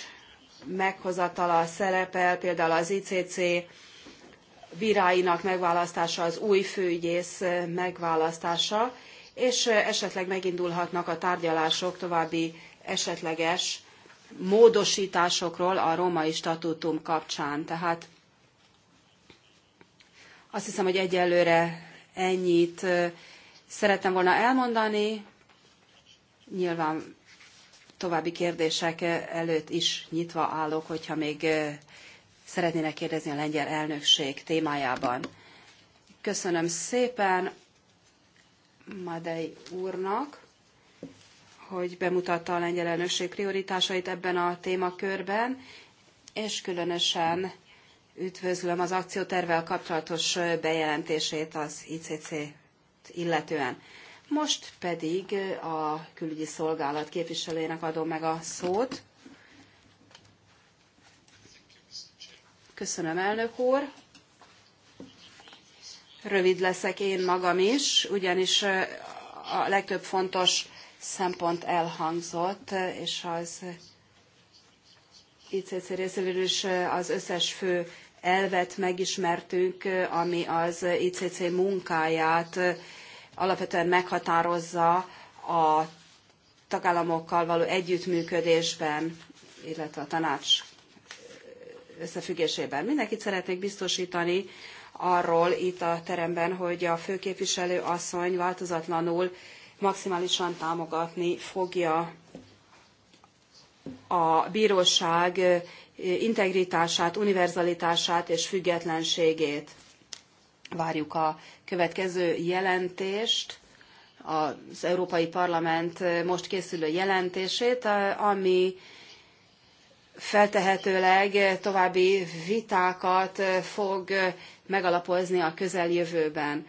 [SPEAKER 12] meghozatala szerepel, például az ICC bíráinak megválasztása, az új főügyész megválasztása, és esetleg megindulhatnak a tárgyalások további esetleges módosításokról a római statútum kapcsán. Tehát azt hiszem, hogy egyelőre ennyit szerettem volna elmondani. Nyilván további kérdések előtt is nyitva állok, hogyha még szeretnének kérdezni a lengyel elnökség témájában. Köszönöm szépen. Madei úrnak, hogy bemutatta a lengyel elnökség prioritásait ebben a témakörben, és különösen üdvözlöm az akciótervel kapcsolatos bejelentését az ICC-t illetően. Most pedig a külügyi szolgálat képviselőjének adom meg a szót. Köszönöm, elnök úr! rövid leszek én magam is, ugyanis a legtöbb fontos szempont elhangzott, és az ICC részéről is az összes fő elvet megismertünk, ami az ICC munkáját alapvetően meghatározza a tagállamokkal való együttműködésben, illetve a tanács összefüggésében. Mindenkit szeretnék biztosítani arról itt a teremben, hogy a főképviselő asszony változatlanul maximálisan támogatni fogja a bíróság integritását, univerzalitását és függetlenségét. Várjuk a következő jelentést, az Európai Parlament most készülő jelentését, ami feltehetőleg további vitákat fog megalapozni a közeljövőben.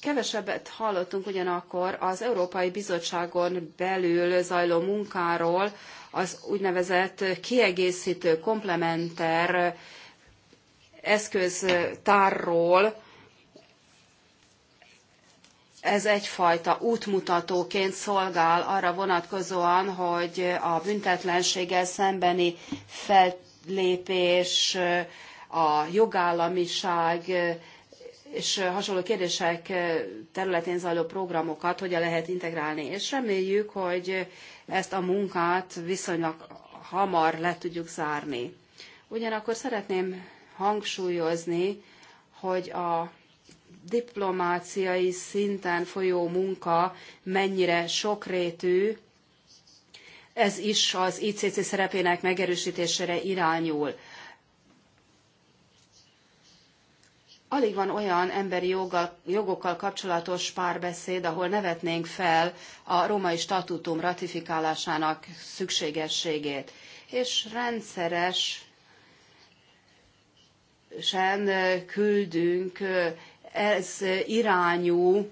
[SPEAKER 12] Kevesebbet hallottunk ugyanakkor az Európai Bizottságon belül zajló munkáról, az úgynevezett kiegészítő, komplementer eszköztárról, ez egyfajta útmutatóként szolgál arra vonatkozóan, hogy a büntetlenséggel szembeni fellépés, a jogállamiság és hasonló kérdések területén zajló programokat hogyan lehet integrálni. És reméljük, hogy ezt a munkát viszonylag hamar le tudjuk zárni. Ugyanakkor szeretném hangsúlyozni, hogy a diplomáciai szinten folyó munka mennyire sokrétű, ez is az ICC szerepének megerősítésére irányul. Alig van olyan emberi jogokkal kapcsolatos párbeszéd, ahol nevetnénk fel a római statutum ratifikálásának szükségességét. És rendszeres sen küldünk ez irányú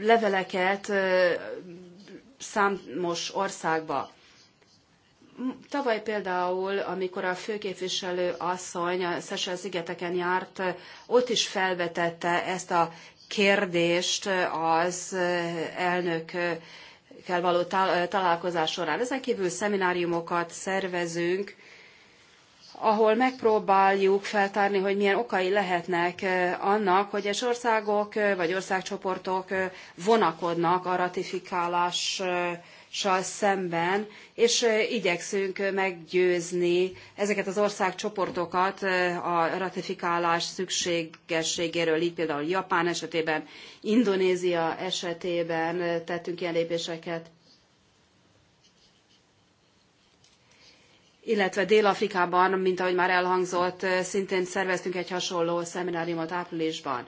[SPEAKER 12] leveleket számos országba. Tavaly például, amikor a főképviselő asszony a Szesel szigeteken járt, ott is felvetette ezt a kérdést az kell való találkozás során. Ezen kívül szemináriumokat szervezünk, ahol megpróbáljuk feltárni, hogy milyen okai lehetnek annak, hogy egyes országok vagy országcsoportok vonakodnak a ratifikálással szemben, és igyekszünk meggyőzni ezeket az országcsoportokat a ratifikálás szükségességéről, így például Japán esetében, Indonézia esetében tettünk ilyen lépéseket. illetve Dél-Afrikában, mint ahogy már elhangzott, szintén szerveztünk egy hasonló szemináriumot áprilisban.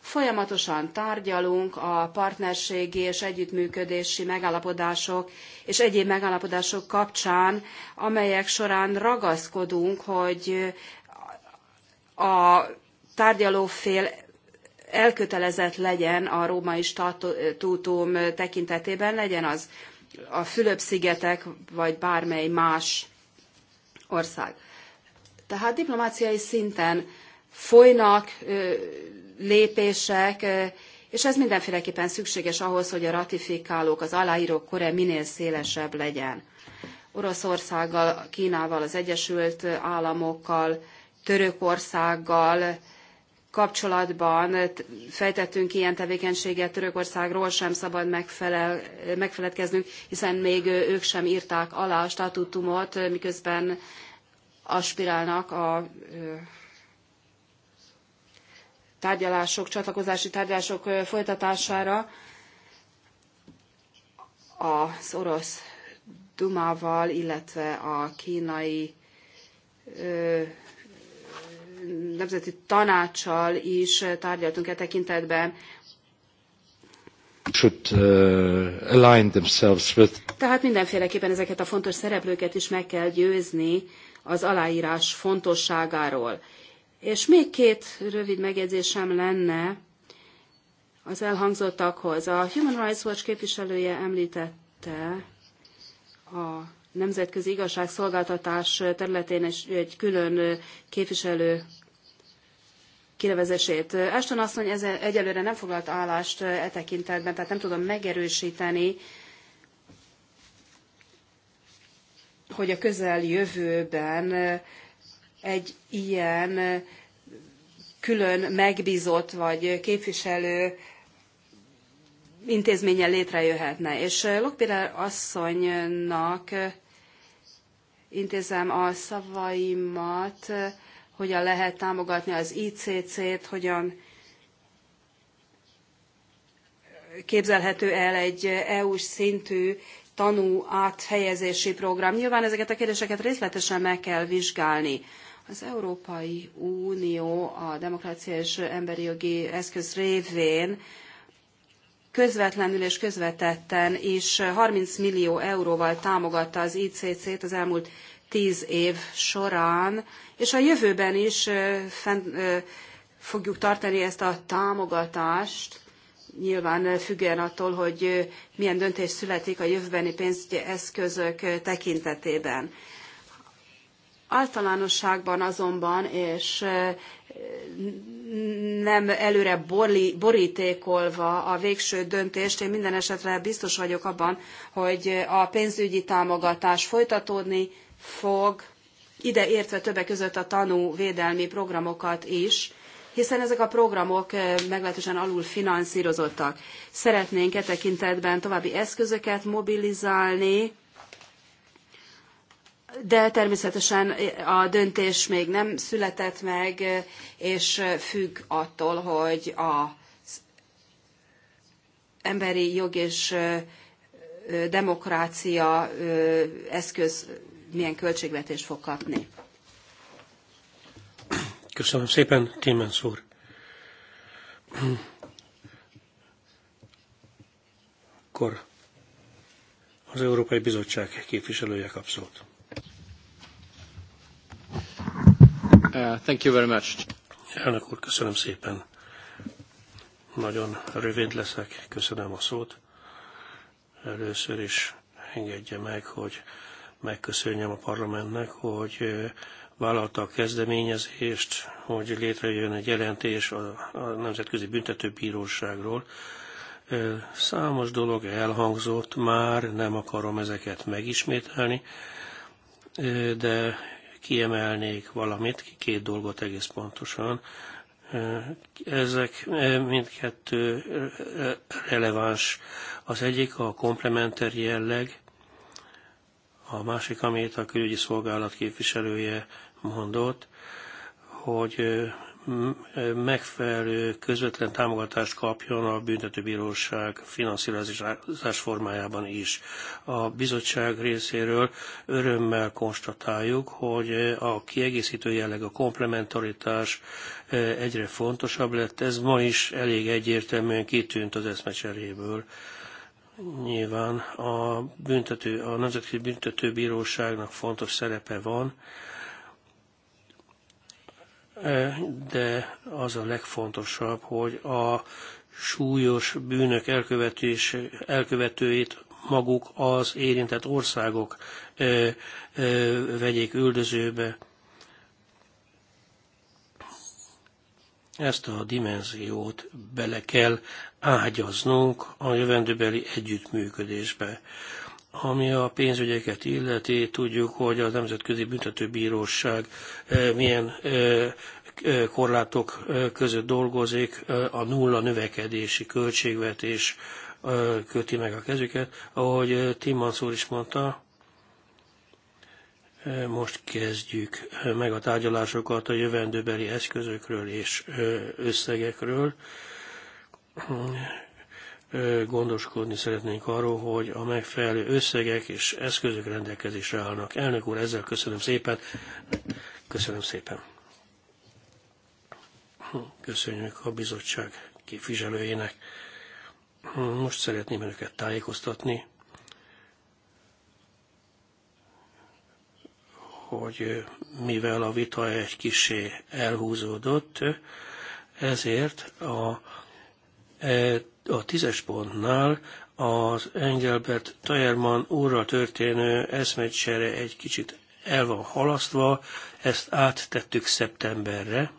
[SPEAKER 12] Folyamatosan tárgyalunk a partnerségi és együttműködési megállapodások és egyéb megállapodások kapcsán, amelyek során ragaszkodunk, hogy a tárgyalófél elkötelezett legyen a római statútum tekintetében, legyen az a Fülöp-szigetek vagy bármely más ország. Tehát diplomáciai szinten folynak lépések, és ez mindenféleképpen szükséges ahhoz, hogy a ratifikálók, az aláírók kore minél szélesebb legyen. Oroszországgal, Kínával, az Egyesült Államokkal, Törökországgal, kapcsolatban fejtettünk ilyen tevékenységet Törökországról sem szabad megfelel, megfeledkeznünk, hiszen még ők sem írták alá a statutumot, miközben aspirálnak a tárgyalások, csatlakozási tárgyalások folytatására az orosz Dumával, illetve a kínai nemzeti tanácssal is tárgyaltunk e tekintetben.
[SPEAKER 13] Should, uh, align themselves with.
[SPEAKER 12] Tehát mindenféleképpen ezeket a fontos szereplőket is meg kell győzni az aláírás fontosságáról. És még két rövid megjegyzésem lenne az elhangzottakhoz. A Human Rights Watch képviselője említette a nemzetközi igazságszolgáltatás területén egy külön képviselő kinevezését. Ashton asszony ez egyelőre nem foglalt állást e tekintetben, tehát nem tudom megerősíteni, hogy a közeljövőben egy ilyen külön megbízott vagy képviselő intézménye létrejöhetne. És e, Lokpirer asszonynak intézem a szavaimat, hogyan lehet támogatni az ICC-t, hogyan képzelhető el egy EU-s szintű tanú áthelyezési program. Nyilván ezeket a kérdéseket részletesen meg kell vizsgálni. Az Európai Unió a demokrácia és emberi jogi eszköz révén közvetlenül és közvetetten is 30 millió euróval támogatta az ICC-t az elmúlt tíz év során, és a jövőben is fent, fogjuk tartani ezt a támogatást, nyilván függően attól, hogy milyen döntés születik a jövőbeni pénzügyi eszközök tekintetében. Általánosságban azonban, és nem előre borítékolva a végső döntést, én minden esetre biztos vagyok abban, hogy a pénzügyi támogatás folytatódni fog, ide értve többek között a tanúvédelmi programokat is, hiszen ezek a programok eh, meglehetősen alul finanszírozottak. Szeretnénk e tekintetben további eszközöket mobilizálni, de természetesen eh, a döntés még nem született meg, eh, és függ attól, hogy az emberi jog és demokrácia eszköz milyen költségvetést fog kapni.
[SPEAKER 11] Köszönöm szépen, Timmens úr. Akkor az Európai Bizottság képviselője kap szót. Uh, thank you very much. Elnök úr, köszönöm szépen. Nagyon rövid leszek, köszönöm a szót. Először is engedje meg, hogy megköszönjem a parlamentnek, hogy vállalta a kezdeményezést, hogy létrejön egy jelentés a, a Nemzetközi Büntetőbíróságról. Számos dolog elhangzott, már nem akarom ezeket megismételni, de kiemelnék valamit, két dolgot egész pontosan. Ezek mindkettő releváns. Az egyik a komplementer jelleg, a másik, amit a külügyi szolgálat képviselője mondott, hogy megfelelő közvetlen támogatást kapjon a büntetőbíróság finanszírozás formájában is. A bizottság részéről örömmel konstatáljuk, hogy a kiegészítő jelleg, a komplementaritás egyre fontosabb lett. Ez ma is elég egyértelműen kitűnt az eszmecseréből. Nyilván a, büntető, a Nemzetközi Büntetőbíróságnak fontos szerepe van, e, de az a legfontosabb, hogy a súlyos bűnök elkövetés, elkövetőit maguk az érintett országok e, e, vegyék üldözőbe. Ezt a dimenziót bele kell ágyaznunk a jövendőbeli együttműködésbe. Ami a pénzügyeket illeti, tudjuk, hogy a Nemzetközi Büntetőbíróság eh, milyen eh, eh, korlátok között dolgozik, a nulla növekedési költségvetés köti meg a kezüket. Ahogy Timmansz úr is mondta, most kezdjük meg a tárgyalásokat a jövendőbeli eszközökről és összegekről. Gondoskodni szeretnénk arról, hogy a megfelelő összegek és eszközök rendelkezésre állnak. Elnök úr, ezzel köszönöm szépen. Köszönöm szépen. Köszönjük a bizottság képviselőjének. Most szeretném önöket tájékoztatni hogy mivel a vita egy kisé elhúzódott, ezért a, e, a tízes pontnál az Engelbert Tajerman úrra történő eszmecsere egy kicsit el van halasztva, ezt áttettük szeptemberre,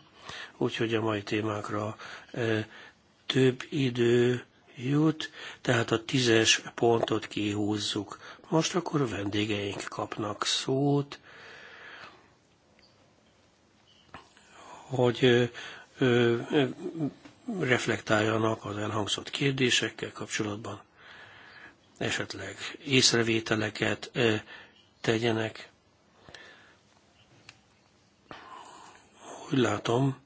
[SPEAKER 11] úgyhogy a mai témákra e, több idő jut, tehát a tízes pontot kihúzzuk. Most akkor a vendégeink kapnak szót, hogy reflektáljanak az elhangzott kérdésekkel kapcsolatban, esetleg észrevételeket tegyenek. Úgy látom,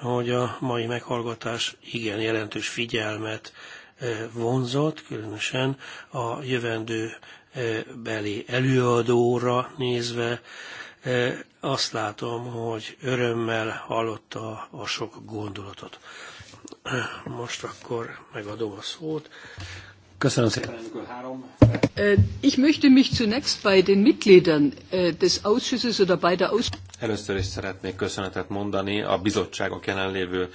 [SPEAKER 11] hogy a mai meghallgatás igen jelentős figyelmet vonzott, különösen a jövendő beli előadóra nézve, E, azt látom, hogy örömmel hallotta a sok gondolatot. E, most akkor megadom a szót. Köszönöm szépen.
[SPEAKER 9] Ich möchte mich zunächst bei den Mitgliedern äh, des Ausschusses oder bei der Ausschuss...
[SPEAKER 10] Először is szeretnék köszönetet mondani a bizottságok jelenlévő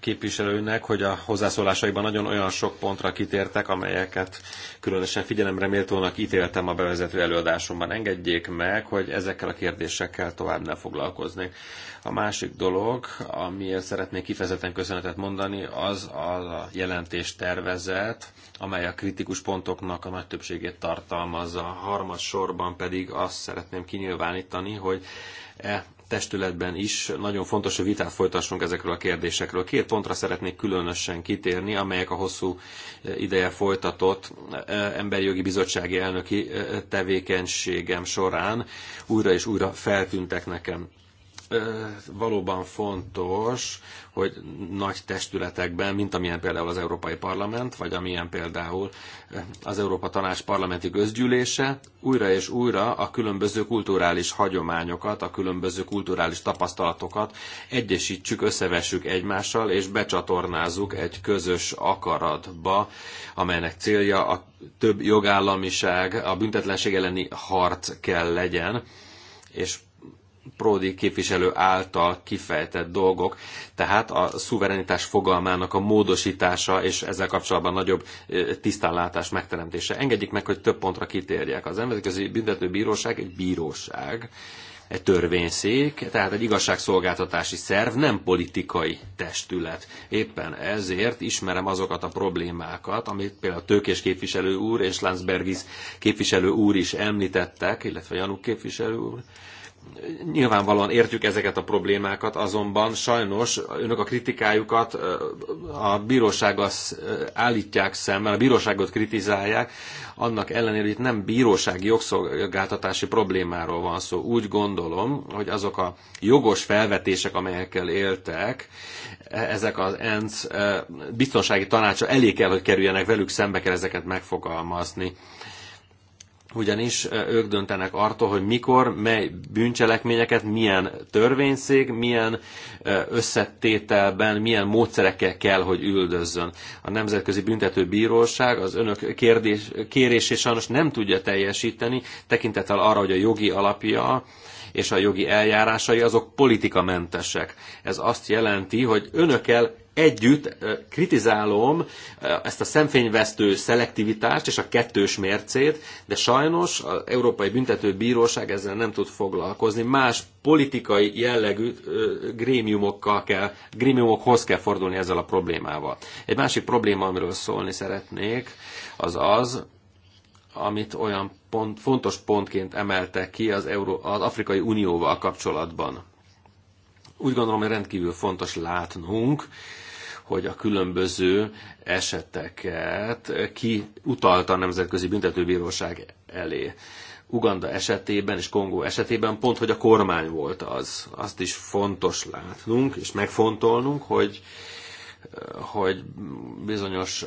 [SPEAKER 10] képviselőnek, hogy a hozzászólásaiban nagyon olyan sok pontra kitértek, amelyeket különösen figyelemre méltónak ítéltem a bevezető előadásomban. Engedjék meg, hogy ezekkel a kérdésekkel tovább ne foglalkoznék. A másik dolog, amiért szeretnék kifejezetten köszönetet mondani, az a jelentés tervezet, amely a kritikus pontoknak a nagy többségét tartalmazza. Harmad sorban pedig azt szeretném kinyilvánítani, hogy e testületben is nagyon fontos, hogy vitát folytassunk ezekről a kérdésekről. Két pontra szeretnék különösen kitérni, amelyek a hosszú e, ideje folytatott e, emberi jogi bizottsági elnöki e, tevékenységem során újra és újra feltűntek nekem valóban fontos, hogy nagy testületekben, mint amilyen például az Európai Parlament, vagy amilyen például az Európa Tanács parlamenti közgyűlése, újra és újra a különböző kulturális hagyományokat, a különböző kulturális tapasztalatokat egyesítsük, összevessük egymással, és becsatornázzuk egy közös akaratba, amelynek célja a több jogállamiság, a büntetlenség elleni harc kell legyen, és Prodi képviselő által kifejtett dolgok, tehát a szuverenitás fogalmának a módosítása és ezzel kapcsolatban nagyobb tisztánlátás megteremtése. Engedjék meg, hogy több pontra kitérjek. Az büntető bíróság egy bíróság, egy törvényszék, tehát egy igazságszolgáltatási szerv, nem politikai testület. Éppen ezért ismerem azokat a problémákat, amit például Tőkés képviselő úr és Lanzbergis képviselő úr is említettek, illetve Januk képviselő úr, nyilvánvalóan értjük ezeket a problémákat, azonban sajnos önök a kritikájukat a bírósággal állítják szemben, a bíróságot kritizálják, annak ellenére, hogy itt nem bírósági jogszolgáltatási problémáról van szó. Úgy gondolom, hogy azok a jogos felvetések, amelyekkel éltek, e, ezek az ENSZ biztonsági tanácsa elé kell, hogy kerüljenek, velük szembe kell ezeket megfogalmazni ugyanis ők döntenek arról, hogy mikor, mely bűncselekményeket, milyen törvényszék, milyen összetételben, milyen módszerekkel kell, hogy üldözzön. A Nemzetközi bíróság. az önök kérdés, kérését sajnos nem tudja teljesíteni, tekintettel arra, hogy a jogi alapja és a jogi eljárásai azok politikamentesek. Ez azt jelenti, hogy önökkel együtt kritizálom ezt a szemfényvesztő szelektivitást és a kettős mércét, de sajnos az Európai Büntető Bíróság ezzel nem tud foglalkozni. Más politikai jellegű grémiumokkal kell, grémiumokhoz kell fordulni ezzel a problémával. Egy másik probléma, amiről szólni szeretnék, az az, amit olyan pont, fontos pontként emelte ki az, Euró, az Afrikai Unióval kapcsolatban. Úgy gondolom, hogy rendkívül fontos látnunk, hogy a különböző eseteket ki utalta a Nemzetközi Büntetőbíróság elé. Uganda esetében és Kongó esetében pont, hogy a kormány volt az. Azt is fontos látnunk és megfontolnunk, hogy hogy bizonyos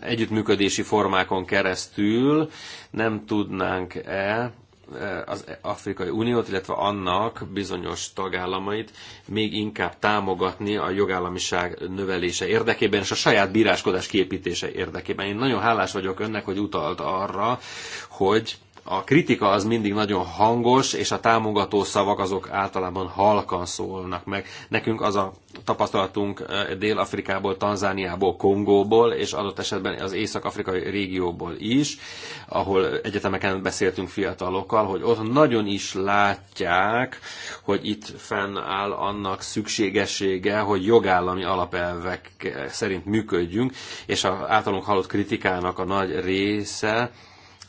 [SPEAKER 10] együttműködési formákon keresztül nem tudnánk-e Eh, az Afrikai Uniót, illetve annak bizonyos tagállamait még inkább támogatni a jogállamiság növelése érdekében és a saját bíráskodás kiépítése érdekében. Én nagyon hálás vagyok önnek, hogy utalt arra, hogy a kritika az mindig nagyon hangos, és a támogató szavak azok általában halkan szólnak meg. Nekünk az a tapasztalatunk Dél-Afrikából, Tanzániából, Kongóból, és adott esetben az észak-afrikai régióból is, ahol egyetemeken beszéltünk fiatalokkal, hogy ott nagyon is látják, hogy itt fennáll annak szükségessége, hogy jogállami alapelvek eh, szerint működjünk, és az általunk hallott kritikának a nagy része,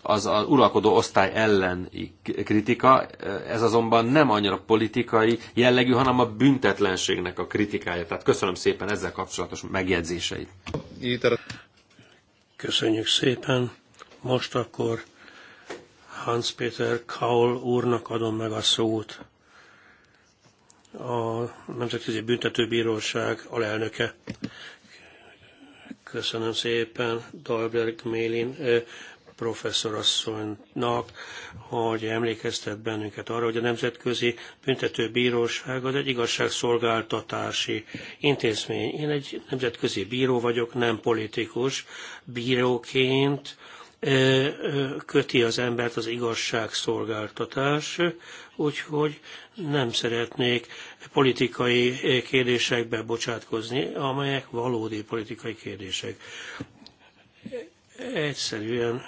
[SPEAKER 10] az az uralkodó osztály elleni kritika, ez azonban nem annyira politikai jellegű, hanem a büntetlenségnek a kritikája. Tehát köszönöm szépen ezzel kapcsolatos megjegyzéseit.
[SPEAKER 11] Köszönjük szépen. Most akkor Hans-Peter Kaul úrnak adom meg a szót. A Nemzetközi Büntetőbíróság alelnöke. Köszönöm szépen, Dalberg Mélin professzorasszonynak, hogy emlékeztet bennünket arra, hogy a Nemzetközi Büntetőbíróság az egy igazságszolgáltatási intézmény. Én egy nemzetközi bíró vagyok, nem politikus. Bíróként köti az embert az igazságszolgáltatás, úgyhogy nem szeretnék politikai kérdésekbe bocsátkozni, amelyek valódi politikai kérdések egyszerűen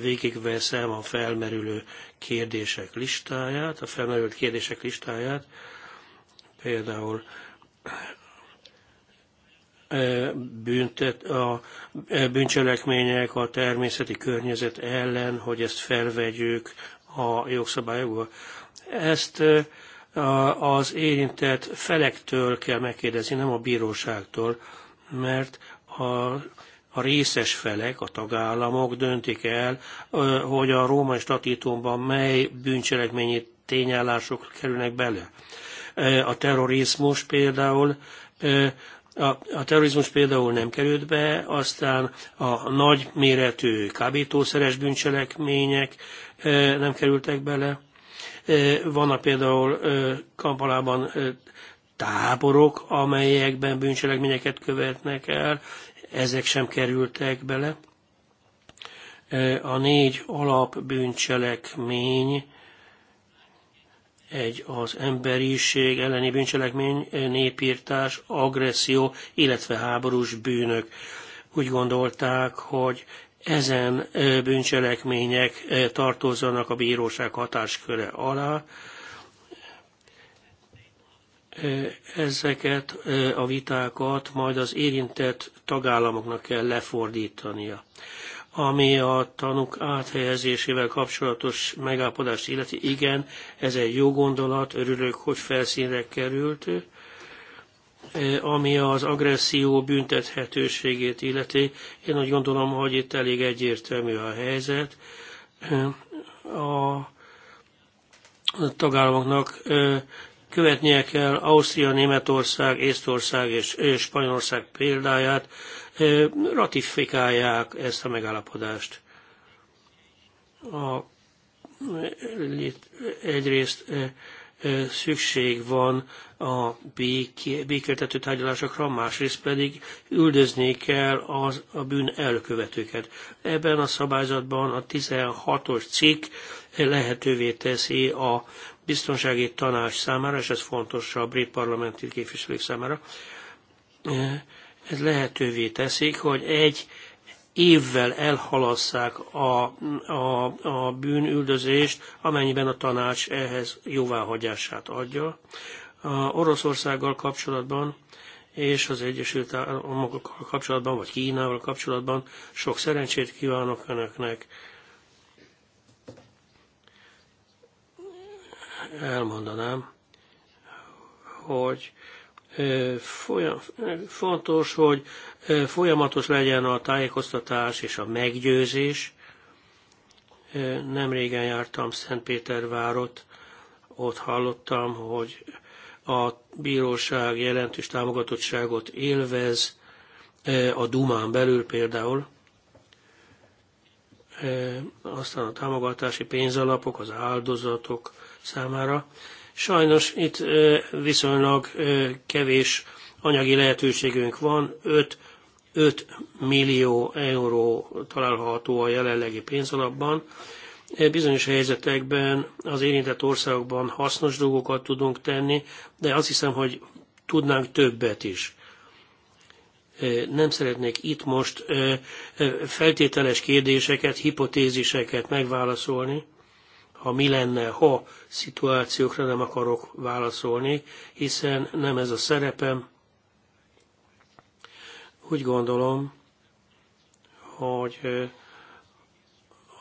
[SPEAKER 11] végigveszem a felmerülő kérdések listáját, a felmerült kérdések listáját, például büntet, a bűncselekmények a természeti környezet ellen, hogy ezt felvegyük a jogszabályokba. Ezt az érintett felektől kell megkérdezni, nem a bíróságtól, mert a, a részes felek, a tagállamok döntik el, hogy a római statítumban mely bűncselekményi tényállások kerülnek bele. A terrorizmus például a, a terrorizmus például nem került be, aztán a nagyméretű kábítószeres bűncselekmények nem kerültek bele. Vannak például Kampalában táborok, amelyekben bűncselekményeket követnek el, ezek sem kerültek bele. A négy alapbűncselekmény, egy az emberiség elleni bűncselekmény, népírtás, agresszió, illetve háborús bűnök. Úgy gondolták, hogy ezen bűncselekmények tartozzanak a bíróság hatásköre alá, ezeket a vitákat majd az érintett tagállamoknak kell lefordítania. Ami a tanuk áthelyezésével kapcsolatos megállapodást illeti, igen, ez egy jó gondolat, örülök, hogy felszínre került. Ami az agresszió büntethetőségét illeti, én úgy gondolom, hogy itt elég egyértelmű a helyzet. A tagállamoknak Követnie kell Ausztria, Németország, Észtország és Spanyolország példáját, ratifikálják ezt a megállapodást. A, egyrészt szükség van a békéltető tárgyalásokra, másrészt pedig üldözni kell az, a bűn elkövetőket. Ebben a szabályzatban a 16-os cikk lehetővé teszi a biztonsági tanács számára, és ez fontos a brit parlamenti képviselők számára, ez lehetővé teszik, hogy egy évvel elhalasszák a, a, a bűnüldözést, amennyiben a tanács ehhez jóváhagyását adja. A Oroszországgal kapcsolatban és az Egyesült Államokkal kapcsolatban, vagy Kínával kapcsolatban sok szerencsét kívánok Önöknek elmondanám, hogy fontos, hogy folyamatos legyen a tájékoztatás és a meggyőzés. Nem régen jártam Szentpétervárot, ott hallottam, hogy a bíróság jelentős támogatottságot élvez a Dumán belül például. Aztán a támogatási pénzalapok, az áldozatok számára. Sajnos itt viszonylag kevés anyagi lehetőségünk van, 5, 5 millió euró található a jelenlegi pénzalapban. E, bizonyos helyzetekben az érintett országokban hasznos dolgokat tudunk tenni, de azt hiszem, hogy tudnánk többet is e, nem szeretnék itt most e, feltételes kérdéseket, hipotéziseket megválaszolni a mi lenne, ha szituációkra nem akarok válaszolni, hiszen nem ez a szerepem. Úgy gondolom, hogy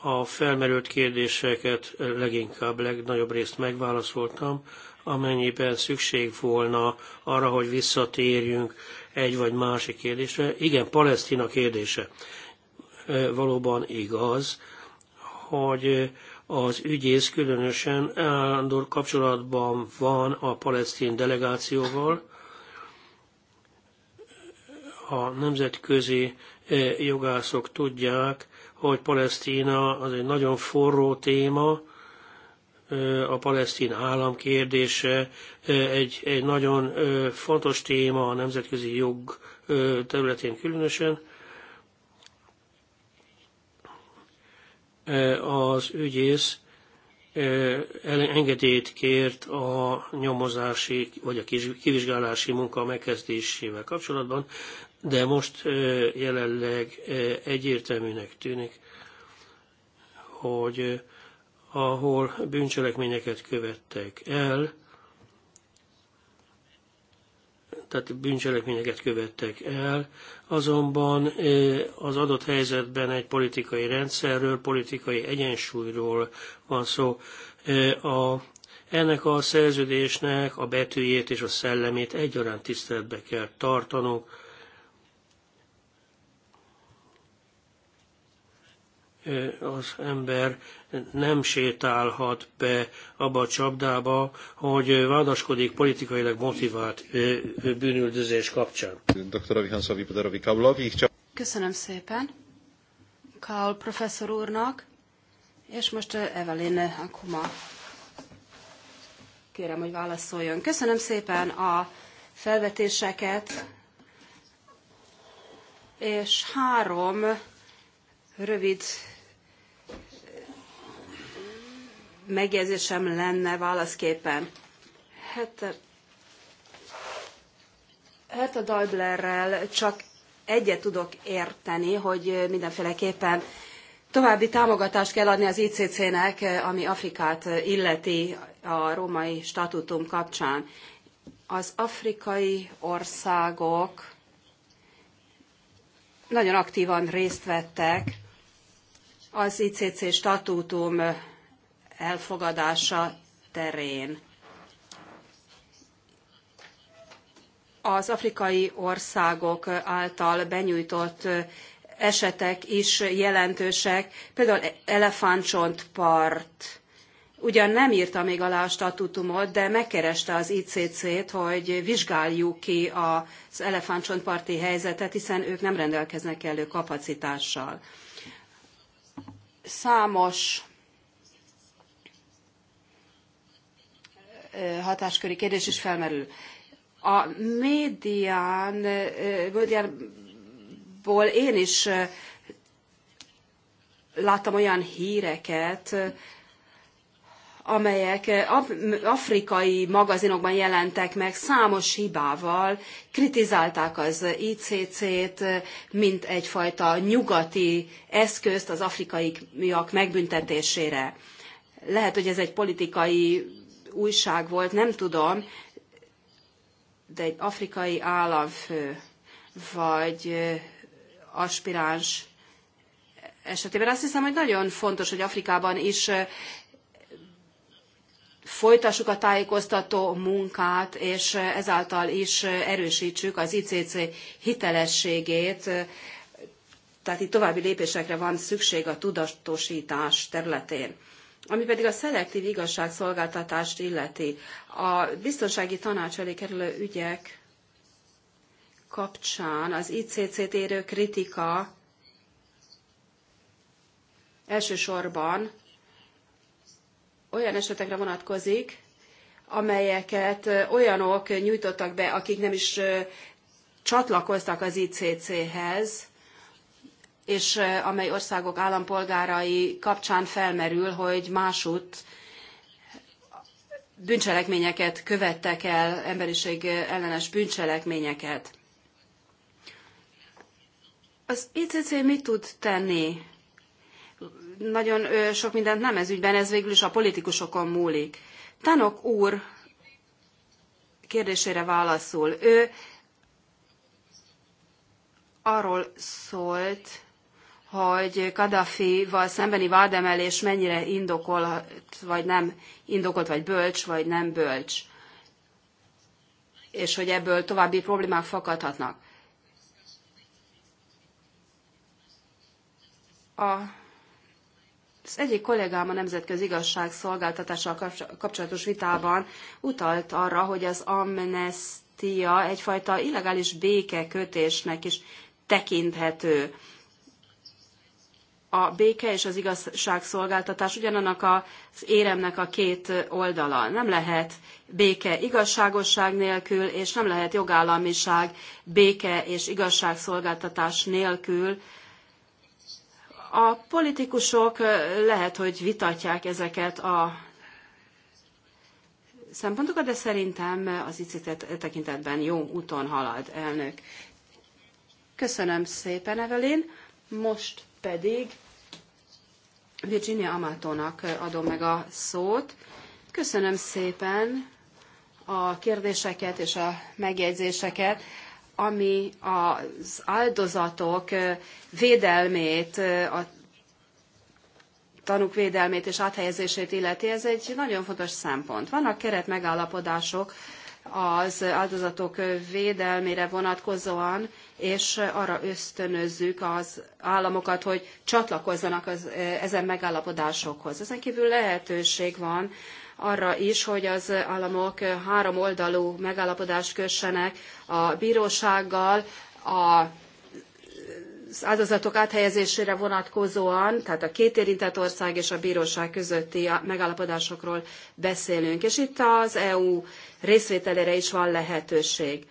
[SPEAKER 11] a felmerült kérdéseket leginkább legnagyobb részt megválaszoltam, amennyiben szükség volna arra, hogy visszatérjünk egy vagy másik kérdésre. Igen, Palesztina kérdése. Valóban igaz, hogy az ügyész különösen állandó kapcsolatban van a palesztin delegációval, a nemzetközi e, jogászok tudják, hogy Palesztína az egy nagyon forró téma, e, a palesztin állam kérdése e, egy, egy nagyon fontos téma a nemzetközi jog területén különösen. az ügyész engedélyt kért a nyomozási vagy a kivizsgálási munka megkezdésével kapcsolatban, de most jelenleg egyértelműnek tűnik, hogy ahol bűncselekményeket követtek el, tehát bűncselekményeket követtek el, azonban az adott helyzetben egy politikai rendszerről, politikai egyensúlyról van szó. A, ennek a szerződésnek a betűjét és a szellemét egyaránt tiszteletbe kell tartanunk. az ember nem sétálhat be abba a csapdába, hogy vádaskodik politikailag motivált bűnüldözés kapcsán. Doktorovi Hansovi
[SPEAKER 1] Poderovi csak
[SPEAKER 12] Köszönöm szépen Kaul professzor úrnak, és most Evelyn Akuma. Kérem, hogy válaszoljon. Köszönöm szépen a felvetéseket, és három rövid megjegyzésem lenne válaszképpen. Hát a Daiblerrel csak egyet tudok érteni, hogy mindenféleképpen további támogatást kell adni az ICC-nek, ami Afrikát illeti a római statutum kapcsán. Az afrikai országok nagyon aktívan részt vettek az ICC statútum elfogadása terén. Az afrikai országok által benyújtott esetek is jelentősek, például elefántcsontpart. Ugyan nem írta még alá a statutumot, de megkereste az ICC-t, hogy vizsgáljuk ki az elefántcsontparti helyzetet, hiszen ők nem rendelkeznek elő kapacitással. Számos hatásköri kérdés is felmerül. A médián, médiánból én is láttam olyan híreket, amelyek afrikai magazinokban jelentek meg, számos hibával kritizálták az ICC-t, mint egyfajta nyugati eszközt az afrikaiak megbüntetésére. Lehet, hogy ez egy politikai újság volt, nem tudom, de egy afrikai államfő, vagy aspiráns esetében azt hiszem, hogy nagyon fontos, hogy Afrikában is folytassuk a tájékoztató munkát, és ezáltal is erősítsük az ICC hitelességét, tehát itt további lépésekre van szükség a tudatosítás területén. Ami pedig a szelektív igazságszolgáltatást illeti, a biztonsági tanács elé kerülő ügyek kapcsán az ICC-t érő kritika elsősorban olyan esetekre vonatkozik, amelyeket olyanok nyújtottak be, akik nem is csatlakoztak az ICC-hez, és amely országok állampolgárai kapcsán felmerül, hogy másút bűncselekményeket követtek el, emberiség ellenes bűncselekményeket. Az ICC mit tud tenni? Nagyon sok mindent nem ez ügyben, ez végül is a politikusokon múlik. Tanok úr kérdésére válaszol. Ő arról szólt, hogy Kadhafival szembeni vádemelés mennyire indokolt, vagy nem indokolt, vagy bölcs, vagy nem bölcs. És hogy ebből további problémák fakadhatnak. A, az egyik kollégám a Nemzetközi igazság Szolgáltatással kapcsolatos vitában utalt arra, hogy az amnestia egyfajta illegális békekötésnek is tekinthető a béke és az igazságszolgáltatás ugyanannak az éremnek a két oldala. Nem lehet béke igazságosság nélkül, és nem lehet jogállamiság béke és igazságszolgáltatás nélkül. A politikusok lehet, hogy vitatják ezeket a szempontokat, de szerintem az ICT tekintetben jó úton halad, elnök. Köszönöm szépen, Evelyn. Most pedig Virginia Amatónak adom meg a szót. Köszönöm szépen a kérdéseket és a megjegyzéseket, ami az áldozatok védelmét, a tanúk védelmét és áthelyezését illeti, ez egy nagyon fontos szempont. Vannak keretmegállapodások, az áldozatok védelmére vonatkozóan, és arra ösztönözzük az államokat, hogy csatlakozzanak az, ezen megállapodásokhoz. Ezen kívül lehetőség van arra is, hogy az államok háromoldalú megállapodást kössenek a bírósággal, a az áldozatok áthelyezésére vonatkozóan, tehát a két érintett ország és a bíróság közötti megállapodásokról beszélünk, és itt az EU részvételére is van lehetőség.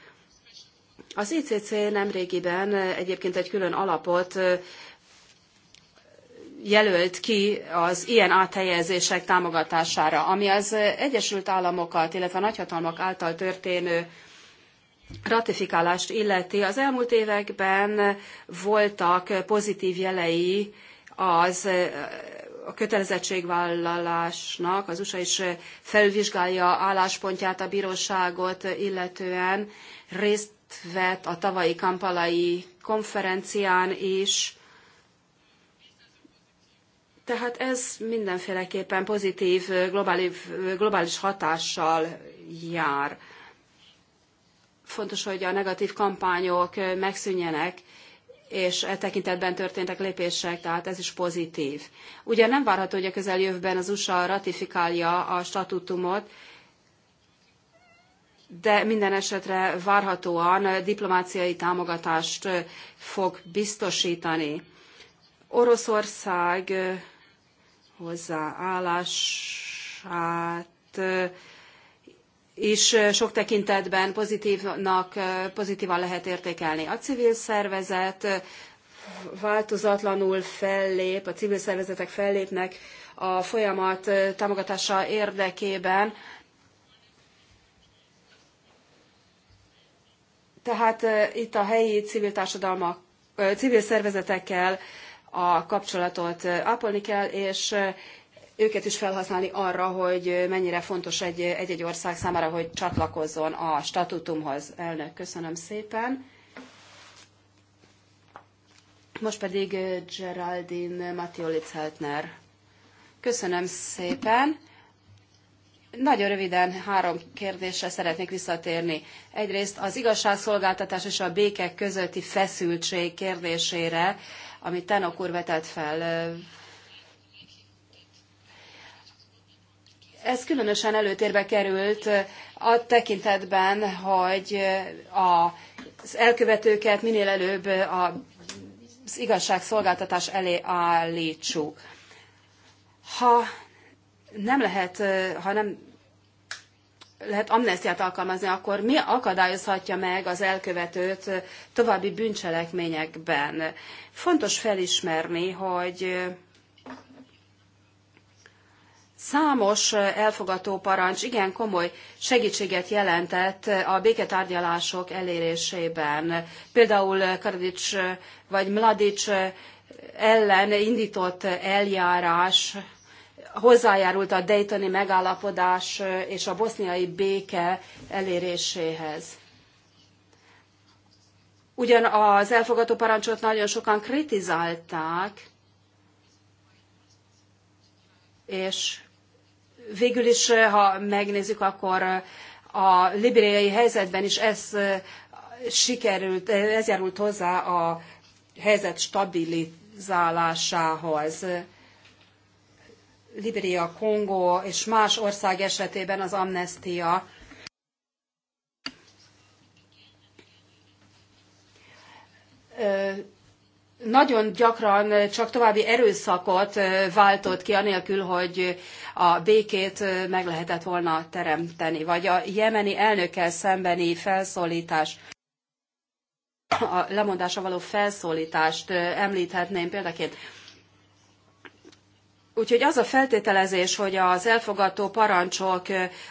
[SPEAKER 12] Az ICC nemrégiben egyébként egy külön alapot jelölt ki az ilyen áthelyezések támogatására, ami az Egyesült Államokat, illetve a nagyhatalmak által történő ratifikálást illeti, az elmúlt években voltak pozitív jelei az a kötelezettségvállalásnak, az USA is felvizsgálja álláspontját a bíróságot illetően, részt vett a tavalyi kampalai konferencián is. Tehát ez mindenféleképpen pozitív globális hatással jár. Fontos, hogy a negatív kampányok megszűnjenek, és e tekintetben történtek lépések, tehát ez is pozitív. Ugye nem várható, hogy a közeljövőben az USA ratifikálja a statutumot, de minden esetre várhatóan diplomáciai támogatást fog biztosítani. Oroszország hozzáállását is sok tekintetben pozitívnak, pozitívan lehet értékelni. A civil szervezet változatlanul fellép, a civil szervezetek fellépnek a folyamat támogatása érdekében. Tehát itt a helyi civil társadalmak, civil szervezetekkel a kapcsolatot ápolni kell, és őket is felhasználni arra, hogy mennyire fontos egy-egy ország számára, hogy csatlakozzon a statutumhoz. Elnök, köszönöm szépen. Most pedig eh, Geraldine Matioli heltner Köszönöm szépen. Nagyon röviden három kérdésre szeretnék visszatérni. Egyrészt az igazságszolgáltatás és a békek közötti feszültség kérdésére, amit Tenok úr vetett fel eh, Ez különösen előtérbe került eh, a tekintetben, hogy eh, az elkövetőket minél előbb eh, az igazságszolgáltatás elé állítsuk. Ha nem lehet, ha nem lehet amnestiát alkalmazni, akkor mi akadályozhatja meg az elkövetőt további bűncselekményekben? Fontos felismerni, hogy Számos elfogató parancs igen komoly segítséget jelentett a béketárgyalások elérésében. Például Karadics vagy Mladics ellen indított eljárás hozzájárult a Daytoni megállapodás és a boszniai béke eléréséhez. Ugyan az elfogadó parancsot nagyon sokan kritizálták, és végül is, eh, ha megnézzük, akkor eh, a libériai helyzetben is ez eh, sikerült, ez járult hozzá a helyzet stabilizálásához. Libéria, Kongo és más ország esetében az amnestia nagyon gyakran csak további erőszakot váltott ki, anélkül, hogy a békét meg lehetett volna teremteni, vagy a jemeni elnökkel szembeni felszólítás a lemondásra való felszólítást említhetném példaként. Úgyhogy az a feltételezés, hogy az elfogadó parancsok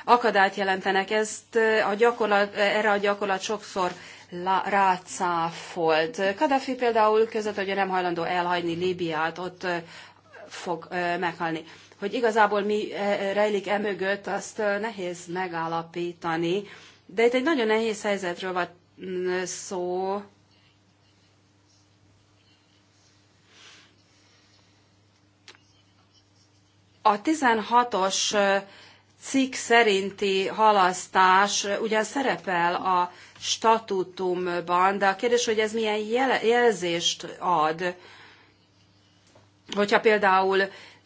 [SPEAKER 12] akadályt jelentenek, ezt a gyakorlat, erre a gyakorlat sokszor rácáfolt. Kadhafi például között, hogy nem hajlandó elhagyni Líbiát, ott fog meghalni. Hogy igazából mi eh, eh, rejlik e mögött, azt eh, nehéz megállapítani. De itt egy nagyon nehéz helyzetről van mm, szó. A 16-os cikk szerinti halasztás ugyan szerepel a statutumban, de a kérdés, hogy ez milyen jelzést ad. Hogyha például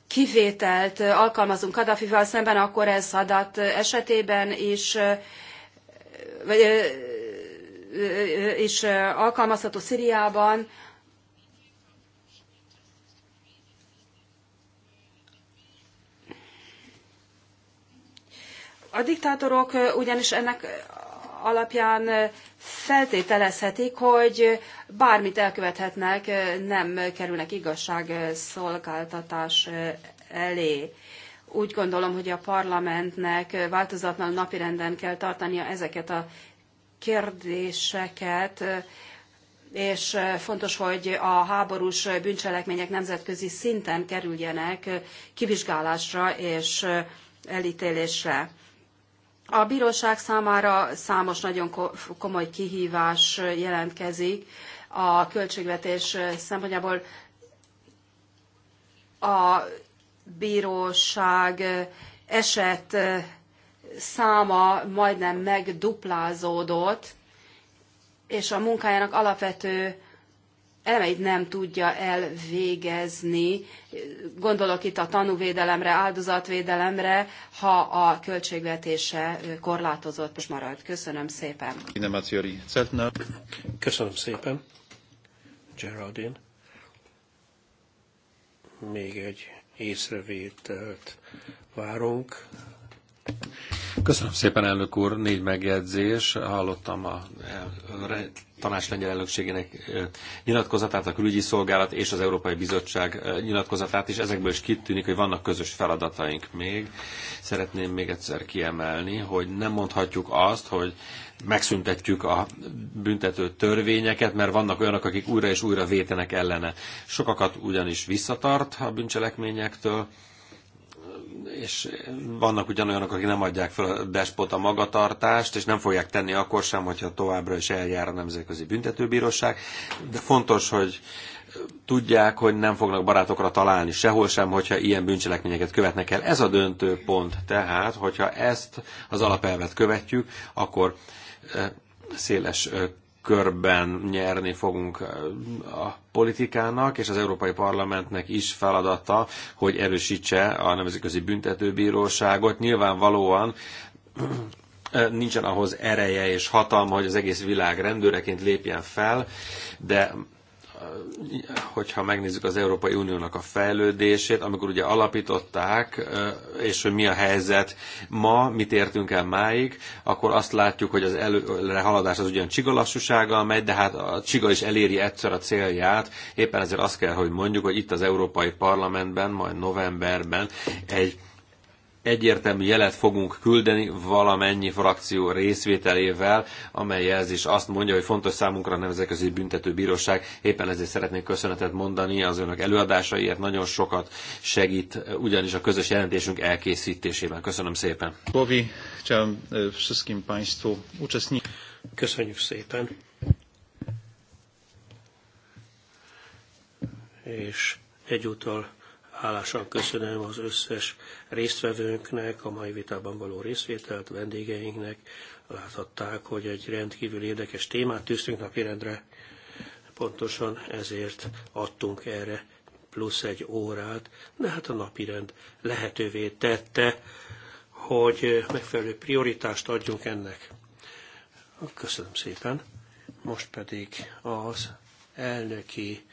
[SPEAKER 12] kivételt alkalmazunk Kadhafival szemben, akkor ez Sadat esetében is vagy, is alkalmazható Szíriában. A diktátorok ugyanis ennek alapján feltételezhetik, hogy bármit elkövethetnek, nem kerülnek igazságszolgáltatás elé. Úgy gondolom, hogy a parlamentnek változatlan napirenden kell tartania ezeket a kérdéseket, és fontos, hogy a háborús bűncselekmények nemzetközi szinten kerüljenek kivizsgálásra és elítélésre. A bíróság számára számos nagyon komoly kihívás jelentkezik a költségvetés szempontjából. A bíróság eset száma majdnem megduplázódott, és a munkájának alapvető elemeit nem tudja elvégezni. Gondolok itt a tanúvédelemre, áldozatvédelemre, ha a költségvetése korlátozott és marad. Köszönöm szépen.
[SPEAKER 1] Köszönöm
[SPEAKER 11] szépen, Geraldine. Még egy észrevételt várunk. Köszönöm
[SPEAKER 10] szépen, elnök úr. Négy megjegyzés. Hallottam a tanács lengyel elnökségének nyilatkozatát, a külügyi szolgálat és az Európai Bizottság nyilatkozatát is. Ezekből is kitűnik, hogy vannak közös feladataink még. Szeretném még egyszer kiemelni, hogy nem mondhatjuk azt, hogy megszüntetjük a büntető törvényeket, mert vannak olyanok, akik újra és újra vétenek ellene. Sokakat ugyanis visszatart a bűncselekményektől, és vannak ugyanolyanok, akik nem adják fel a despota magatartást, és nem fogják tenni akkor sem, hogyha továbbra is eljár a Nemzetközi Büntetőbíróság. De fontos, hogy tudják, hogy nem fognak barátokra találni sehol sem, hogyha ilyen bűncselekményeket követnek el. Ez a döntő pont tehát, hogyha ezt az alapelvet követjük, akkor eh, széles eh, körben nyerni fogunk a politikának, és az Európai Parlamentnek is feladata, hogy erősítse a Nemzetközi Büntetőbíróságot. Nyilvánvalóan nincsen ahhoz ereje és hatalma, hogy az egész világ rendőreként lépjen fel, de hogyha megnézzük az Európai Uniónak a fejlődését, amikor ugye alapították, és hogy mi a helyzet ma, mit értünk el máig, akkor azt látjuk, hogy az előre haladás az ugyan csiga lassúsággal megy, de hát a csiga is eléri egyszer a célját. Éppen ezért azt kell, hogy mondjuk, hogy itt az Európai Parlamentben, majd novemberben egy egyértelmű jelet fogunk küldeni valamennyi frakció részvételével, amely jelzés azt mondja, hogy fontos számunkra a Nemzetközi Büntetőbíróság. Éppen ezért szeretnék köszönetet mondani az önök előadásaiért, nagyon sokat segít ugyanis a közös jelentésünk elkészítésében. Köszönöm szépen.
[SPEAKER 1] Bovi, e,
[SPEAKER 11] Państwu Köszönjük szépen. És egyúttal Hálásan köszönöm az összes résztvevőnknek, a mai vitában való részvételt, vendégeinknek. Láthatták, hogy egy rendkívül érdekes témát tűztünk napirendre. Pontosan ezért adtunk erre plusz egy órát, de hát a napirend lehetővé tette, hogy megfelelő prioritást adjunk ennek. Köszönöm szépen. Most pedig az elnöki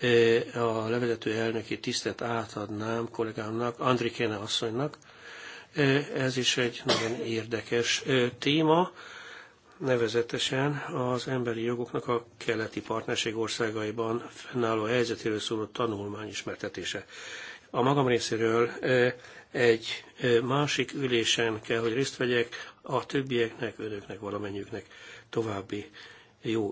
[SPEAKER 11] E, a levezető elnöki tisztet átadnám kollégámnak, Andrikéne asszonynak. E, ez is egy nagyon érdekes e, téma, nevezetesen az emberi jogoknak a keleti partnerség országaiban fennálló helyzetéről szóló tanulmány ismertetése. A magam részéről egy másik ülésen kell, hogy részt vegyek, a többieknek, önöknek, valamennyüknek további jó